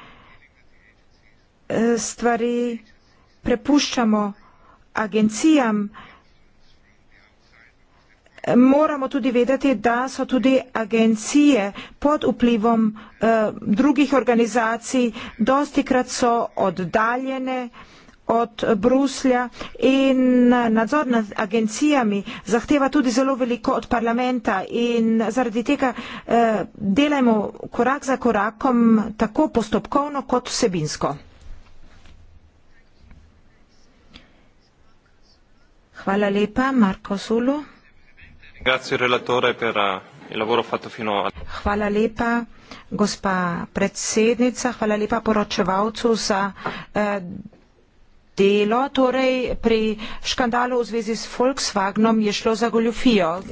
stvari prepuščamo agencijam, moramo tudi vedeti, da so tudi agencije pod vplivom eh, drugih organizacij, dosti krat so oddaljene od Bruslja in nadzor nad agencijami zahteva tudi zelo veliko od parlamenta in zaradi tega eh, delajmo korak za korakom tako postopkovno kot vsebinsko. Hvala lepa, Marko Sulu. Grazie, relatore, per eh, il lavoro fatto fino ad oggi. Hvala lepa, gospa predsednica, hvala lepa poročevalcu za. Eh, Delo, torej pri škandalu v zvezi s Volkswagnom je šlo za goljofijo.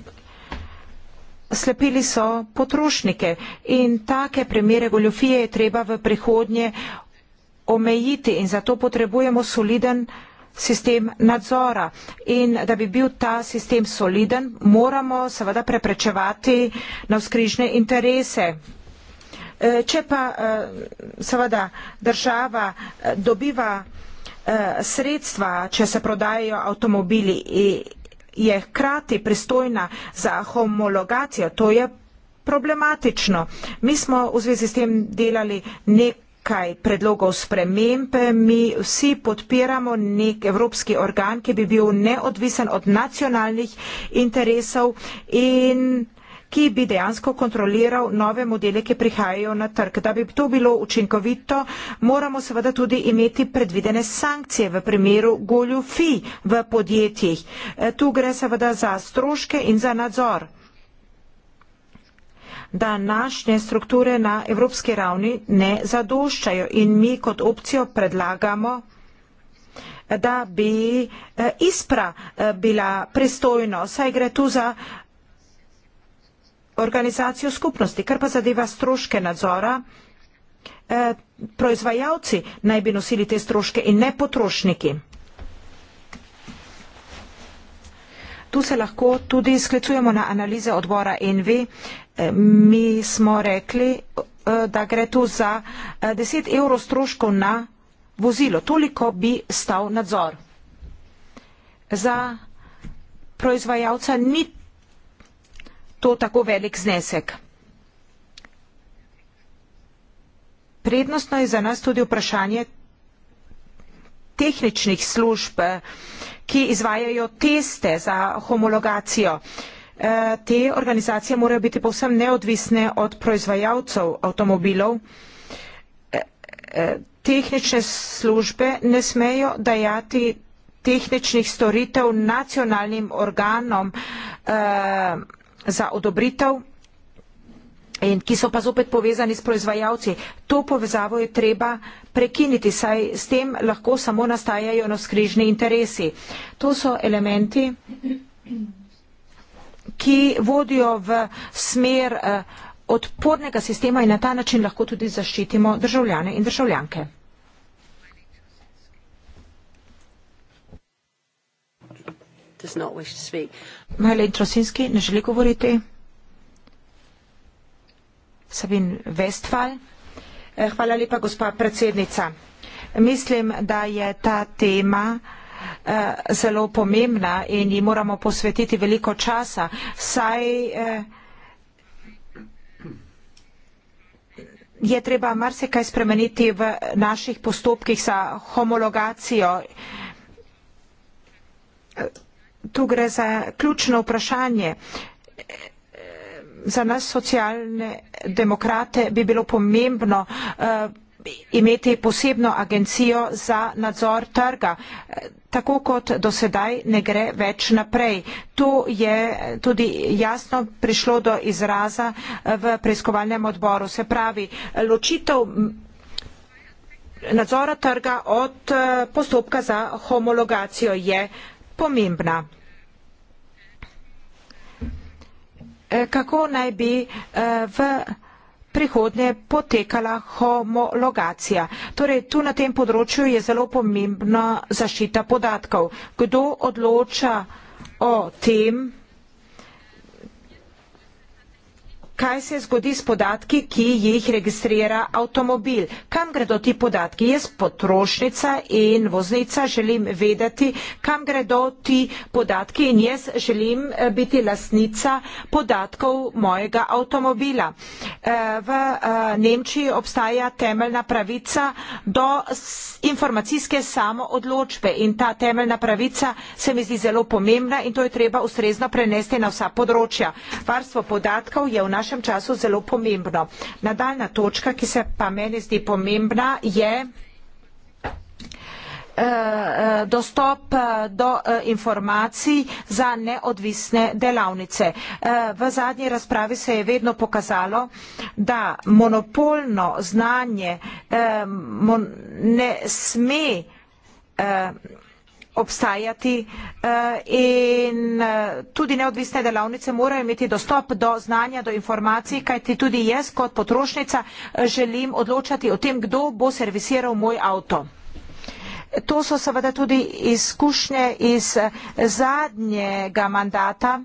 Slepili so potrošnike in take primere goljofije je treba v prihodnje omejiti in zato potrebujemo soliden sistem nadzora in da bi bil ta sistem soliden, moramo seveda preprečevati navskrižne interese. Eh, če pa eh, seveda država eh, dobiva sredstva, če se prodajajo avtomobili, je hkrati pristojna za homologacijo, to je problematično. Mi smo v zvezi s tem delali nek nekaj predlogov spremembe, mi vsi podpiramo nek evropski organ, ki bi bil neodvisen od nacionalnih interesov in ki bi dejansko kontroliral nove modele, ki prihajajo na trg. Da bi to bilo učinkovito, moramo seveda tudi imeti predvidene sankcije v primeru goljufi v podjetjih. E, tu gre seveda za stroške in za nadzor da našne strukture na evropski ravni ne zadoščajo in mi kot opcijo predlagamo, da bi e, ISPRA e, bila pristojno, saj gre tu za organizacijo skupnosti, kar pa zadeva stroške nadzora, e, proizvajalci naj bi nosili te stroške in ne potrošniki. Tu se lahko tudi sklecujemo na analize odbora ENVI, E, mi smo rekli, e, da gre tu za 10 e, evrov stroškov na vozilo. Toliko bi stal nadzor. Za proizvajalca ni to tako velik znesek. Prednostno je za nas tudi vprašanje tehničnih služb, ki izvajajo teste za homologacijo. Eh, te organizacije morajo biti povsem neodvisne od proizvajalcev avtomobilov. Eh, eh, tehnične službe ne smejo dajati tehničnih storitev nacionalnim organom za odobritev, in ki so pa zopet povezani s proizvajalci. To povezavo je treba prekiniti, saj s tem lahko samo nastajajo noskrižni interesi. To so elementi, ki vodijo v smer eh, odpornega sistema in na ta način lahko tudi zaščitimo državljane in državljanke. Majlen Trosinski ne želi govoriti. Sabin Westfall. Eh, hvala lepa, gospa predsednica. Mislim, da je ta tema Eh, zelo pomembna in ji moramo posvetiti veliko časa. Saj eh, je treba marsikaj spremeniti v naših postopkih za homologacijo. Tu gre za ključno vprašanje. Za nas socialne demokrate bi bilo pomembno uh, imeti posebno agencijo za nadzor trga. Tako kot do sedaj ne gre več naprej. To je tudi jasno prišlo do izraza v preiskovalnem odboru. Se pravi, ločitev nadzora trga od eh, postopka za homologacijo je pomembna. Eh, kako naj bi eh, v prihodnje potekala homologacija. Torej, tu na tem področju je zelo pomembna zaščita podatkov. Kdo odloča o tem, kaj se zgodi s podatki, ki jih registrira avtomobil. Kam gredo ti podatki? Jaz potrošnica in voznica želim vedeti, kam gredo ti podatki in jaz želim eh, biti lasnica podatkov mojega avtomobila. Eh, v eh, Nemčiji obstaja temeljna pravica do informacijske samoodločbe in ta temeljna pravica se mi zdi zelo pomembna in to je treba ustrezno prenesti na vsa področja. Varstvo podatkov je v naši našem času zelo pomembno. Nadaljna točka, ki se pa meni zdi pomembna, je eh, eh, dostop eh, do informacij za neodvisne delavnice. V zadnji razpravi se je vedno pokazalo, da monopolno znanje ne sme obstajati eh, in eh, tudi neodvisne delavnice morajo imeti dostop do znanja, do informacij, kajti tudi jaz kot potrošnica eh, želim odločati o tem, kdo bo servisiral moj avto. To so seveda tudi izkušnje iz zadnjega mandata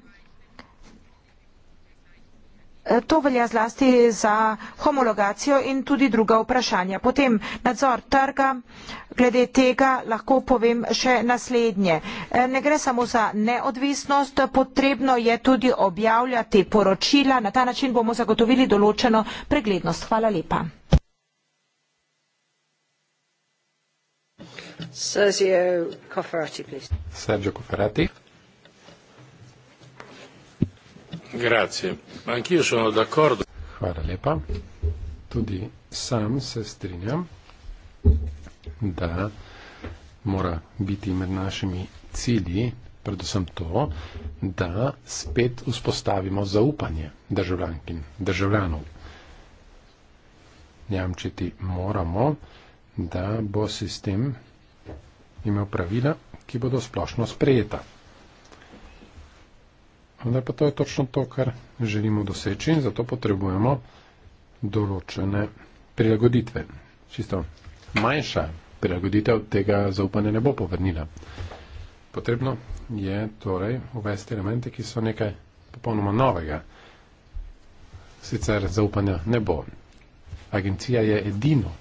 Eh, to velja zlasti za homologacijo in tudi druga vprašanja. Potem nadzor trga, glede tega lahko povem še naslednje. Eh, ne gre samo za neodvisnost, potrebno je tudi objavljati poročila, na ta način bomo zagotovili določeno preglednost. Hvala lepa. Sergio Cofferati, please. Sergio Cofferati. Grazie. Anch'io sono d'accordo. Hvala lepa. Tudi sam se strinjam, da mora biti med našimi cilji predvsem to, da spet vzpostavimo zaupanje državljank in državljanov. Jamčiti moramo, da bo sistem imel pravila, ki bodo splošno sprejeta. Vendar pa to je točno to, kar želimo doseči in zato potrebujemo določene prilagoditve. Čisto manjša prilagoditev tega zaupanja ne bo povrnila. Potrebno je torej uvesti elemente, ki so nekaj popolnoma novega. Sicer zaupanja ne bo. Agencija je edino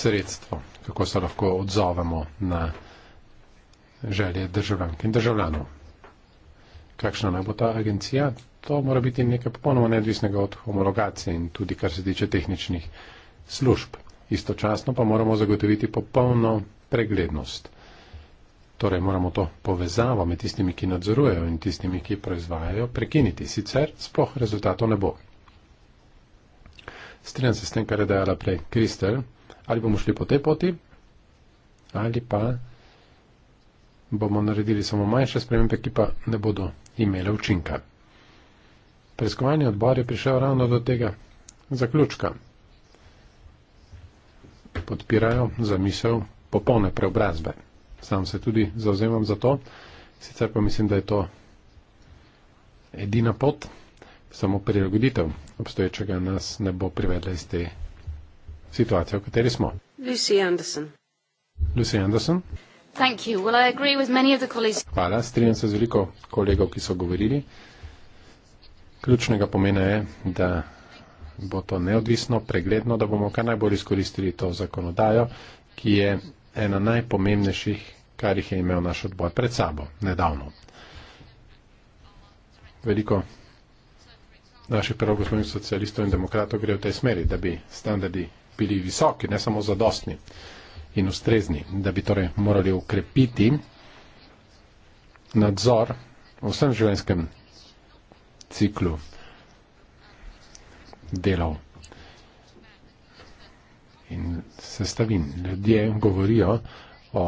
sredstvo, kako se lahko odzovemo na želje državljank in državljanov kakšna naj bo ta agencija, to mora biti nekaj popolnoma neodvisnega od homologacije in tudi kar se tiče tehničnih služb. Istočasno pa moramo zagotoviti popolno preglednost. Torej moramo to povezavo med tistimi, ki nadzorujejo in tistimi, ki proizvajajo, prekiniti. Sicer spoh rezultatov ne bo. Strenjam se s tem, kar je dejala prej Kristel. Ali bomo šli po tej poti, ali pa bomo naredili samo manjše spremembe, ki pa ne bodo imele učinka. Preiskovalni odbor je prišel ravno do tega zaključka. Podpirajo zamisel popolne preobrazbe. Sam se tudi zauzemam za to, sicer pa mislim, da je to edina pot, samo prilagoditev obstoječega nas ne bo privedla iz te situacije, v kateri smo. Lucy Anderson. Lucy Anderson. Well, Hvala, strinjam se z veliko kolegov, ki so govorili. Ključnega pomena je, da bo to neodvisno, pregledno, da bomo kar najbolj izkoristili to zakonodajo, ki je ena najpomembnejših, kar jih je imel naš odbor pred sabo, nedavno. Veliko naših pravogospodnih socialistov in demokratov gre v tej smeri, da bi standardi bili visoki, ne samo zadostni in ustrezni, da bi torej morali ukrepiti nadzor v vsem življenjskem ciklu delov in sestavin. Ljudje govorijo o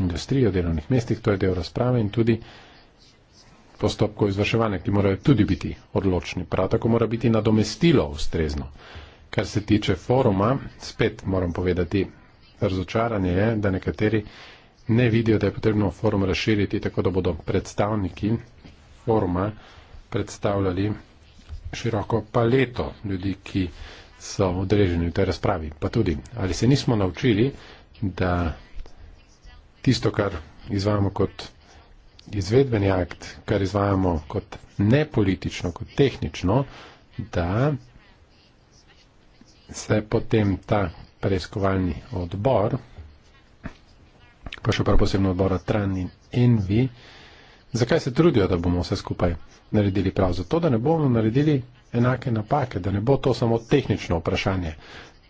industriji, o delovnih mestih, to je del razprave in tudi postopkov izvrševanja, ki morajo tudi biti odločni. Prav tako mora biti nadomestilo ustrezno. Kar se tiče foruma, spet moram povedati, razočaranje je, da nekateri ne vidijo, da je potrebno forum razširiti, tako da bodo predstavniki foruma predstavljali široko paleto ljudi, ki so odreženi v tej razpravi. Pa tudi, ali se nismo naučili, da tisto, kar izvajamo kot izvedbeni akt, kar izvajamo kot nepolitično, kot tehnično, da se potem ta preiskovalni odbor, pa še prav posebno odbora Tran in Envi, zakaj se trudijo, da bomo vse skupaj naredili prav? Zato, da ne bomo naredili enake napake, da ne bo to samo tehnično vprašanje.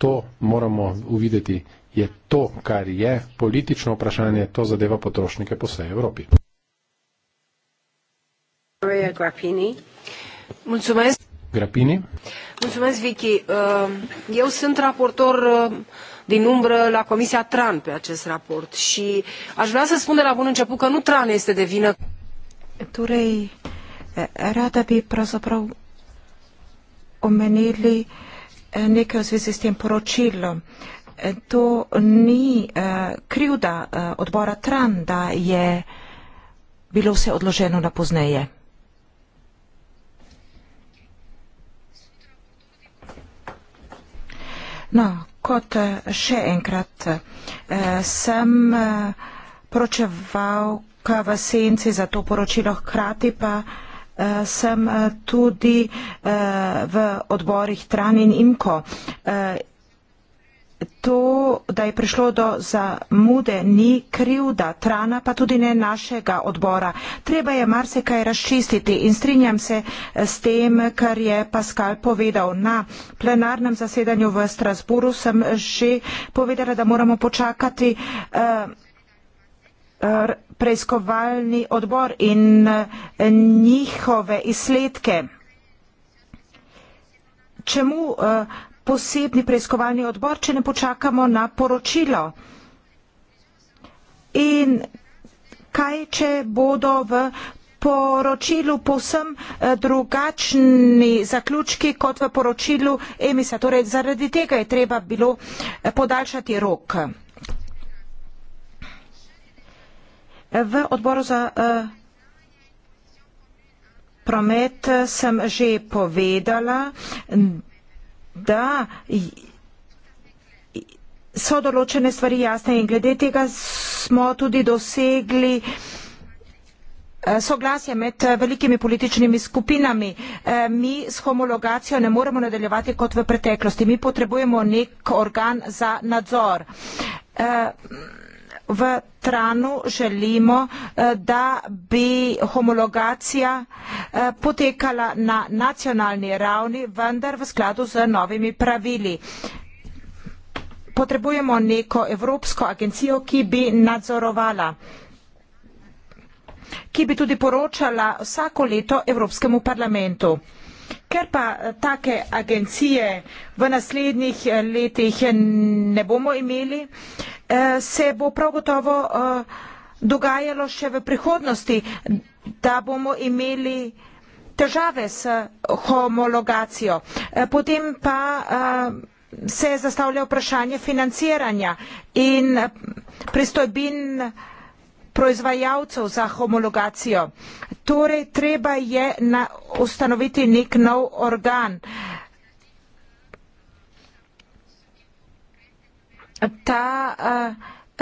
To moramo uvideti, je to, kar je politično vprašanje, to zadeva potrošnike po vsej Evropi. Grapini. Grapini. Mulțumesc, Vicky. Ehm, eu sunt raportor ehm, din umbră la Comisia TRAN pe acest raport și aș vrea să spun de la bun început că nu TRAN este de vină. Turei eh, rada bi prasapra omenili eh, neke v zvezi s tem poročilom. Eh, to ni krivda odbora TRAN, da je bilo vse odloženo na pozneje. No, kot eh, še enkrat, eh, sem eh, poročeval ka v senci za to poročilo, hkrati pa eh, sem eh, tudi eh, v odborih Tran in Imko. Eh, to, da je prišlo do zamude, ni krivda Trana, pa tudi ne našega odbora. Treba je marsikaj razčistiti in strinjam se eh, s tem, kar je Pascal povedal. Na plenarnem zasedanju v Strasburu sem že povedala, da moramo počakati uh, preiskovalni odbor in uh, njihove izsledke. Čemu uh, posebni preiskovalni odbor, če ne počakamo na poročilo. In kaj, če bodo v poročilu posem eh, drugačni zaključki kot v poročilu emisa. Torej, zaradi tega je treba bilo eh, podaljšati rok. V odboru za eh, promet sem že povedala, da so določene stvari jasne in glede tega smo tudi dosegli eh, soglasje med eh, velikimi političnimi skupinami. Eh, mi s homologacijo ne moremo nadaljevati kot v preteklosti. Mi potrebujemo nek organ za nadzor v Tranu želimo, eh, da bi homologacija eh, potekala na nacionalni ravni, vendar v skladu z novimi pravili. Potrebujemo neko evropsko agencijo, ki bi nadzorovala ki bi tudi poročala vsako leto Evropskemu parlamentu. Ker pa eh, take agencije v naslednjih eh, letih eh, ne bomo imeli, se bo prav gotovo dogajalo še v prihodnosti, da bomo imeli težave s homologacijo. Potem pa se zastavlja vprašanje financiranja in pristojbin vprašanja proizvajalcev za homologacijo. Torej, treba je na, ustanoviti nek nov organ. Ta uh,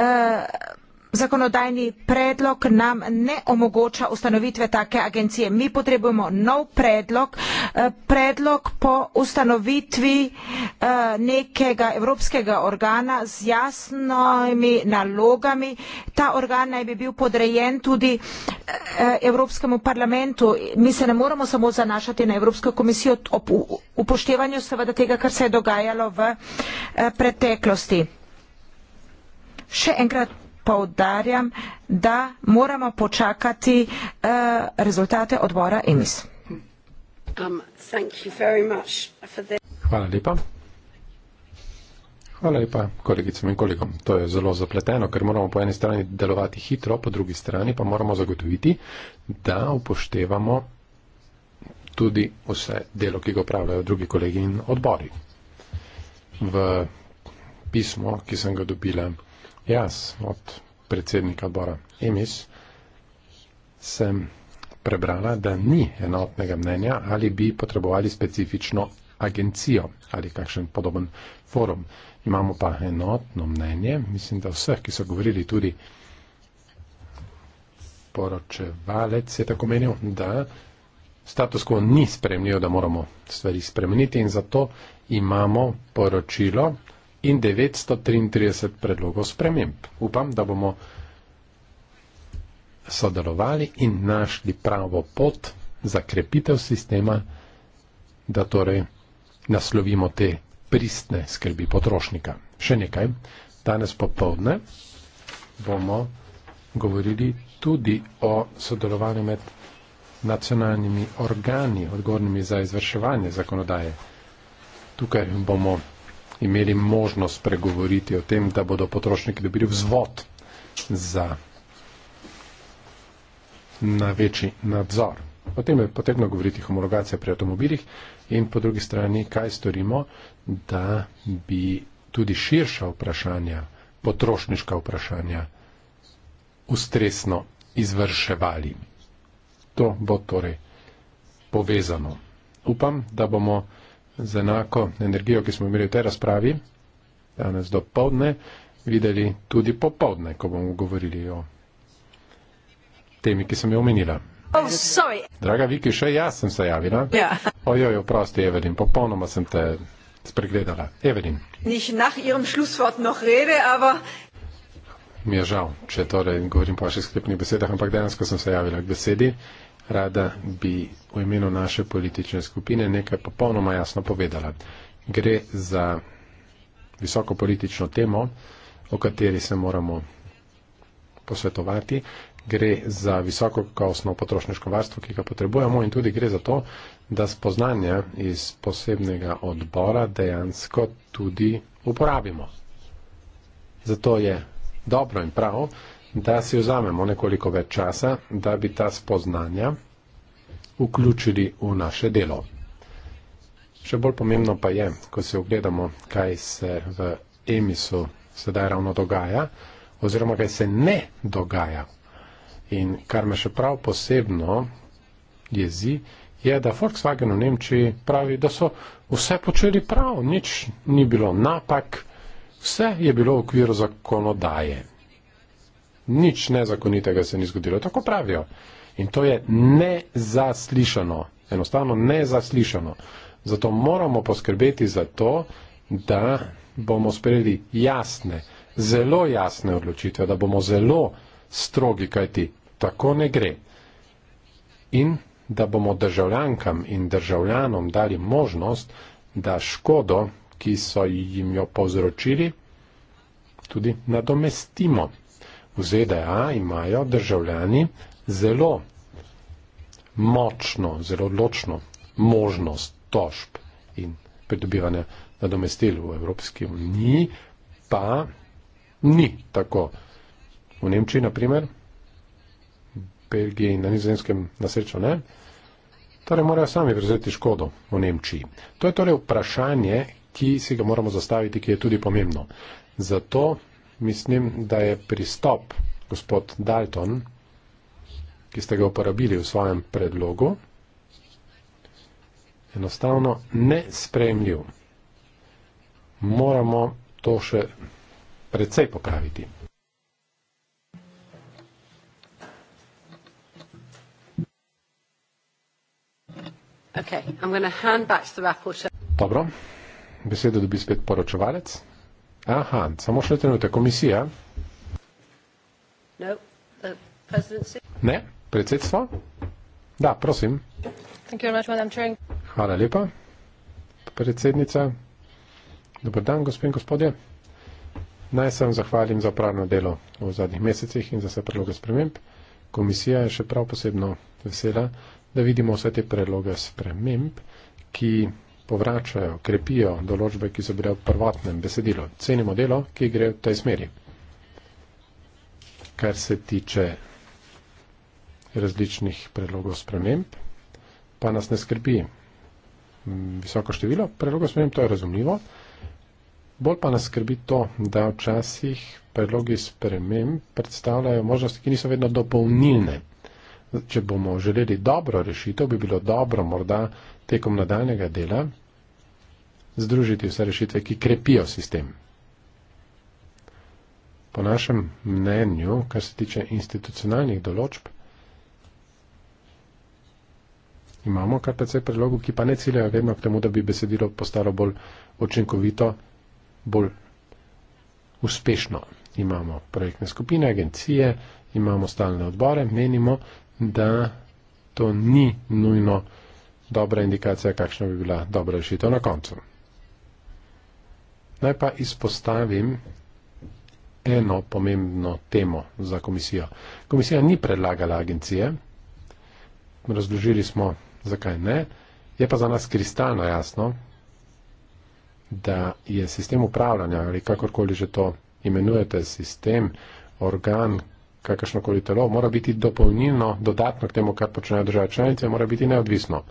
uh, zakonodajni predlog nam ne omogoča ustanovitve take agencije. Mi potrebujemo nov predlog, eh, predlog po ustanovitvi eh, nekega evropskega organa z jasnimi nalogami. Ta organ naj bi bil podrejen tudi eh, Evropskemu parlamentu. Mi se ne moramo samo zanašati na Evropsko komisijo ob upoštevanju seveda tega, kar se je dogajalo v preteklosti. Še enkrat poudarjam, da moramo počakati uh, rezultate odbora EMIS. Um, Hvala lepa. Hvala lepa kolegicam in kolegom. To je zelo zapleteno, ker moramo po eni strani delovati hitro, po drugi strani pa moramo zagotoviti, da upoštevamo tudi vse delo, ki ga upravljajo drugi kolegi in odbori. V pismo, ki sem ga dobila Jaz, od predsednika odbora Emis, sem prebrala, da ni enotnega mnenja, ali bi potrebovali specifično agencijo ali kakšen podoben forum. Imamo pa enotno mnenje, mislim, da vseh, ki so govorili tudi poročevalec, je tako menil, da status quo ni spremljiv, da moramo stvari spremeniti in zato imamo poročilo in 933 predlogov sprememb. Upam, da bomo sodelovali in našli pravo pot za krepitev sistema, da torej naslovimo te pristne skrbi potrošnika. Še nekaj. Danes popovdne bomo govorili tudi o sodelovanju med nacionalnimi organi, odgovornimi za izvrševanje zakonodaje. Tukaj bomo imeli možnost pregovoriti o tem, da bodo potrošniki dobili vzvod za na večji nadzor. O tem je potrebno govoriti homologacija pri avtomobilih in po drugi strani, kaj storimo, da bi tudi širša vprašanja, potrošniška vprašanja, ustresno izvrševali. To bo torej povezano. Upam, da bomo z enako energijo, ki smo imeli v tej razpravi danes do povdne, videli tudi popovdne, ko bomo govorili o temi, ki sem jo omenila. Oh, Draga Viki, še jaz sem se javila. Yeah. Ja. Ojoj, oprosti, Evelin, popolnoma sem te spregledala. Evelin. Mi je žal, če torej govorim po vaših sklepnih besedah, ampak dejansko sem se javila k besedi. Uh, rada bi v imenu naše politične skupine nekaj popolnoma jasno povedala. Gre za visoko politično temo, o kateri se moramo posvetovati. Gre za visoko kakovostno potrošniško varstvo, ki ga potrebujemo in tudi gre za to, da spoznanja iz posebnega odbora dejansko tudi uporabimo. Zato je dobro in prav, da si vzamemo nekoliko več časa, da bi ta spoznanja vključili v naše delo. Še bolj pomembno pa je, ko se ogledamo, kaj se v emisu sedaj ravno dogaja, oziroma kaj se ne dogaja. In kar me še prav posebno jezi, je, da Volkswagen v Nemčiji pravi, da so vse počeli prav, nič ni bilo napak, vse je bilo v okviru zakonodaje nič nezakonitega se ni zgodilo. Tako pravijo. In to je nezaslišano, enostavno nezaslišano. Zato moramo poskrbeti za to, da bomo sprejeli jasne, zelo jasne odločitve, da bomo zelo strogi, kajti tako ne gre. In da bomo državljankam in državljanom dali možnost, da škodo, ki so jim jo povzročili, tudi nadomestimo v ZDA imajo državljani zelo močno, zelo odločno možnost tožb in pridobivanja nadomestil v Evropski uniji, pa ni tako. V Nemčiji, na primer, Belgiji in na nizozemskem nasrečo ne, torej morajo sami prevzeti škodo v Nemčiji. To je torej vprašanje, ki si ga moramo zastaviti, ki je tudi pomembno. Zato mislim, da je pristop gospod Dalton, ki ste ga uporabili v svojem predlogu, enostavno nespremljiv. Moramo to še predvsej popraviti. Okay, Dobro, besedo dobi spet poročevalec. Aha, samo še trenutek, komisija. No, ne, predsedstvo. Da, prosim. Thank you very much, Madam Chair. Hvala lepa, predsednica. Dobar dan, gospod in gospodje. Naj sem zahvalim za upravno delo v zadnjih mesecih in za vse predloge sprememb. Komisija je še prav posebno vesela, da vidimo vse te predloge sprememb, ki povračajo, krepijo določbe, ki so bile v prvotnem besedilu. Cenimo delo, ki gre v tej smeri. Kar se tiče različnih predlogov sprememb, pa nas ne skrbi visoko število predlogov sprememb, to je razumljivo. Bolj pa nas skrbi to, da včasih predlogi sprememb predstavljajo možnosti, ki niso vedno dopolnilne. Če bomo želeli dobro rešitev, bi bilo dobro morda tekom nadaljnega dela združiti vse rešitve, ki krepijo sistem. Po našem mnenju, kar se tiče institucionalnih določb, imamo kar precej predlogov, ki pa ne ciljajo vedno k temu, da bi besedilo postalo bolj očinkovito, bolj uspešno. Imamo projektne skupine, agencije, imamo stalne odbore, menimo, da to ni nujno dobra indikacija, kakšna bi bila dobra rešitev na koncu. Naj pa izpostavim eno pomembno temo za komisijo. Komisija ni predlagala agencije, razložili smo, zakaj ne, je pa za nas kristalno jasno, da je sistem upravljanja ali kakorkoli že to imenujete, sistem, organ, kakršnokoli telo, mora biti dopolnilno, dodatno k temu, kar počnejo države članice, mora biti neodvisno.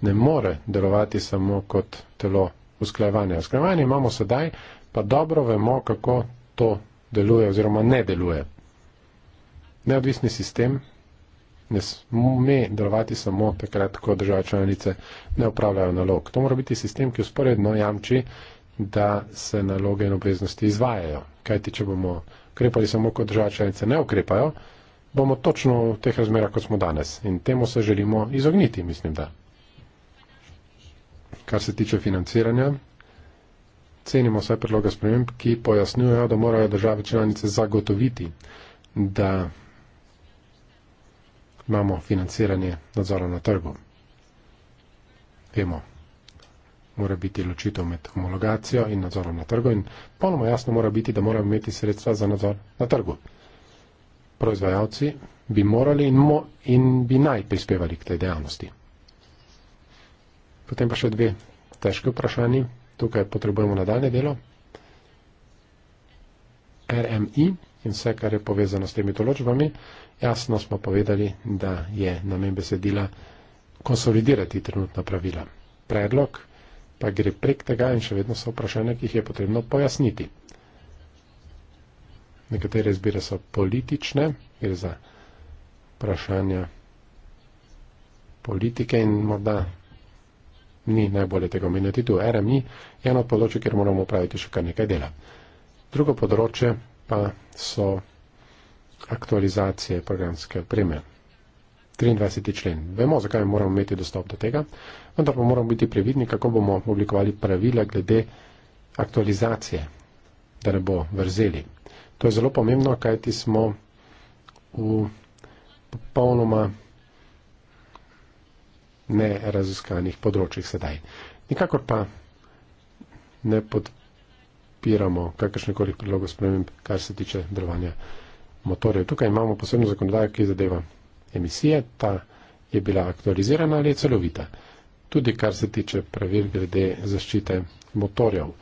Ne more delovati samo kot telo usklajevanja. Usklajevanje imamo sedaj, pa dobro vemo, kako to deluje oziroma ne deluje. Neodvisni sistem ne sme delovati samo takrat, ko države članice ne upravljajo nalog. To mora biti sistem, ki usporedno jamči, da se naloge in obveznosti izvajajo. Kajti, če bomo ukrepali samo, ko države članice ne ukrepajo, bomo točno v teh razmerah, kot smo danes. In temu se želimo izogniti, mislim, da kar se tiče financiranja. Cenimo vse predloge sprememb, ki pojasnjujejo, da morajo države članice zagotoviti, da imamo financiranje nadzora na trgu. Vemo, mora biti ločitev med homologacijo in nadzorom na trgu in ponoma jasno mora biti, da moramo imeti sredstva za nadzor na trgu. Proizvajalci bi morali in, mo in bi naj prispevali k tej dejavnosti. Potem pa še dve težki vprašanji. Tukaj potrebujemo nadaljne delo. RMI in vse, kar je povezano s temi določbami. Jasno smo povedali, da je namen besedila konsolidirati trenutna pravila. Predlog pa gre prek tega in še vedno so vprašanja, ki jih je potrebno pojasniti. Nekatere izbire so politične, gre za vprašanja politike in morda ni najbolje tega omeniti tu. RMI je eno področje, kjer moramo upraviti še kar nekaj dela. Drugo področje pa so aktualizacije programske opreme. 23. člen. Vemo, zakaj moramo imeti dostop do tega, vendar pa moramo biti previdni, kako bomo oblikovali pravila glede aktualizacije, da ne bo vrzeli. To je zelo pomembno, kajti smo v popolnoma neraziskanih področjih sedaj. Nikakor pa ne podpiramo kakršnekoli predlogov sprememb, kar se tiče delovanja motorjev. Tukaj imamo posebno zakonodajo, ki zadeva emisije. Ta je bila aktualizirana ali je celovita. Tudi kar se tiče pravil glede zaščite motorjev.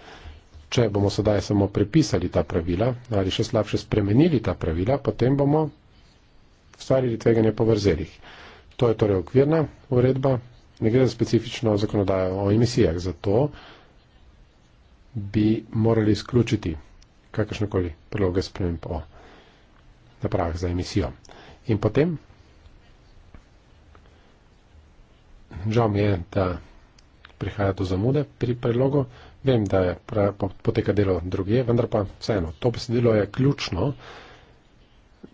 Če bomo sedaj samo prepisali ta pravila ali še slabše spremenili ta pravila, potem bomo ustvarili tveganje po vrzelih. To je torej okvirna uredba, ne gre za specifično zakonodajo o emisijah, zato bi morali izključiti kakršnekoli predloge sprememb o napravah za emisijo. In potem, žal mi je, da prihaja do zamude pri predlogu, vem, da je pra, poteka delo druge, vendar pa vseeno, to besedilo je ključno,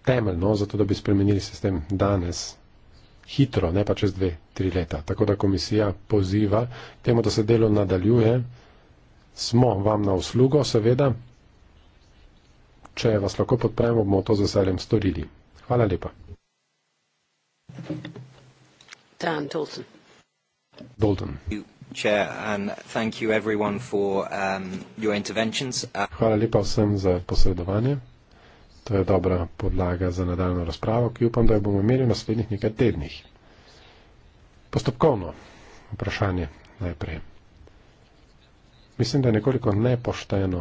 temeljno, zato da bi spremenili sistem danes hitro, ne pa čez dve, tri leta. Tako da komisija poziva temu, da se delo nadaljuje. Smo vam na uslugo, seveda. Če vas lahko podpremo, bomo to z veseljem storili. Hvala lepa. Dan Dalton. Dalton. Chair, um, for, um, uh... Hvala lepa vsem za posredovanje. To je dobra podlaga za nadaljno razpravo, ki upam, da jo bomo imeli v naslednjih nekaj tednih. Postopkovno vprašanje najprej. Mislim, da je nekoliko nepošteno,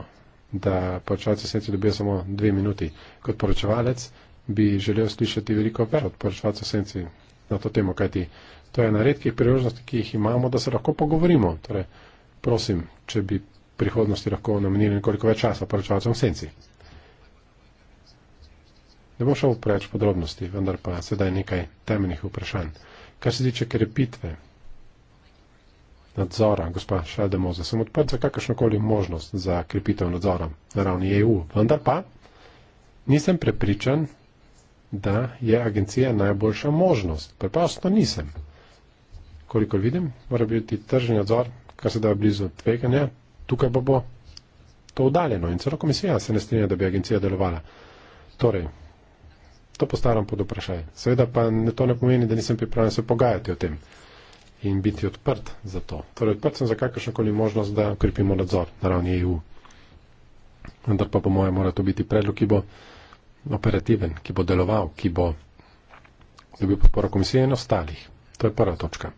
da poročevalci sedci dobijo samo dve minuti. Kot poročevalec bi želel slišati veliko več od poročevalcev sedci na to temo, kajti to je ena redkih priložnosti, ki jih imamo, da se lahko pogovorimo. Torej, prosim, če bi prihodnosti lahko namenili nekoliko več časa poročevalcem sedci. Ne bo šel v preveč podrobnosti, vendar pa sedaj nekaj temeljnih vprašanj. Kar se tiče krepitve nadzora, gospa Šademoza, sem odprt za kakršnokoli možnost za krepitev nadzora na ravni EU, vendar pa nisem prepričan, da je agencija najboljša možnost. Preprosto nisem. Kolikor vidim, mora biti tržni nadzor, kar se da blizu tveganja, tukaj pa bo to udaljeno in celo komisija se ne strinja, da bi agencija delovala. Torej, To postavljam pod vprašanje. Seveda pa ne, to ne pomeni, da nisem pripravljen se pogajati o tem in biti odprt za to. Torej, odprt sem za kakršno koli možnost, da ukrepimo nadzor na ravni EU. Vendar pa po mojem mora to biti predlog, ki bo operativen, ki bo deloval, ki bo dobil podporo komisije in ostalih. To je prva točka.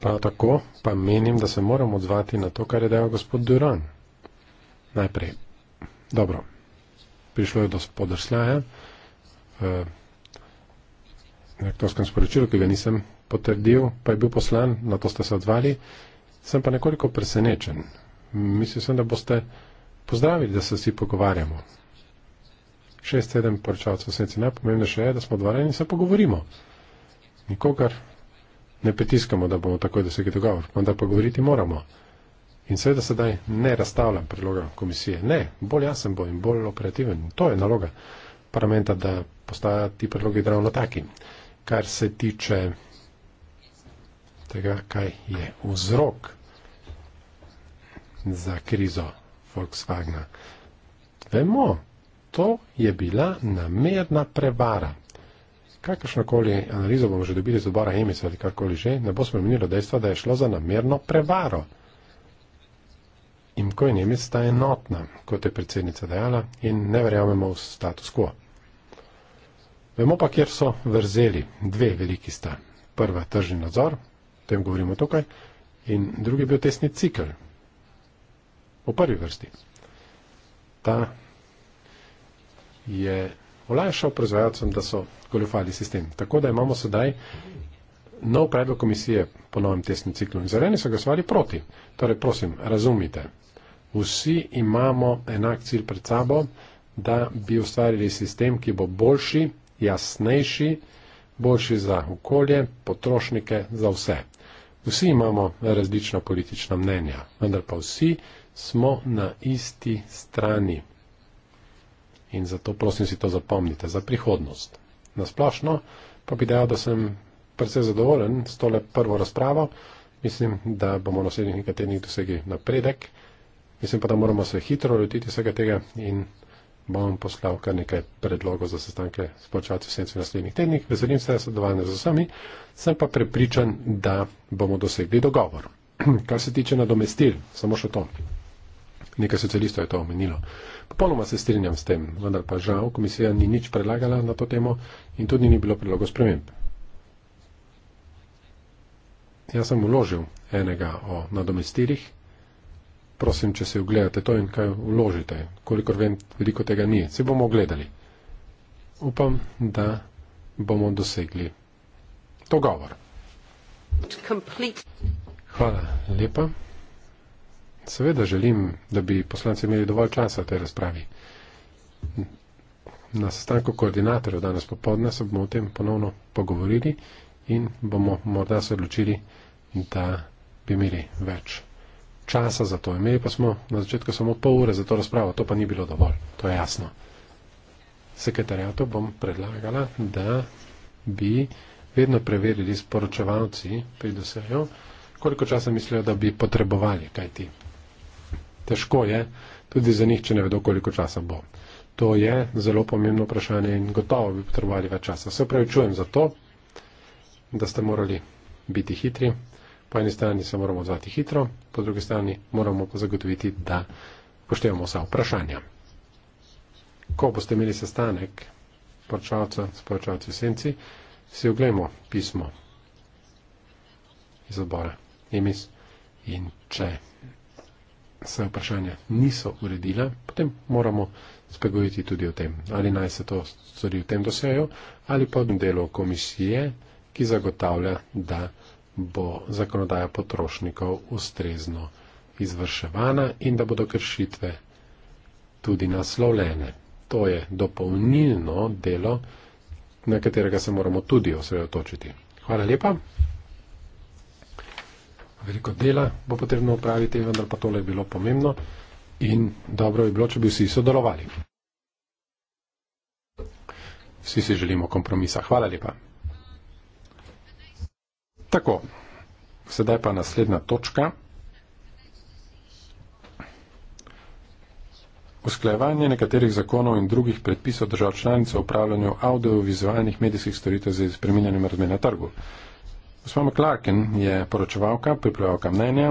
Prav tako pa menim, da se moram odzvati na to, kar je dejal gospod Duran. Najprej. Dobro. Prišlo je do spodrsljaja na eh, rektorskem sporočilu, ki ga nisem potrdil, pa je bil poslan, na to ste se odzvali. Sem pa nekoliko presenečen. Mislil sem, da boste pozdravili, da se vsi pogovarjamo. Šest, sedem poročavcev senci. Najpomembnejše je, da smo odvarjeni in se pogovorimo. Nikogar ne pritiskamo, da bomo takoj dosegli dogovor, vendar pa govoriti moramo. In seveda sedaj ne razstavljam predloga komisije. Ne, bolj jasen bo in bolj operativen. To je naloga parlamenta, da postajajo ti predlogi ravno taki. Kar se tiče tega, kaj je vzrok za krizo Volkswagna, vemo, to je bila namerna prevara. Kakršnokoli analizo bomo že dobili iz odbora Emis ali kakorkoli že, ne bo spremenilo dejstva, da je šlo za namerno prevaro. In ko je Nemec, ta je enotna, kot je predsednica dejala, in ne verjamemo v status quo. Vemo pa, kjer so vrzeli dve veliki sta. Prva tržni nadzor, o tem govorimo tukaj, in drugi je bil testni cikl. V prvi vrsti. Ta je olajšal proizvajalcem, da so goljufali sistem. Tako da imamo sedaj nov predlog komisije po novem testnem ciklu. Zeleni so glasovali proti. Torej, prosim, razumite. Vsi imamo enak cilj pred sabo, da bi ustvarili sistem, ki bo boljši jasnejši, boljši za okolje, potrošnike, za vse. Vsi imamo različna politična mnenja, vendar pa vsi smo na isti strani. In zato prosim si to zapomnite za prihodnost. Nasplošno pa bi dejal, da sem predvsej zadovoljen s tole prvo razpravo. Mislim, da bomo v naslednjih nekaj tednih dosegli napredek. Mislim pa, da moramo se hitro lotiti vsega tega in bom poslal kar nekaj predlogov za sestanke s počati v senci naslednjih tednih. Veselim se sodelovanja z vsemi, sem pa prepričan, da bomo dosegli dogovor. Kar se tiče nadomestil, samo še to. Nekaj socialistov je to omenilo. Popolnoma se strinjam s tem, vendar pa žal komisija ni nič predlagala na to temo in tudi ni bilo predlogo sprememb. Jaz sem uložil enega o nadomestilih prosim, če si ogledate to in kaj vložite. Kolikor vem, veliko tega ni. Se bomo ogledali. Upam, da bomo dosegli to govor. Hvala lepa. Seveda želim, da bi poslanci imeli dovolj časa v tej razpravi. Na sestanku koordinatorjev danes popovdne se bomo o tem ponovno pogovorili in bomo morda se odločili, da bi imeli več časa za to. Imeli pa smo na začetku samo pol ure za to razpravo, to pa ni bilo dovolj, to je jasno. Sekretarjato bom predlagala, da bi vedno preverili sporočevalci pri dosejo, koliko časa mislijo, da bi potrebovali, kaj ti. Težko je, tudi za njih, če ne vedo, koliko časa bo. To je zelo pomembno vprašanje in gotovo bi potrebovali več časa. Se pravi, čujem za to, da ste morali biti hitri. Po eni strani se moramo odzvati hitro, po drugi strani moramo zagotoviti, da poštevamo vsa vprašanja. Ko boste imeli sestanek poročalca s poročalci v senci, si oglejmo pismo iz odbora Emis in če se vprašanja niso uredila, potem moramo spregovoriti tudi o tem, ali naj se to stori v tem dosejo ali pa v delu komisije, ki zagotavlja, da bo zakonodaja potrošnikov ustrezno izvrševana in da bodo kršitve tudi naslovljene. To je dopolnilno delo, na katerega se moramo tudi osredotočiti. Hvala lepa. Veliko dela bo potrebno upraviti, vendar pa tole je bilo pomembno in dobro bi bilo, če bi vsi sodelovali. Vsi si želimo kompromisa. Hvala lepa. Tako, sedaj pa naslednja točka. Usklajevanje nekaterih zakonov in drugih predpisov držav članic o upravljanju audiovizualnih medijskih storitev z spreminjanjem razmer na trgu. Gospa McClarken je poročevalka, pripravljavka mnenja,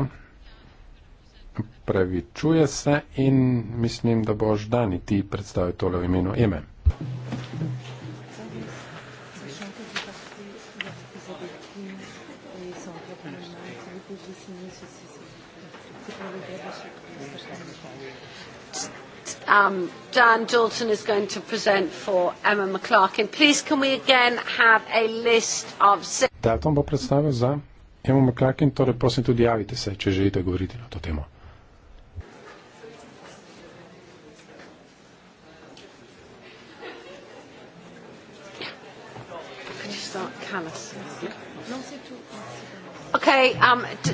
pravičuje se in mislim, da boš dani ti predstavil tole v imenu EME. Thank you. um, Dan Dalton is going to present for Emma McClarkin. Please, can we again have a list of... Dalton bo predstavil za Emma McClarkin, torej prosim tudi javite se, če želite govoriti na to temo. Okay, um, D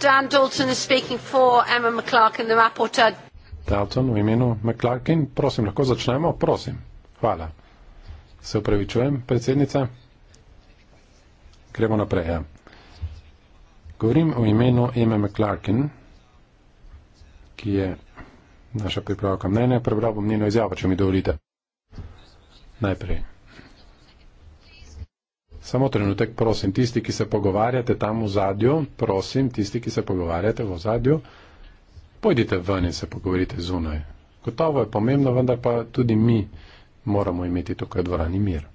Dan Dalton is speaking for Emma McClarkin, the rapporteur. Dalton v imenu McClarkin, prosim, lahko začnemo, prosim. Hvala. Se upravičujem, predsednica. Gremo naprej. Ja. Govorim v imenu Eme McClarkin, ki je naša pripravka mnenja, prebral bom njeno izjavo, če mi dovolite. Najprej. Samo trenutek, prosim, tisti, ki se pogovarjate tam v zadju, prosim, tisti, ki se pogovarjate v zadju, pojdite ven in se pogovorite zunaj. Gotovo je pomembno, vendar pa tudi mi moramo imeti tukaj dvorani mir.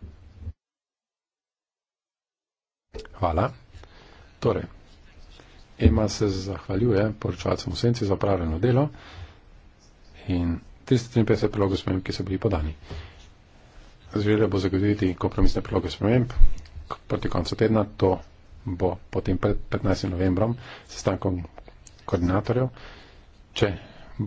Hvala. Torej, Ema se zahvaljuje poročevalcem v senci za opravljeno delo in 353 prilogov sprememb, ki so bili podani. Zvelja bo zagotoviti kompromisne prilogov sprememb proti koncu tedna, to bo potem pred 15. novembrom sestankom koordinatorjev če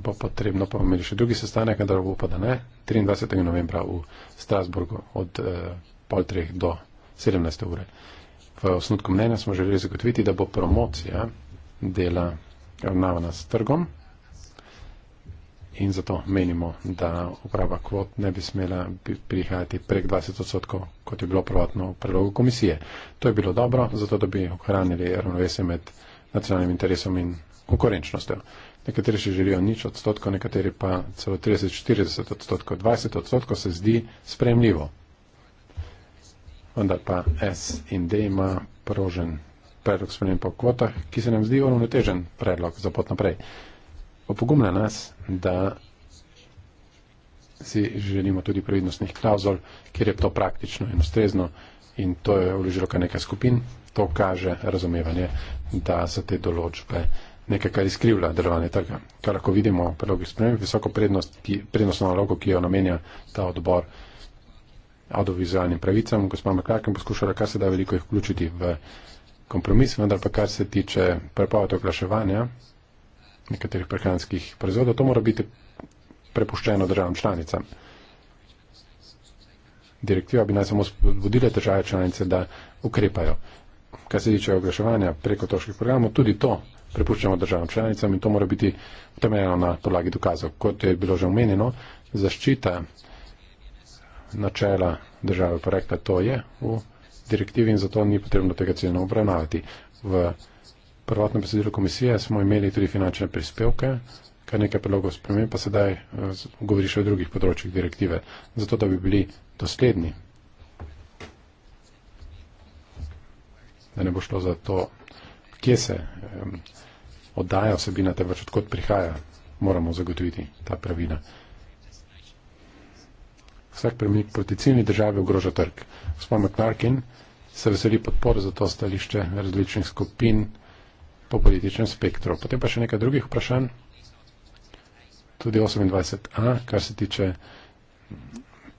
bo potrebno, pa bomo imeli še drugi sestanek, da bo pa da ne, 23. novembra v Strasburgu od eh, pol treh do 17. ure. V osnutku mnenja smo želeli zagotoviti, da bo promocija dela ravnavana s trgom in zato menimo, da uprava kvot ne bi smela prihajati prek 20 odstotkov, kot je bilo prvotno v predlogu komisije. To je bilo dobro, zato da bi ohranili ravnovesje med nacionalnim interesom in konkurenčnostjo nekateri še želijo nič odstotkov, nekateri pa celo 30-40 odstotkov. 20 odstotkov se zdi spremljivo. Vendar pa S in D ima porožen predlog spremljen po kvotah, ki se nam zdi uravnotežen predlog za pot naprej. Opogumlja nas, da si želimo tudi previdnostnih klauzul, kjer je to praktično in ustrezno in to je vložilo kar nekaj skupin. To kaže razumevanje, da so te določbe nekaj, kar izkrivlja delovanje trga. Kar lahko vidimo v predlogih sprememb, visoko prednost, ki, prednostno nalogo, ki jo namenja ta odbor audiovizualnim pravicam, gospod Makrakem poskušala kar se da veliko jih vključiti v kompromis, vendar pa kar se tiče prepoved oglaševanja nekaterih prehranskih proizvodov, to mora biti prepuščeno državam članicam. Direktiva bi naj samo spodbudila države članice, da ukrepajo. Kar se tiče oglaševanja preko toških programov, tudi to prepuščamo državam članicam in to mora biti temeljeno na podlagi dokazov. Kot je bilo že omenjeno, zaščita načela države porekla to je v direktivi in zato ni potrebno tega ciljno obravnavati. V prvotnem besedilu komisije smo imeli tudi finančne prispevke, kar nekaj predlogov spremem, pa sedaj eh, govori še o drugih področjih direktive, zato da bi bili dosledni. Da ne bo šlo za to, kje se um, oddaja osebina, temveč odkot prihaja, moramo zagotoviti ta pravila. Vsak premik proti ciljni državi ogroža trg. Gospod McClarkin se veseli podpore za to stališče različnih skupin po političnem spektru. Potem pa še nekaj drugih vprašanj. Tudi 28a, kar se tiče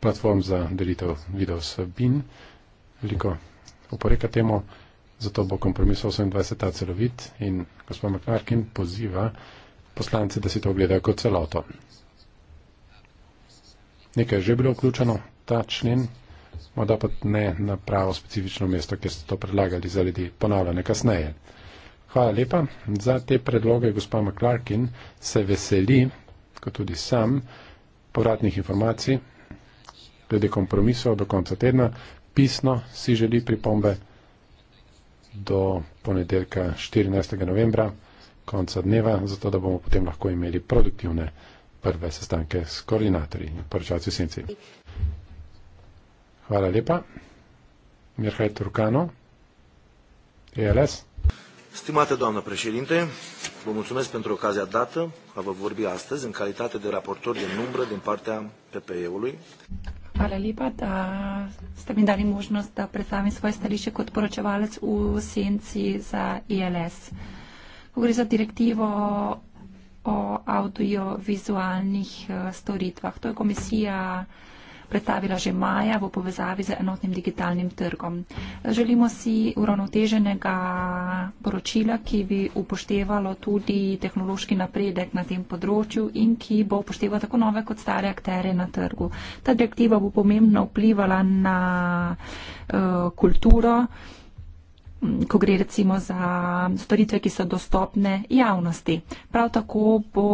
platform za delitev videosebin. Veliko oporeka temu zato bo kompromis 28 celovit in gospod McCarkin poziva poslance, da si to ogledajo kot celoto. Nekaj je že bilo vključeno, ta člen, morda pa ne na pravo specifično mesto, kjer ste to predlagali za ljudi ponavljanje kasneje. Hvala lepa za te predloge, gospa McClarkin se veseli, kot tudi sam, povratnih informacij glede kompromisov do konca tedna. Pisno si želi pripombe do ponedeljka 14. novembra, konca dneva, zato da bomo potem lahko imeli produktivne prve sestanke s koordinatorji in poročalci senci. Hvala lepa. Mirhaj Turkano, ELS. Stimate doamnă președinte, vă mulțumesc pentru ocazia dată a vă vorbi astăzi în calitate de raportor de numbră din partea PPE-ului hvala lepa, da ste mi dali možnost, da predstavim svoje stališče kot poročevalec v senci za ILS. E Ko gre za direktivo o audiovizualnih eh, storitvah, to je komisija predstavila že maja v povezavi z enotnim digitalnim trgom. Želimo si uravnoteženega poročila, ki bi upoštevalo tudi tehnološki napredek na tem področju in ki bo upoštevalo tako nove kot stare akterje na trgu. Ta direktiva bo pomembno vplivala na uh, kulturo ko gre recimo za storitve, ki so dostopne javnosti. Prav tako bo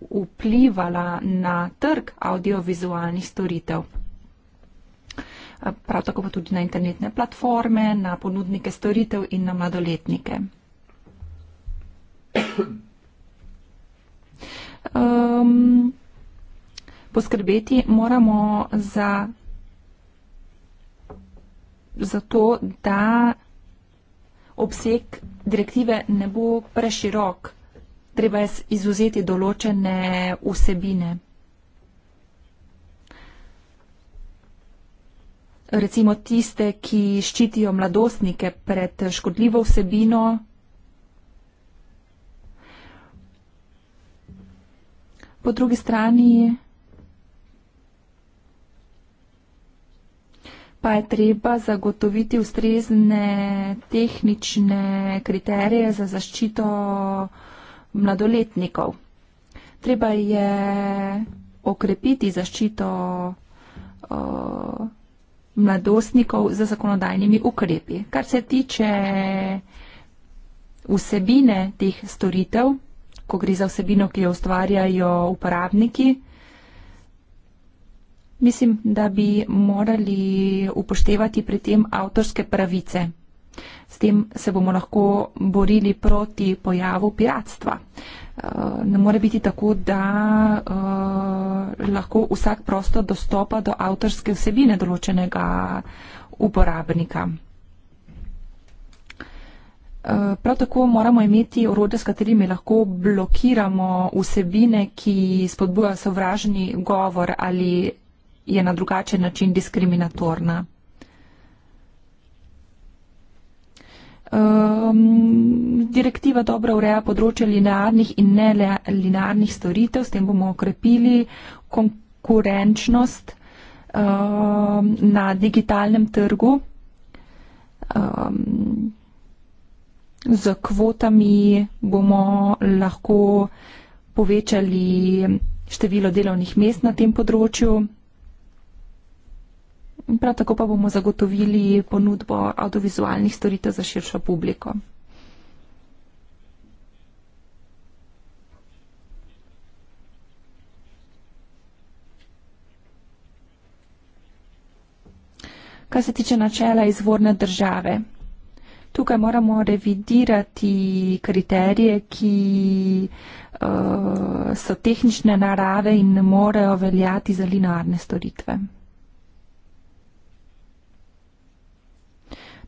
vplivala na trg audiovizualnih storitev. Prav tako pa tudi na internetne platforme, na ponudnike storitev in na mladoletnike. Um, poskrbeti moramo za, za to, da obseg direktive ne bo preširok treba izuzeti določene vsebine. Recimo tiste, ki ščitijo mladostnike pred škodljivo vsebino. Po drugi strani pa je treba zagotoviti ustrezne tehnične kriterije za zaščito mladostnike mladoletnikov. Treba je okrepiti zaščito uh, mladostnikov z zakonodajnimi ukrepi. Kar se tiče vsebine teh storitev, ko gre za vsebino, ki jo ustvarjajo uporabniki, mislim, da bi morali upoštevati pri tem avtorske pravice. S tem se bomo lahko borili proti pojavu piratstva. Eh, ne more biti tako, da uh, lahko vsak prosto dostopa do avtorske vsebine določenega uporabnika. Eh, prav tako moramo imeti orodje, s katerimi lahko blokiramo vsebine, ki spodbuja sovražni govor ali je na drugačen način diskriminatorna. Um, direktiva dobro ureja področje linearnih in nelinearnih storitev, s tem bomo okrepili konkurenčnost um, na digitalnem trgu um, ehm, z kvotami bomo lahko povečali število delovnih mest na tem področju prav tako pa bomo zagotovili ponudbo audiovizualnih storitev za širšo publiko. Kar se tiče načela izvorne države, tukaj moramo revidirati kriterije, ki uh, so tehnične narave in ne morejo veljati za linearne storitve.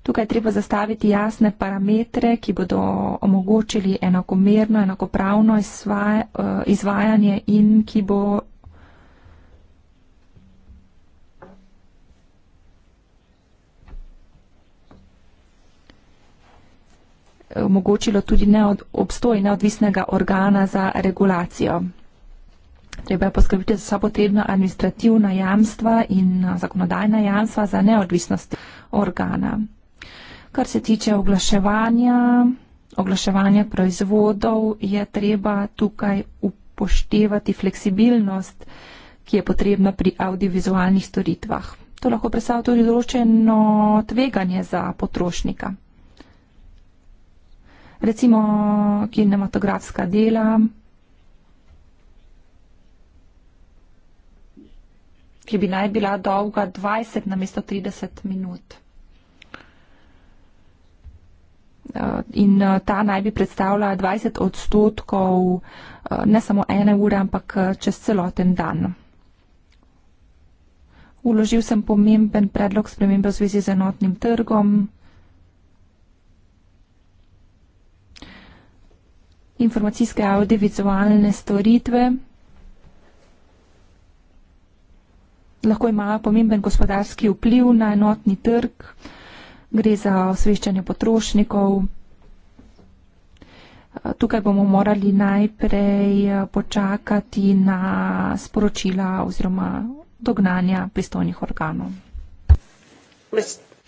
Tukaj treba zastaviti jasne parametre, ki bodo omogočili enakomerno, enakopravno izvaja, eh, izvajanje in ki bo omogočilo tudi neod, obstoj neodvisnega organa za regulacijo. Treba je poskrbiti za vsa potrebna administrativna jamstva in eh, zakonodajna jamstva za neodvisnost organa. Kar se tiče oglaševanja, oglaševanja proizvodov, je treba tukaj upoštevati fleksibilnost, ki je potrebna pri audiovizualnih storitvah. To lahko predstavlja tudi določeno tveganje za potrošnika. Recimo kinematografska dela. ki bi naj bila dolga 20 na mesto 30 minut. Eh, in eh, ta naj bi predstavlja 20 odstotkov eh, ne samo ene ure, ampak čez celoten dan. Uložil sem pomemben predlog spremembe v zvezi z enotnim trgom. Informacijske audiovizualne storitve lahko imajo pomemben gospodarski vpliv na enotni trg gre za osveščanje potrošnikov. Tukaj bomo morali najprej eh, počakati na sporočila oziroma dognanja pristojnih organov.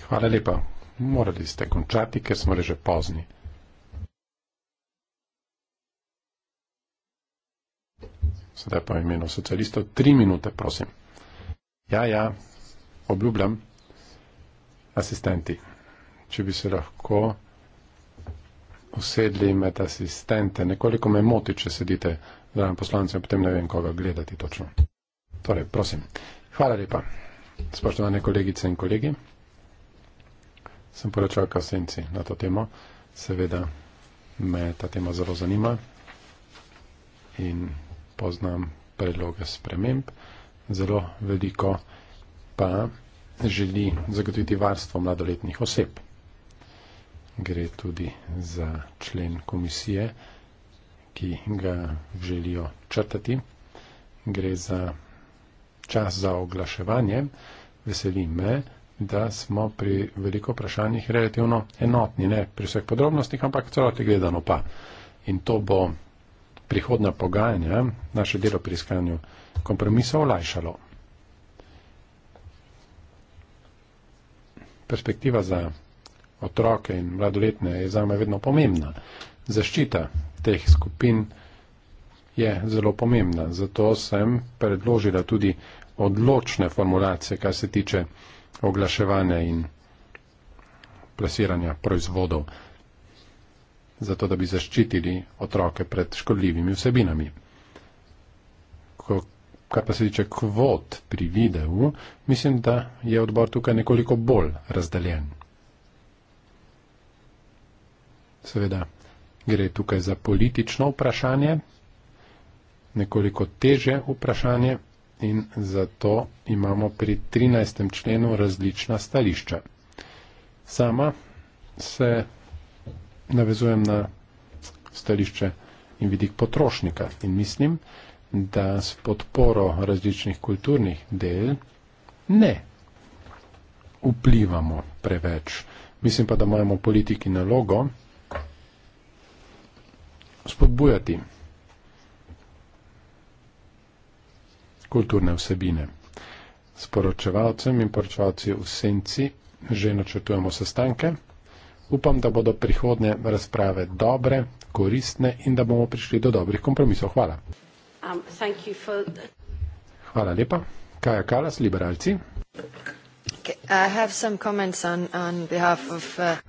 Hvala lepa. Morali ste končati, ker smo reže pozni. Sedaj pa imeno socialistov. Tri minute, prosim. Ja, ja, obljubljam. Asistenti če bi se lahko usedli med asistente. Nekoliko me moti, če sedite zraven poslancev, potem ne vem, koga gledati točno. Torej, prosim. Hvala lepa, spoštovane kolegice in kolegi. Sem poročal kasenci na to temo. Seveda me ta tema zelo zanima in poznam predloge sprememb. Zelo veliko pa želi zagotoviti varstvo mladoletnih oseb gre tudi za člen komisije, ki ga želijo črtati. Gre za čas za oglaševanje. Veseli me, da smo pri veliko vprašanjih relativno enotni, ne pri vseh podrobnostih, ampak celoti gledano pa. In to bo prihodna pogajanja, naše delo pri iskanju kompromisa olajšalo. Perspektiva za otroke in mladoletne je za me vedno pomembna. Zaščita teh skupin je zelo pomembna, zato sem predložila tudi odločne formulacije, kar se tiče oglaševanja in plasiranja proizvodov, zato da bi zaščitili otroke pred škodljivimi vsebinami. Ko, kar pa se tiče kvot pri videu, mislim, da je odbor tukaj nekoliko bolj razdeljen. Seveda gre tukaj za politično vprašanje, nekoliko teže vprašanje in zato imamo pri 13. členu različna stališča. Sama se navezujem na stališče in vidik potrošnika in mislim, da s podporo različnih kulturnih del ne vplivamo preveč. Mislim pa, da imamo politiki nalogo, spodbujati kulturne vsebine. S poročevalcem in poročevalci v senci že načrtujemo sestanke. Upam, da bodo prihodne razprave dobre, koristne in da bomo prišli do dobrih kompromisov. Hvala. Um, Hvala lepa. Kaja Kalas, liberalci. Uh,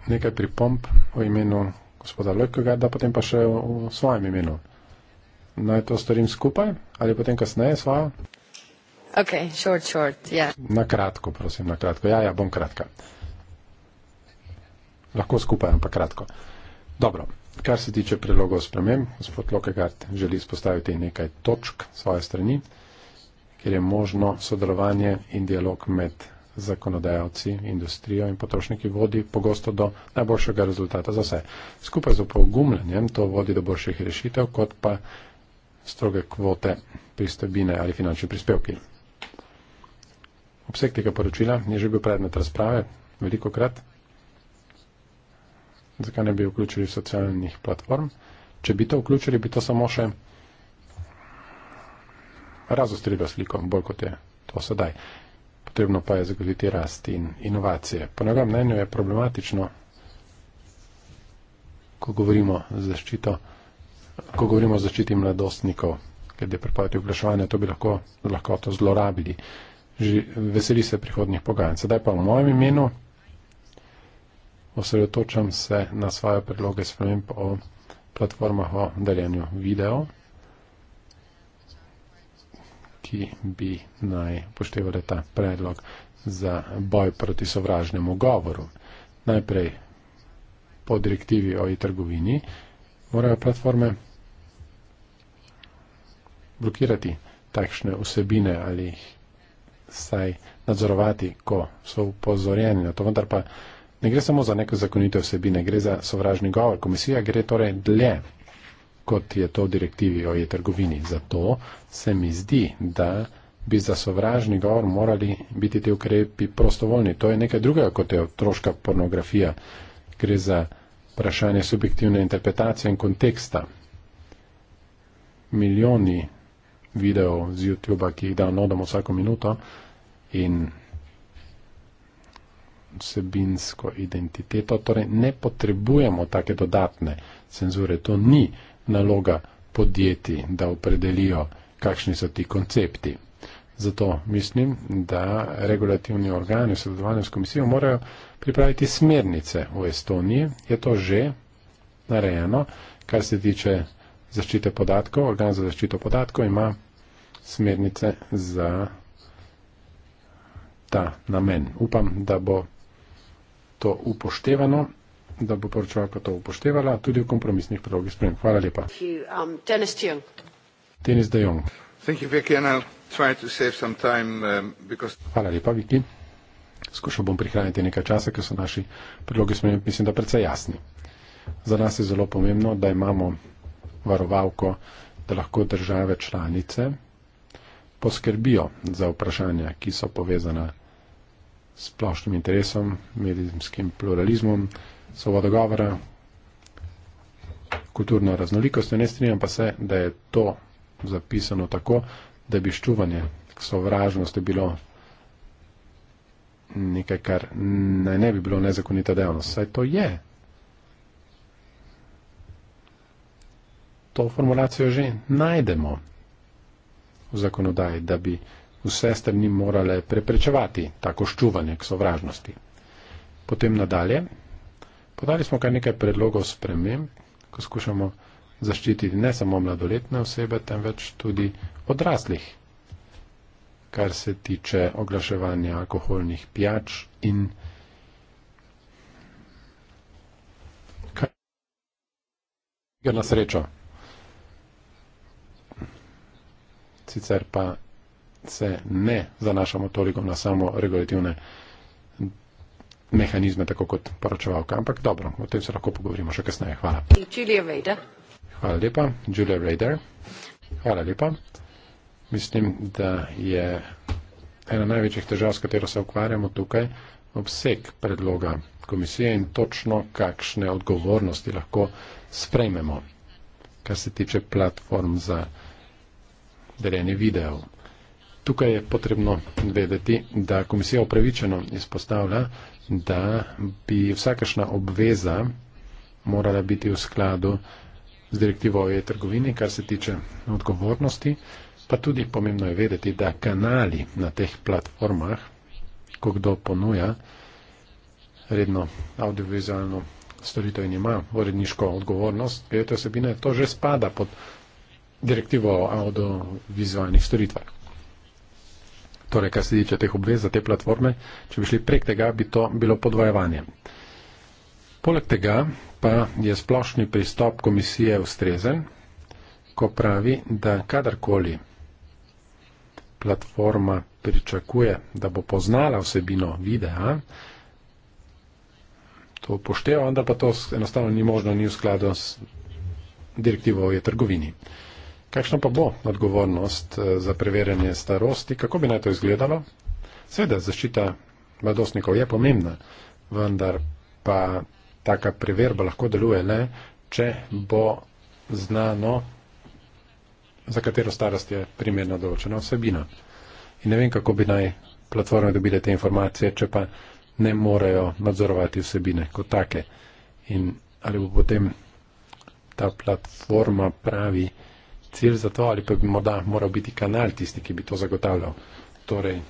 Nekaj pripomp o imenu gospoda Lojkega, da potem pa še v, v svojem imenu. Naj to storim skupaj ali potem kasneje svojo? Ok, short, short, ja. Yeah. Na kratko, prosim, na kratko. Ja, ja, bom kratka. Lahko skupaj, ampak kratko. Dobro, kar se tiče predlogov spremem, gospod Lokegard želi izpostaviti nekaj točk svoje strani, kjer je možno sodelovanje in dialog med zakonodajalci, industrijo in potrošniki vodi pogosto do najboljšega rezultata za vse. Skupaj z upogumljanjem to vodi do boljših rešitev, kot pa stroge kvote, pristojbine ali finančni prispevki. Obseg tega poročila je že bil predmet razprave veliko krat. Zakaj ne bi vključili socialnih platform? Če bi to vključili, bi to samo še razostrilo sliko, bolj kot je to sedaj potrebno pa je zagotoviti rast in inovacije. Po njegovem mnenju je problematično, ko govorimo, zaščito, ko govorimo o zaščiti mladostnikov, glede prepovedi oglaševanja, to bi lahko lahko to zlorabili. Že veseli se prihodnih pogajanj. Sedaj pa v mojem imenu osredotočam se na svoje predloge sprememb o platformah o deljenju videov ki bi naj upoštevali ta predlog za boj proti sovražnemu govoru. Najprej po direktivi o e-trgovini morajo platforme blokirati takšne vsebine ali jih saj nadzorovati, ko so upozorjeni na to, vendar pa ne gre samo za neko zakonito vsebine, gre za sovražni govor. Komisija gre torej dlje kot je to v direktivi o e-trgovini. Zato se mi zdi, da bi za sovražni govor morali biti ti ukrepi prostovoljni. To je nekaj drugega, kot je otroška pornografija. Gre za vprašanje subjektivne interpretacije in konteksta. Milijoni videov z YouTube-a, ki jih downloadamo vsako minuto in vsebinsko identiteto, torej ne potrebujemo take dodatne cenzure. To ni naloga podjetij, da opredelijo, kakšni so ti koncepti. Zato mislim, da regulativni organi v sodelovanju s komisijo morajo pripraviti smernice v Estoniji. Je to že narejeno, kar se tiče zaščite podatkov. Organ za zaščito podatkov ima smernice za ta namen. Upam, da bo to upoštevano da bo poročevalka to upoštevala tudi v kompromisnih predlogih sprem. Hvala lepa. Um, Denis De Jong. Um, Hvala lepa, Viki. Skušal bom prihraniti nekaj časa, ker so naši predlogi sprem, mislim, da predvsej jasni. Za nas je zelo pomembno, da imamo varovalko, da lahko države članice poskrbijo za vprašanja, ki so povezana s splošnim interesom, medijskim pluralizmom, svobodo govora, kulturno raznolikost, ne strinjam pa se, da je to zapisano tako, da bi ščuvanje k sovražnosti bilo nekaj, kar ne, ne bi bilo nezakonita dejavnost. Saj to je. To formulacijo že najdemo v zakonodaji, da bi vse strani morale preprečevati tako ščuvanje k sovražnosti. Potem nadalje, Podali smo kar nekaj predlogov sprememb, ko skušamo zaščititi ne samo mladoletne osebe, temveč tudi odraslih, kar se tiče oglaševanja alkoholnih pijač in igr na srečo. Sicer pa se ne zanašamo toliko na samo regulativne pijače mehanizme, tako kot poročevalka. Ampak dobro, o tem se lahko pogovorimo še kasneje. Hvala. Hvala lepa, Julia Rader. Hvala lepa. Mislim, da je ena največjih težav, s katero se ukvarjamo tukaj, obseg predloga komisije in točno kakšne odgovornosti lahko sprejmemo, kar se tiče platform za deljenje videov. Tukaj je potrebno vedeti, da komisija upravičeno izpostavlja, da bi vsakašna obveza morala biti v skladu z direktivo o e-trgovini, kar se tiče odgovornosti, pa tudi pomembno je vedeti, da kanali na teh platformah, ko kdo ponuja redno audiovizualno storitev in ima uredniško odgovornost, glede te osebine, to že spada pod direktivo o audiovizualnih storitvah torej kar se tiče teh obvez za te platforme, če bi šli prek tega, bi to bilo podvajanje. Poleg tega pa je splošni pristop komisije ustrezen, ko pravi, da kadarkoli platforma pričakuje, da bo poznala vsebino videa, to upošteva, vendar pa to enostavno ni možno ni v skladu s direktivo o trgovini. Kakšna pa bo odgovornost eh, za preverjanje starosti? Kako bi naj to izgledalo? Seveda, zaščita mladostnikov je pomembna, vendar pa taka preverba lahko deluje le, če bo znano, za katero starost je primerna določena osebina. In ne vem, kako bi naj platforme dobile te informacije, če pa ne morejo nadzorovati vsebine kot take. In ali bo potem ta platforma pravi, cilj za to, ali pa bi morda moral biti kanal tisti, ki bi to zagotavljal, torej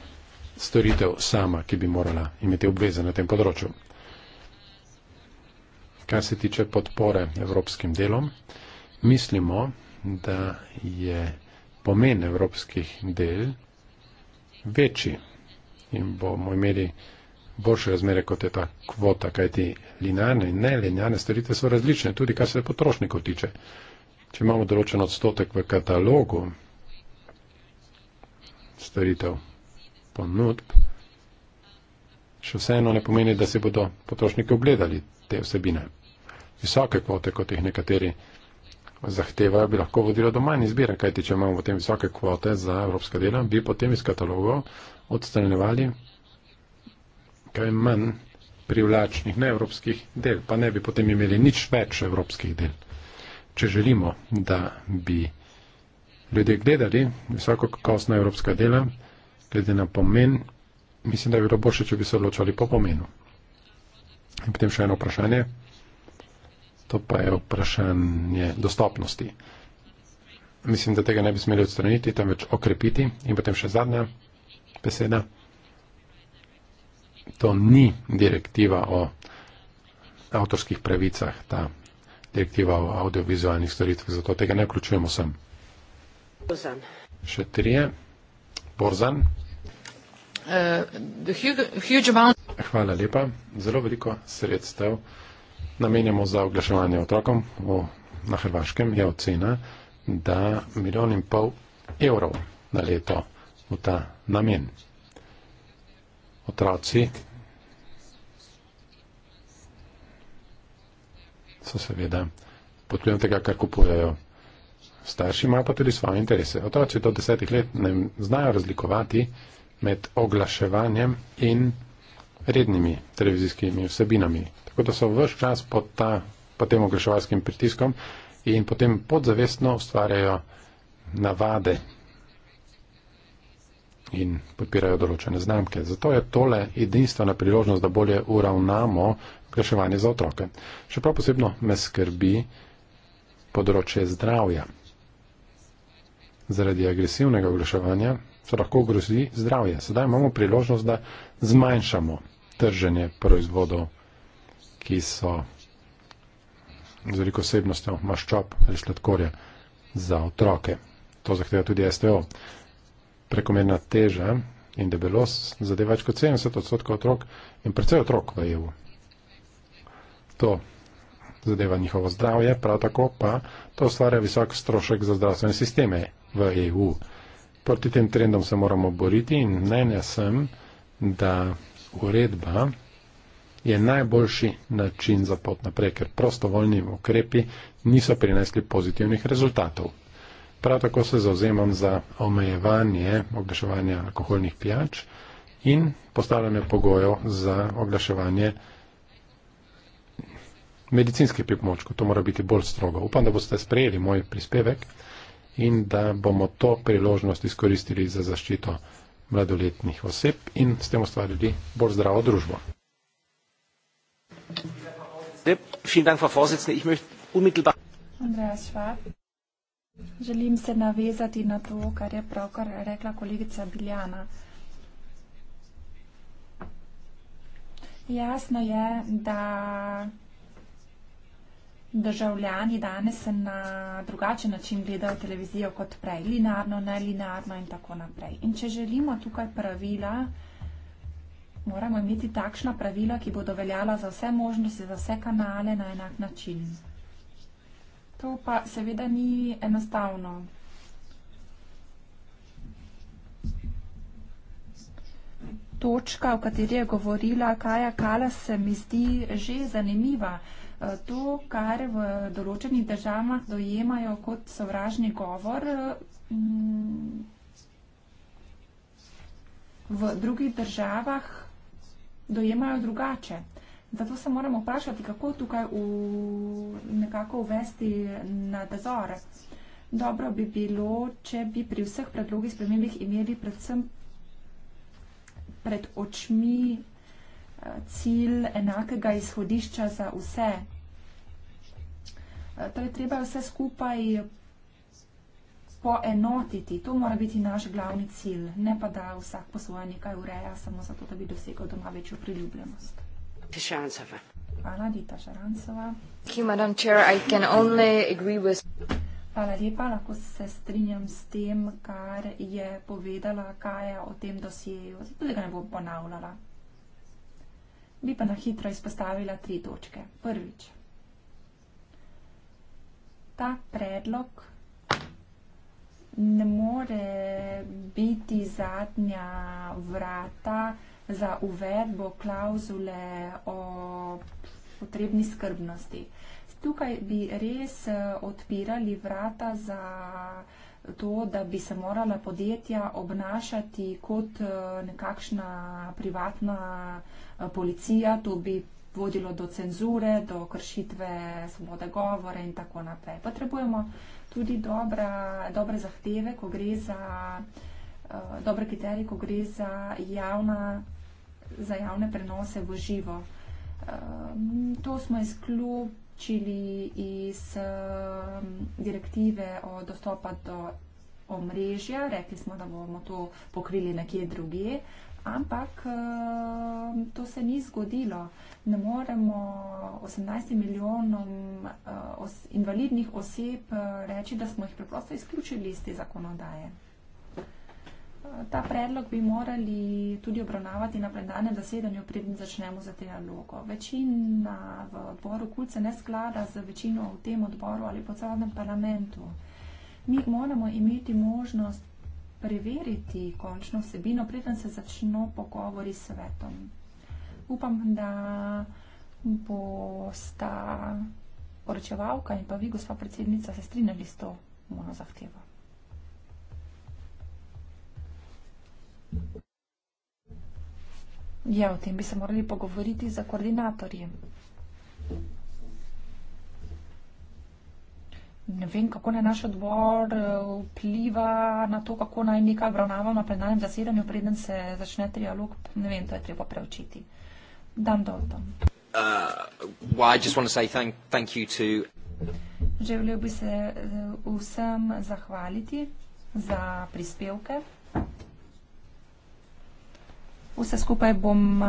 storitev sama, ki bi morala imeti obveze na tem področju. Kar se tiče podpore evropskim delom, mislimo, da je pomen evropskih del večji in bomo imeli boljše razmere, kot je ta kvota, kajti linearne in nelinearne storitve so različne, tudi kar se potrošnikov tiče. Če imamo določen odstotek v katalogu storitev ponudb, še vseeno ne pomeni, da se bodo potrošniki ogledali te vsebine. Visoke kvote, kot jih nekateri zahtevajo, bi lahko vodilo do manj izbire, kajti če imamo potem visoke kvote za evropska dela, bi potem iz katalogov odstranjevali kaj manj privlačnih neevropskih del, pa ne bi potem imeli nič več evropskih del če želimo, da bi ljudje gledali visoko kakovostna evropska dela, glede na pomen, mislim, da bi bilo boljše, če bi se odločali po pomenu. In potem še eno vprašanje, to pa je vprašanje dostopnosti. Mislim, da tega ne bi smeli odstraniti, temveč okrepiti. In potem še zadnja beseda. To ni direktiva o avtorskih pravicah, ta direktiva o audiovizualnih storitvah, zato tega ne vključujemo sem. Borzan. Še trije. Borzan. Uh, huge, huge Hvala lepa. Zelo veliko sredstev namenjamo za oglaševanje otrokom o, na Hrvaškem. Je ocena, da milijon in pol evrov na leto v ta namen. Otroci so seveda pod vplivom tega, kar kupujejo. Starši imajo pa tudi svoje interese. Otroci do desetih let ne znajo razlikovati med oglaševanjem in rednimi televizijskimi vsebinami. Tako da so vse čas pod, ta, pod tem oglaševalskim pritiskom in potem podzavestno ustvarjajo navade in podpirajo določene znamke. Zato je tole edinstvena priložnost, da bolje uravnamo reševanje za otroke. Še prav posebno me skrbi področje zdravja. Zaradi agresivnega oglaševanja se lahko grozi zdravje. Sedaj imamo priložnost, da zmanjšamo trženje proizvodov, ki so z veliko osebnostjo maščob ali sladkorja za otroke. To zahteva tudi STO. Prekomerna teža in debelost zadeva več kot 70 odstotkov otrok in predvsej otrok v EU to zadeva njihovo zdravje, prav tako pa to ustvarja visok strošek za zdravstvene sisteme v EU. Proti tem trendom se moramo boriti in mnenja sem, da uredba je najboljši način za pot naprej, ker prostovoljni ukrepi niso prinesli pozitivnih rezultatov. Prav tako se zauzemam za omejevanje oglaševanja alkoholnih pijač in postavljanje pogojev za oglaševanje medicinskih pripomočkov. To mora biti bolj strogo. Upam, da boste sprejeli moj prispevek in da bomo to priložnost izkoristili za zaščito mladoletnih oseb in s tem ustvarili bolj zdravo družbo. Želim se navezati na to, kar je pravkar rekla kolegica Biljana. Jasno je, da državljani danes na drugačen način gledajo televizijo kot prej, linearno, nelinearno in tako naprej. In če želimo tukaj pravila, moramo imeti takšna pravila, ki bodo veljala za vse možnosti, za vse kanale na enak način. To pa seveda ni enostavno. Točka, o kateri je govorila Kaja Kala, se mi zdi že zanimiva to, kar v določenih državah dojemajo kot sovražni govor, mm, v drugih državah dojemajo drugače. Zato se moramo vprašati, kako tukaj v, nekako uvesti nadzor. Dobro bi bilo, če bi pri vseh predlogih spremembih imeli predvsem pred očmi eh, cilj enakega izhodišča za vse. Torej, treba je vse skupaj poenotiti. To mora biti naš glavni cilj, ne pa da vsak po svoje nekaj ureja, samo zato, da bi dosegel doma večjo priljubljenost. Hvala, Dita Šarancova. Hvala lepa, lahko se strinjam s tem, kar je povedala Kaja o tem dosjeju, zato da ga ne bom ponavljala. Bi pa na hitro izpostavila tri točke. Prvič ta predlog ne more biti zadnja vrata za uvedbo klauzule o potrebni skrbnosti. Tukaj bi res eh, odpirali vrata za to, da bi se morala podjetja obnašati kot eh, nekakšna privatna eh, policija. To bi vodilo do cenzure, do kršitve svobode govora in tako naprej. Potrebujemo tudi dobra, dobre zahteve, ko gre za uh, dobre kriterije, ko gre za, javna, za javne prenose v živo. Uh, to smo izključili iz uh, direktive o dostopa do omrežja, rekli smo, da bomo to pokrili nekje drugje, Ampak eh, to se ni zgodilo. Ne moremo 18 milijonom eh, invalidnih oseb eh, reči, da smo jih preprosto izključili iz te zakonodaje. Ta predlog bi morali tudi obravnavati na predanem zasedanju, predem začnemo za te analogo. Večina v odboru kulce ne sklada z večino v tem odboru ali po celem parlamentu. Mi moramo imeti možnost preveriti končno vsebino, preden se začno pogovori s svetom. Upam, da bosta poročevalka in pa vi, gospa predsednica, se strinjali s to mojo zahtevo. Ja, o tem bi se morali pogovoriti za koordinatorje. Thank you. ne vem, kako naj naš odbor eh, vpliva na to, kako naj nekaj obravnavamo na plenarnem zasedanju, preden se začne trialog. Ne vem, to je treba preučiti. Dan Dalton. Uh, well, I just want to say thank, thank you to. Želel bi se eh, vsem zahvaliti za prispevke. Vse skupaj bom eh,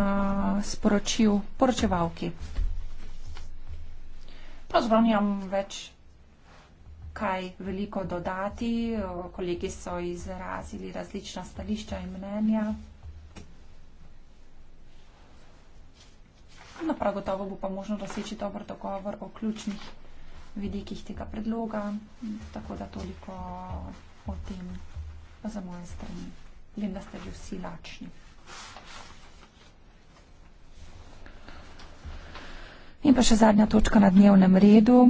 sporočil poročevalki. Pravzaprav nimam več kaj veliko dodati. Kolegi so izrazili različna stališča in mnenja. No, prav gotovo bo pa možno doseči dober dogovor o ključnih vidikih tega predloga. Tako da toliko o tem za moje strani. Vem, da ste že vsi lačni. In pa še zadnja točka na dnevnem redu.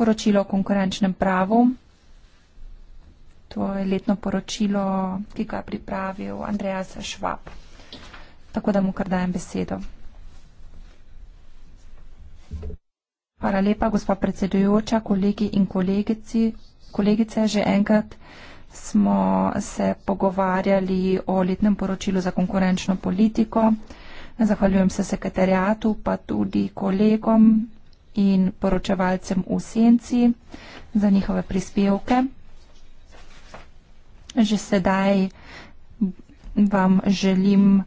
poročilo o konkurenčnem pravu. To je letno poročilo, ki ga je pripravil Andreas Švab. Tako da mu kar dajem besedo. Hvala lepa, gospod predsedujoča, kolegi in kolegici. kolegice. Že enkrat smo se pogovarjali o letnem poročilu za konkurenčno politiko. Zahvaljujem se sekretarjatu, pa tudi kolegom, in poročevalcem v senci za njihove prispevke. Že sedaj vam želim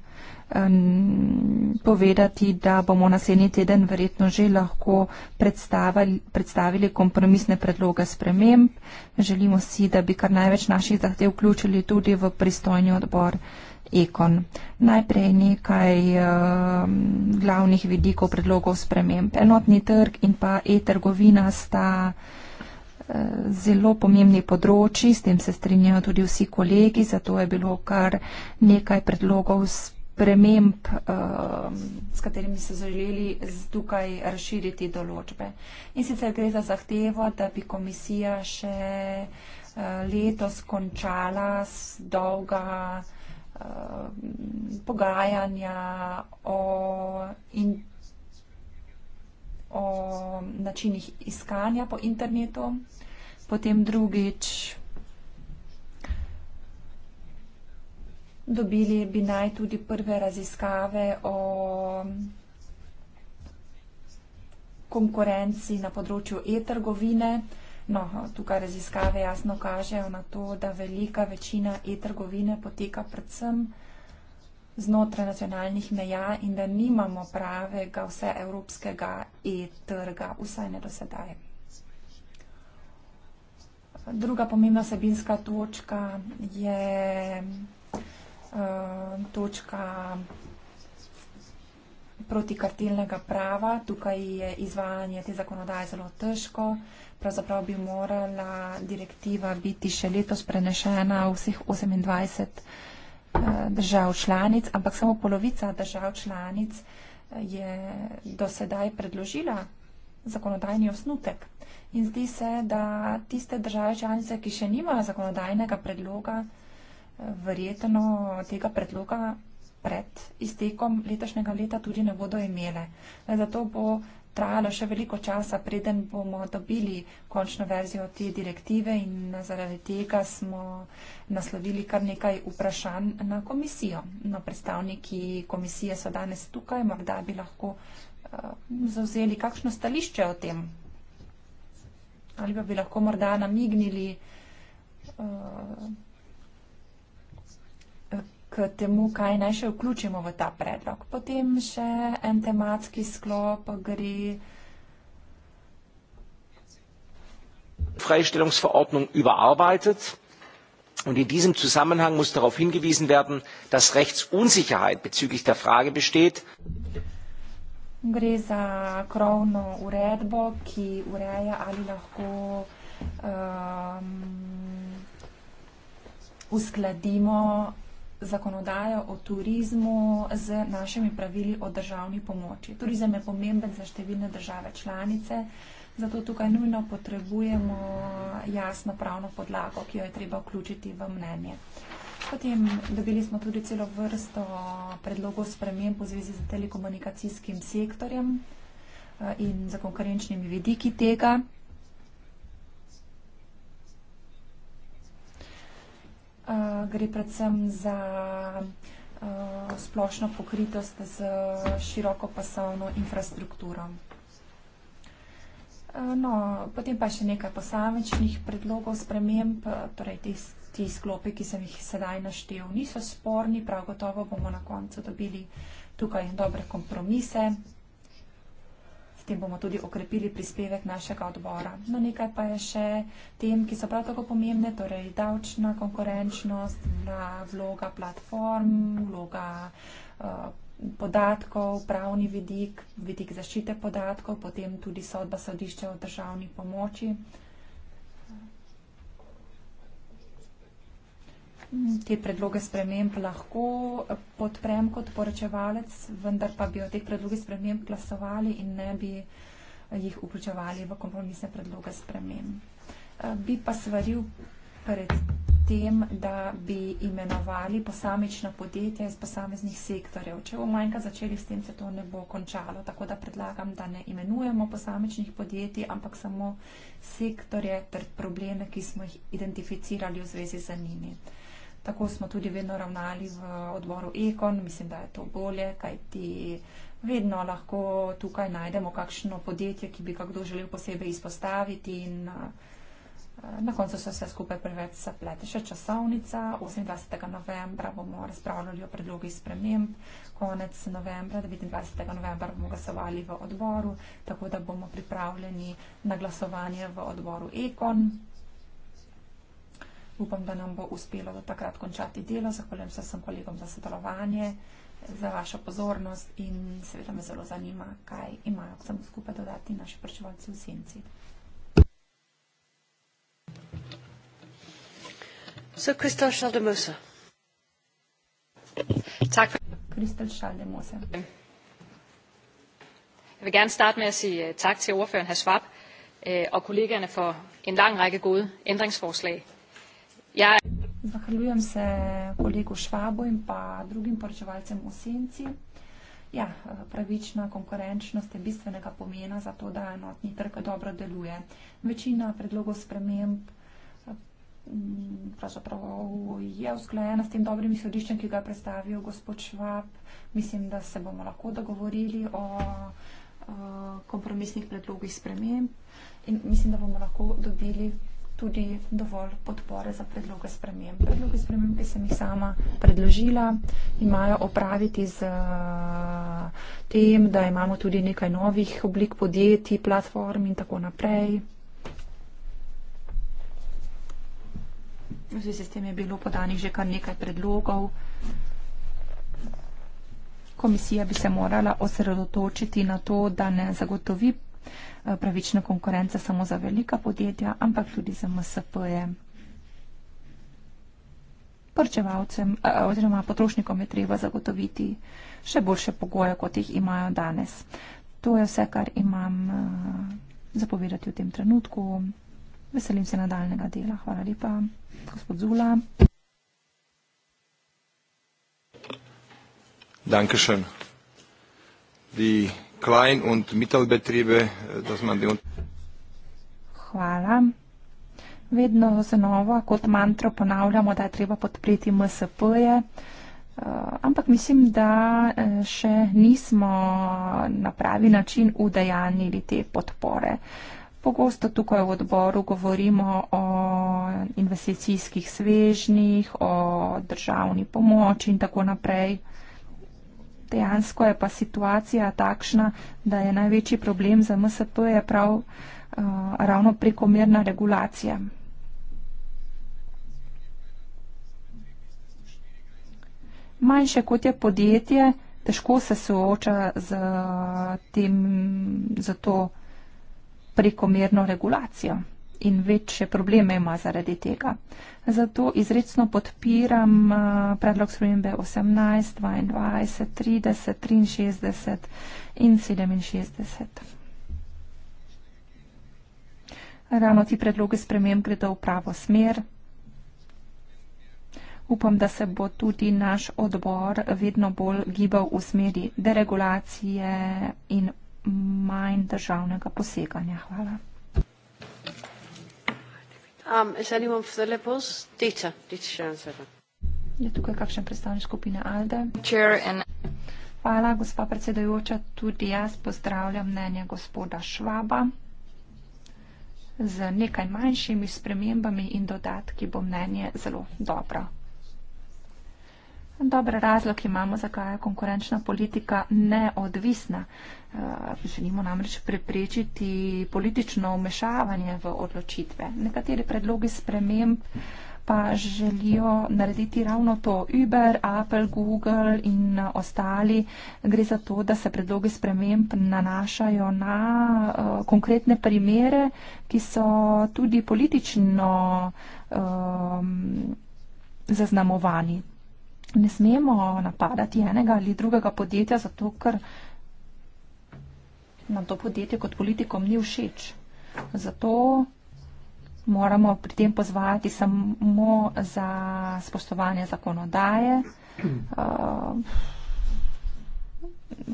povedati, da bomo naslednji teden verjetno že lahko predstavili, predstavili kompromisne predloge sprememb. Želimo si, da bi kar največ naših zahtev vključili tudi v pristojni odbor ikon. Najprej nekaj uh, glavnih vidikov predlogov sprememb. Enotni trg in pa e-trgovina sta eh, zelo pomembni področji, s tem se strinjajo tudi vsi kolegi, zato je bilo kar nekaj predlogov sprememb, uh, s katerimi so želeli tukaj razširiti določbe. In sicer gre za zahtevo, da bi komisija še uh, letos končala z dolga uh, Eh, pogajanja, o, in, o načinih iskanja po internetu, potem drugič dobili bi naj tudi prve raziskave o konkurenci na področju e-trgovine. No, tukaj raziskave jasno kažejo na to, da velika večina e-trgovine poteka predvsem znotraj nacionalnih meja in da nimamo pravega vseevropskega e-trga, vsaj ne do sedaj. Druga pomembna sabinska točka je uh, točka protikartelnega prava. Tukaj je izvajanje te zakonodaje zelo težko. Pravzaprav bi morala direktiva biti še letos prenešena v vseh 28 eh, držav članic, ampak samo polovica držav članic eh, je do sedaj predložila zakonodajni osnutek. In zdi se, da tiste države članice, ki še nimajo zakonodajnega predloga, eh, verjetno tega predloga pred iztekom letošnjega leta tudi ne bodo imele. Zato bo trajalo še veliko časa, preden bomo dobili končno verzijo te direktive in zaradi tega smo naslovili kar nekaj vprašanj na komisijo. No, predstavniki komisije so danes tukaj, morda bi lahko uh, eh, zauzeli kakšno stališče o tem. Ali pa bi lahko morda namignili. Uh, k temu, kaj naj še vključimo v ta predlog. Potem še en tematski sklop gre. Freistellungsverordnung überarbeitet. Und in diesem Zusammenhang muss darauf hingewiesen werden, dass Rechtsunsicherheit bezüglich der Frage besteht. Gre za krovno uredbo, ki ureja ali lahko um, uskladimo zakonodajo o turizmu z našimi pravili o državni pomoči. Turizem je pomemben za številne države članice, zato tukaj nujno potrebujemo jasno pravno podlago, ki jo je treba vključiti v mnenje. Potem dobili smo tudi celo vrsto predlogov sprememb v zvezi z telekomunikacijskim sektorjem eh, in za konkurenčnimi vidiki tega. Eh, gre predvsem za uh, splošno pokritost z široko pasovno infrastrukturo. Eh, no, potem pa še nekaj posamečnih predlogov sprememb, torej te, te sklope, ki sem jih sedaj naštel, niso sporni, prav gotovo bomo na koncu dobili tukaj dobre kompromise. S tem bomo tudi okrepili prispevek našega odbora. No, nekaj pa je še tem, ki so prav tako pomembne, torej davčna konkurenčnost, vloga platform, vloga uh, podatkov, pravni vidik, vidik zaščite podatkov, potem tudi sodba sodišča o državni pomoči. Uh, te predloge sprememb lahko podprem kot poročevalec, vendar pa bi o teh predlogih sprememb glasovali in ne bi jih vključevali v kompromisne predloge sprememb. Eh, bi pa svaril pred tem, da bi imenovali posamična podjetja iz posameznih sektorjev. Če bo manjka začeli s tem, se to ne bo končalo. Tako da predlagam, da ne imenujemo posamičnih podjetij, ampak samo sektorje ter probleme, ki smo jih identificirali v zvezi z njimi. Tako smo tudi vedno ravnali v odboru Ekon, mislim, da je to bolje, kajti vedno lahko tukaj najdemo kakšno podjetje, ki bi kdo želel posebej izpostaviti in eh, na koncu se vse skupaj preveč zaplete. Še časovnica, 28. novembra bomo razpravljali o predlogi sprememb, konec novembra, 29. novembra bomo glasovali v odboru, tako da bomo pripravljeni na glasovanje v odboru Ekon upam, da nam bo uspelo do takrat končati delo. Zahvaljujem se vsem kolegom za sodelovanje, za vašo pozornost in seveda me zelo zanima, kaj imajo vsem skupaj dodati naši prečevalci v senci. Kristel Šaldemose. Jeg vil gerne starte med at sige eh, tak til ordføreren Hr. Schwab eh, og kollegaerne for en lang række gode ændringsforslag. Zahvaljujem se kolegu Švabu in pa drugim poročevalcem v Senci. Ja, pravična konkurenčnost je bistvenega pomena za to, da enotni trg dobro deluje. Večina predlogov sprememb mm, pravzaprav je usklajena s tem dobrim izhodiščem, ki ga je predstavil gospod Švab. Mislim, da se bomo lahko dogovorili o eh, kompromisnih predlogih sprememb in mislim, da bomo lahko dobili tudi dovolj podpore za predloge sprememb. Predloge sprememb, ki sem jih sama predložila, imajo opraviti z eh, tem, da imamo tudi nekaj novih oblik podjetij, platform in tako naprej. V zvezi s tem je bilo podanih že kar nekaj predlogov. Komisija bi se morala osredotočiti na to, da ne zagotovi Eh, pravična konkurenca samo za velika podjetja, ampak tudi za MSP-je. Prčevalcem eh, oziroma potrošnikom je treba zagotoviti še boljše pogoje, kot jih imajo danes. To je vse, kar imam eh, zapovedati v tem trenutku. Veselim se nadaljnega dela. Hvala lepa, gospod Zula. Dankeschön. Die Klein und Mittelbetriebe, äh, dass man die Hvala. Vedno znova kot mantro ponavljamo, da je treba podpreti MSP-je, eh, ampak mislim, da eh, še nismo na pravi način udejanili te podpore. Pogosto tukaj v odboru govorimo o investicijskih svežnih, o državni pomoči in tako naprej dejansko je pa situacija takšna, da je največji problem za MSP je prav uh, ravno prekomerna regulacija. Manjše kot je podjetje, težko se sooča z, uh, tem, z to prekomerno regulacijo in večje probleme ima zaradi tega. Zato izredno podpiram eh, predlog spremembe 18, 22, 30, 63 in 67. Ravno ti predlogi sprememb gredo v pravo smer. Upam, da se bo tudi naš odbor vedno bolj gibal v smeri deregulacije in manj državnega poseganja. Hvala. Um, is anyone for the Liberals? Dieter, Dieter Schoenstatter. Je tukaj kakšen predstavnik skupine ALDE? Hvala, gospa predsedujoča. Tudi jaz pozdravljam mnenje gospoda Švaba. Z nekaj manjšimi spremembami in dodatki bo mnenje zelo dobro dober razlog imamo, zakaj je konkurenčna politika neodvisna. Eh, želimo namreč preprečiti politično vmešavanje v odločitve. Nekateri predlogi sprememb pa želijo narediti ravno to. Uber, Apple, Google in ostali gre za to, da se predlogi sprememb nanašajo na uh, konkretne primere, ki so tudi politično um, zaznamovani ne smemo napadati enega ali drugega podjetja, zato ker nam to podjetje kot politikom ni všeč. Zato moramo pri tem pozvati samo za spoštovanje zakonodaje. Uh,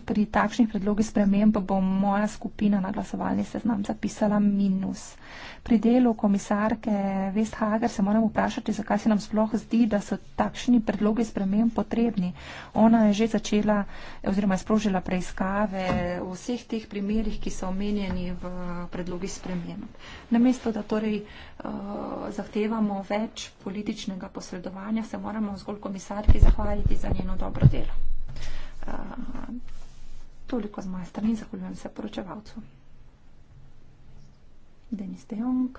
pri takšnih predlogih sprememb bo moja skupina na glasovalni seznam zapisala minus. Pri delu komisarke Westhager se moramo vprašati, zakaj se nam sploh zdi, da so takšni predlogi sprememb potrebni. Ona je že začela oziroma je sprožila preiskave v vseh teh primerjih, ki so omenjeni v predlogi sprememb. Namesto, da torej eh, zahtevamo več političnega posredovanja, se moramo zgolj komisarki zahvaliti za njeno dobro delo toliko z moje strani, zahvaljujem se poročevalcu. Denis De Jong.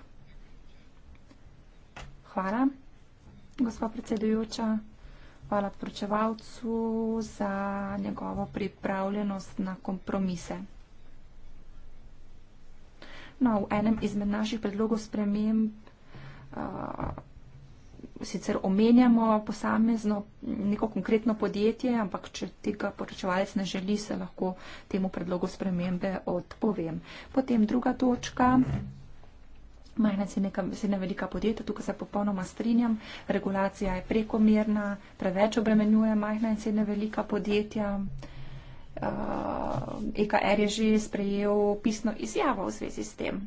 Hvala, gospa predsedujoča. Hvala poročevalcu za njegovo pripravljenost na kompromise. No, v enem izmed naših predlogov spremem uh, sicer omenjamo posamezno neko konkretno podjetje, ampak če tega poročevalec ne želi, se lahko temu predlogu spremembe odpovem. Potem druga točka. Majhna srednja velika podjetja, tukaj se popolnoma strinjam, regulacija je prekomerna, preveč obremenjuje majhna in srednja velika podjetja. Uh, EKR je že sprejel pisno izjavo v zvezi s tem.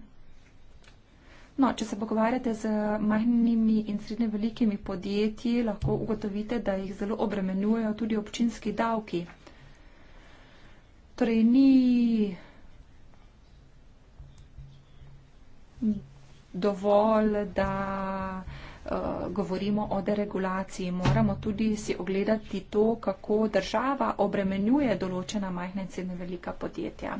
No, če se pogovarjate z majhnimi in srednje velikimi podjetji, lahko ugotovite, da jih zelo obremenjujejo tudi občinski davki. Torej, ni dovolj, da uh, govorimo o deregulaciji. Moramo tudi si ogledati to, kako država obremenjuje določena majhna in srednje velika podjetja.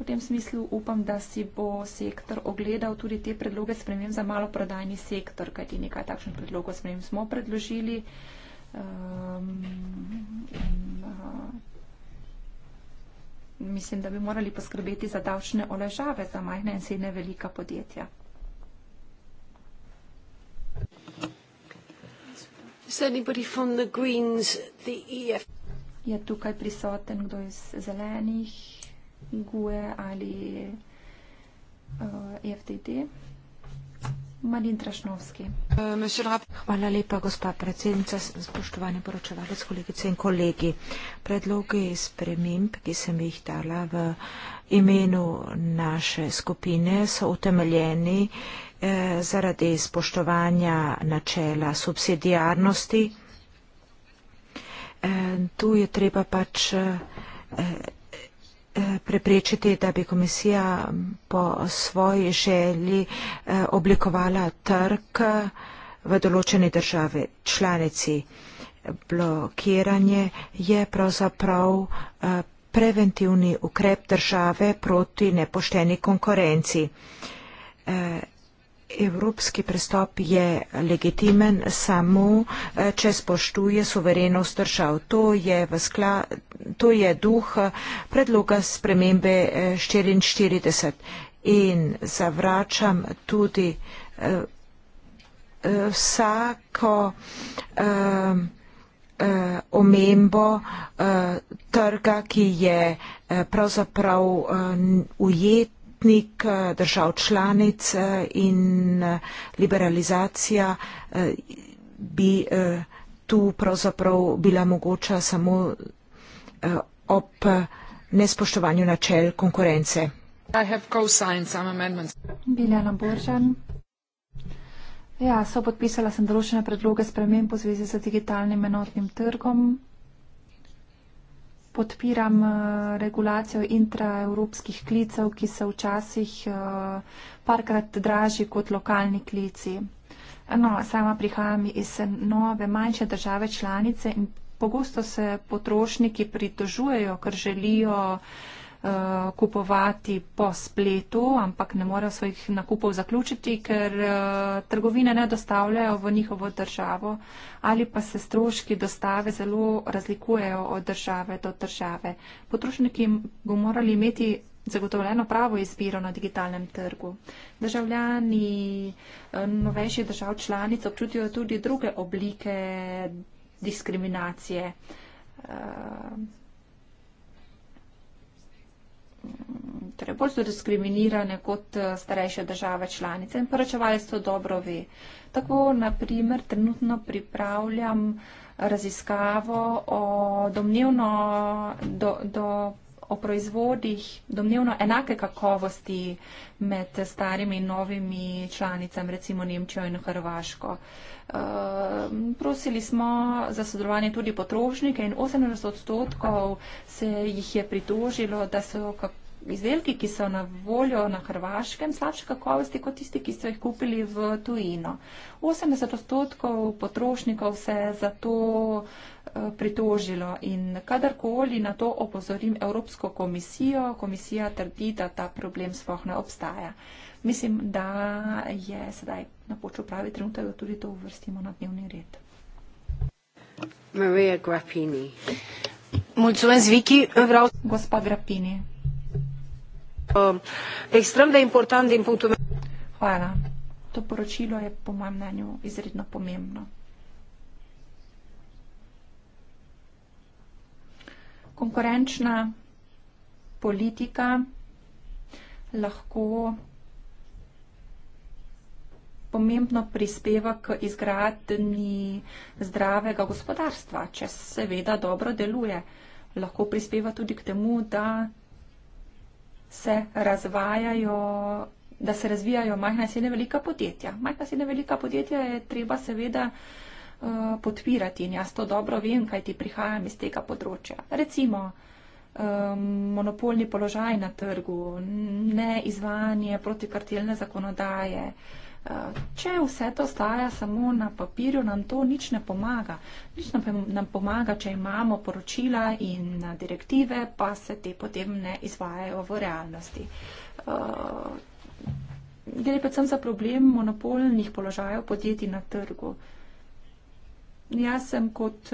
V tem smislu upam, da si bo sektor ogledal tudi te predloge sprememb za maloprodajni sektor, kajti nekaj takšnih predlogov sprememb smo predložili. Um, uh, Mislim, da bi morali poskrbeti za davčne olajšave za majhne in srednje velika podjetja. E Je tukaj prisoten kdo iz zelenih? GUE ali uh, eh, FTT. Marin Trašnovski. Hvala lepa, gospa predsednica, spoštovani poročevalec, kolegice in kolegi. Predloge sprememb, ki sem jih dala v imenu naše skupine, so utemeljeni eh, zaradi spoštovanja načela subsidijarnosti. Eh, tu je treba pač. Eh, Eh, preprečiti, da bi komisija po svoji želji eh, oblikovala trg v določeni države članici. Blokiranje je pravzaprav eh, preventivni ukrep države proti nepošteni konkurenci. Evropski pristop je legitimen samo, eh, če spoštuje suverenost držav. To je, skla, to je duh eh, predloga spremembe 44 eh, in zavračam tudi vsako omembo trga, ki je pravzaprav ujet odvetnik eh, držav članic eh, in eh, liberalizacija bi tu pravzaprav bila mogoča samo ob nespoštovanju načel konkurence. Bila Lamboržan. Ja, sopodpisala sem določene predloge sprememb v zvezi z digitalnim enotnim trgom podpiram eh, regulacijo intraevropskih klicev, ki so včasih eh, parkrat dražji kot lokalni klici. No, sama prihajam iz nove manjše države članice in pogosto se potrošniki pritožujejo, ker želijo uh, uh, kupovati po spletu, ampak ne morejo svojih nakupov zaključiti, ker uh, trgovine ne dostavljajo v njihovo državo ali pa se stroški dostave zelo razlikujejo od države do države. Potrošniki bo morali imeti zagotovljeno pravo izbiro na digitalnem trgu. Državljani eh, novejših držav članic občutijo tudi druge oblike diskriminacije. Uh, torej bolj so diskriminirane kot eh, starejše države članice in poročevalec to dobro ve. Tako, naprimer, trenutno pripravljam raziskavo o domnevno do, do o proizvodih domnevno enake kakovosti med starimi in novimi članicami, recimo Nemčijo in Hrvaško. Ehm, prosili smo za sodelovanje tudi potrošnike in 80 odstotkov se jih je pritožilo, da so kakovosti izdelki, ki so na voljo na Hrvaškem, slabše kakovosti kot tisti, ki so jih kupili v tujino. 80 odstotkov potrošnikov se je zato eh, pritožilo in kadarkoli na to opozorim Evropsko komisijo, komisija trdi, da ta problem sploh ne obstaja. Mislim, da je sedaj na počo pravi trenutek, da tudi to uvrstimo na dnevni red. Maria Grappini. Mulțumesc, Vicky. Vreau... Gospa Grappini. Um, ekstrem, da je important in punktu. Hvala. To poročilo je po mojem mnenju izredno pomembno. Konkurenčna politika lahko pomembno prispeva k izgradni zdravega gospodarstva, če seveda dobro deluje. Lahko prispeva tudi k temu, da se razvajajo, da se razvijajo majhna in srednja velika podjetja. Majhna in srednja velika podjetja je treba seveda eh, podpirati in jaz to dobro vem, kaj ti prihajam iz tega področja. Recimo eh, monopolni položaj na trgu, neizvajanje protikartelne zakonodaje, Eh, če vse to staja samo na papirju, nam to nič ne pomaga. Nič nam pomaga, če imamo poročila in eh, direktive, pa se te potem ne izvajajo v realnosti. Eh, gre predvsem za problem monopolnih položajev podjetij na trgu. Jaz sem kot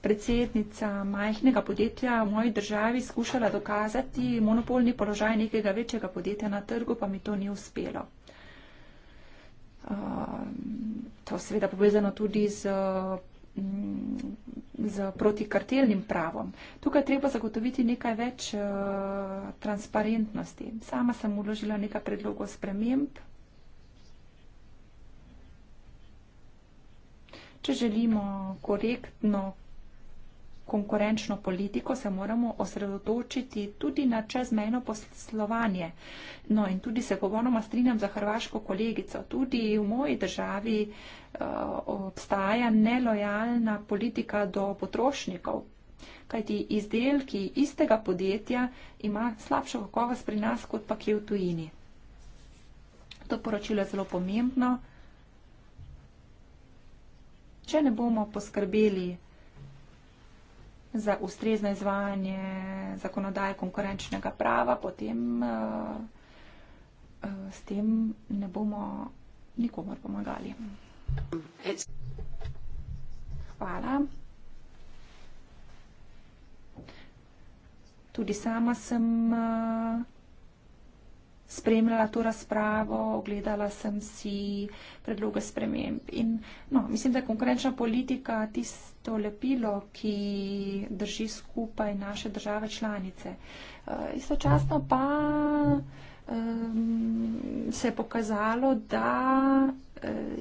predsednica majhnega podjetja v moji državi skušala dokazati monopolni položaj nekega večjega podjetja na trgu, pa mi to ni uspelo. Ehm, to seveda povezano tudi z, mm, z protikartelnim pravom. Tukaj treba zagotoviti nekaj več eh, transparentnosti. Sama sem uložila nekaj predlogov sprememb. Če želimo korektno konkurenčno politiko, se moramo osredotočiti tudi na čezmejno poslovanje. No in tudi se povonoma strinjam za hrvaško kolegico. Tudi v moji državi uh, obstaja nelojalna politika do potrošnikov. Kajti izdelki istega podjetja ima slabšo kakovost pri nas, kot pa ki v tujini. To poročilo je zelo pomembno. Če ne bomo poskrbeli za ustrezno izvajanje zakonodaje konkurenčnega prava, potem eh, eh, s tem ne bomo nikomor pomagali. Hvala. Tudi sama sem eh, spremljala to razpravo, ogledala sem si predloge sprememb in no, mislim, da je konkurenčna politika tista, to lepilo, ki drži skupaj naše države članice. Eh, istočasno pa ehm, se je pokazalo, da eh,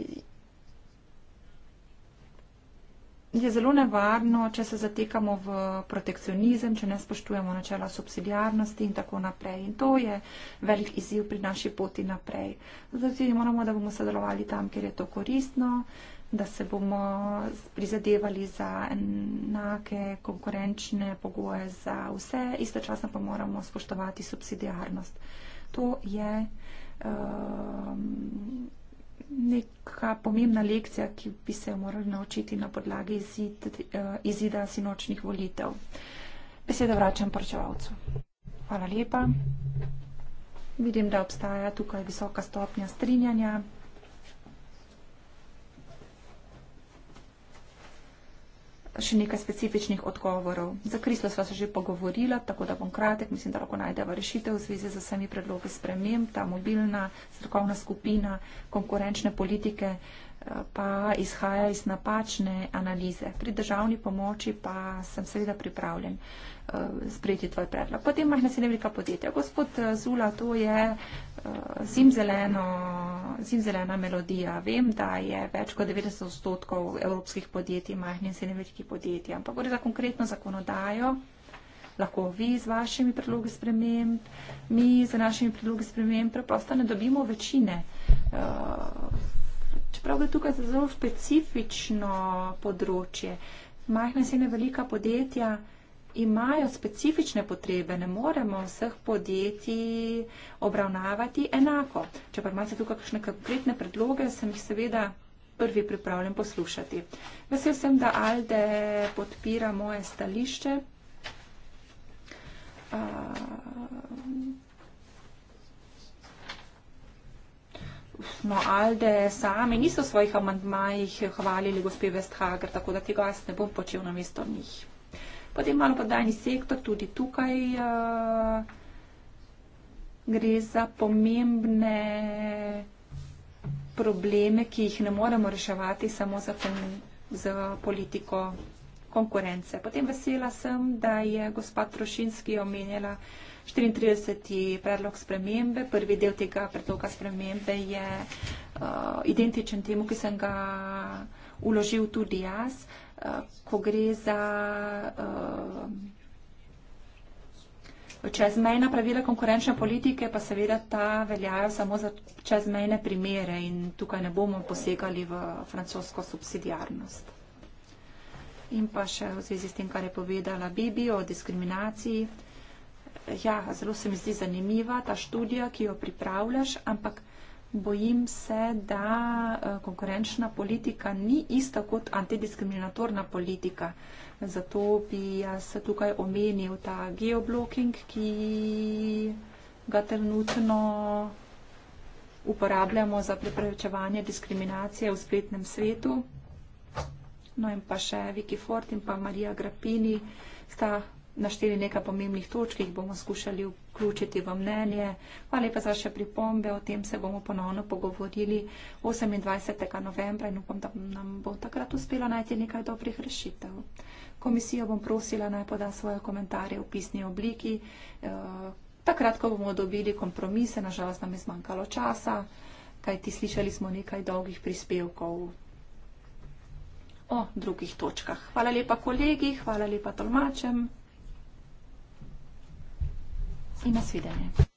je zelo nevarno, če se zatekamo v protekcionizem, če ne spoštujemo načela subsidijarnosti in tako naprej. In to je velik izziv pri naši poti naprej. Zato si moramo, da bomo sodelovali tam, kjer je to koristno, da se bomo prizadevali za enake konkurenčne pogoje za vse, istočasno pa moramo spoštovati subsidijarnost. To je um, neka pomembna lekcija, ki bi se jo morali naučiti na podlagi izid, eh, izida sinočnih volitev. Beseda vračam pročevalcu. Hvala lepa. Vidim, da obstaja tukaj visoka stopnja strinjanja. še nekaj specifičnih odgovorov. Za Kristo sva se že pogovorila, tako da bom kratek, mislim, da lahko najdeva rešitev v zvezi z vsemi predlogi sprememb, ta mobilna strokovna skupina konkurenčne politike pa izhaja iz napačne analize. Pri državni pomoči pa sem seveda pripravljen eh, sprejeti tvoj predlog. Potem imaš naslednika podjetja. Gospod eh, Zula, to je eh, zimzeleno, zimzelena melodija. Vem, da je več kot 90 odstotkov evropskih podjetij majhnih in srednjevelikih podjetij, ampak gre za konkretno zakonodajo. Lahko vi z vašimi predlogi sprememb, mi z našimi predlogi sprememb preprosto ne dobimo večine. Uh, čeprav je tukaj zelo specifično področje. Majhne sene velika podjetja imajo specifične potrebe, ne moremo vseh podjetij obravnavati enako. Če pa imate tukaj kakšne konkretne predloge, sem jih seveda prvi pripravljen poslušati. Vesel sem, da Alde podpira moje stališče. Uh, No, Alde sami niso svojih amantmajih hvalili gospe Vestager, tako da tega jaz ne bom počel na mesto njih. Potem malo podajni sektor, tudi tukaj uh, gre za pomembne probleme, ki jih ne moremo reševati samo za, tem, za politiko konkurence. Potem vesela sem, da je gospa Trošinski omenjala, uh, 34. predlog spremembe. Prvi del tega predloga spremembe je uh, identičen temu, ki sem ga uložil tudi jaz, uh, ko gre za. Uh, Čezmejna pravila konkurenčne politike pa seveda ta veljajo samo za čezmejne primere in tukaj ne bomo posegali v francosko subsidijarnost. In pa še v zvezi s tem, kar je povedala Bibi o diskriminaciji. Uh, ja, zelo se mi zdi zanimiva ta študija, ki jo pripravljaš, ampak bojim se, da eh, konkurenčna politika ni ista kot antidiskriminatorna politika. Zato bi jaz tukaj omenil ta geoblocking, ki ga trenutno uporabljamo za preprečevanje diskriminacije v spletnem svetu. No in pa še Vicky Ford in pa Marija Grappini sta našteli nekaj pomembnih točk, ki jih bomo skušali vključiti v mnenje. Hvala lepa za vaše pripombe, o tem se bomo ponovno pogovorili 28. novembra in upam, da nam bo takrat uspelo najti nekaj dobrih rešitev. Komisijo bom prosila naj poda svoje komentarje v pisni obliki. Eh, takrat, ko bomo dobili kompromise, nažalost nam je zmanjkalo časa, kajti slišali smo nekaj dolgih prispevkov o drugih točkah. Hvala lepa kolegi, hvala lepa tolmačem i na svidenje.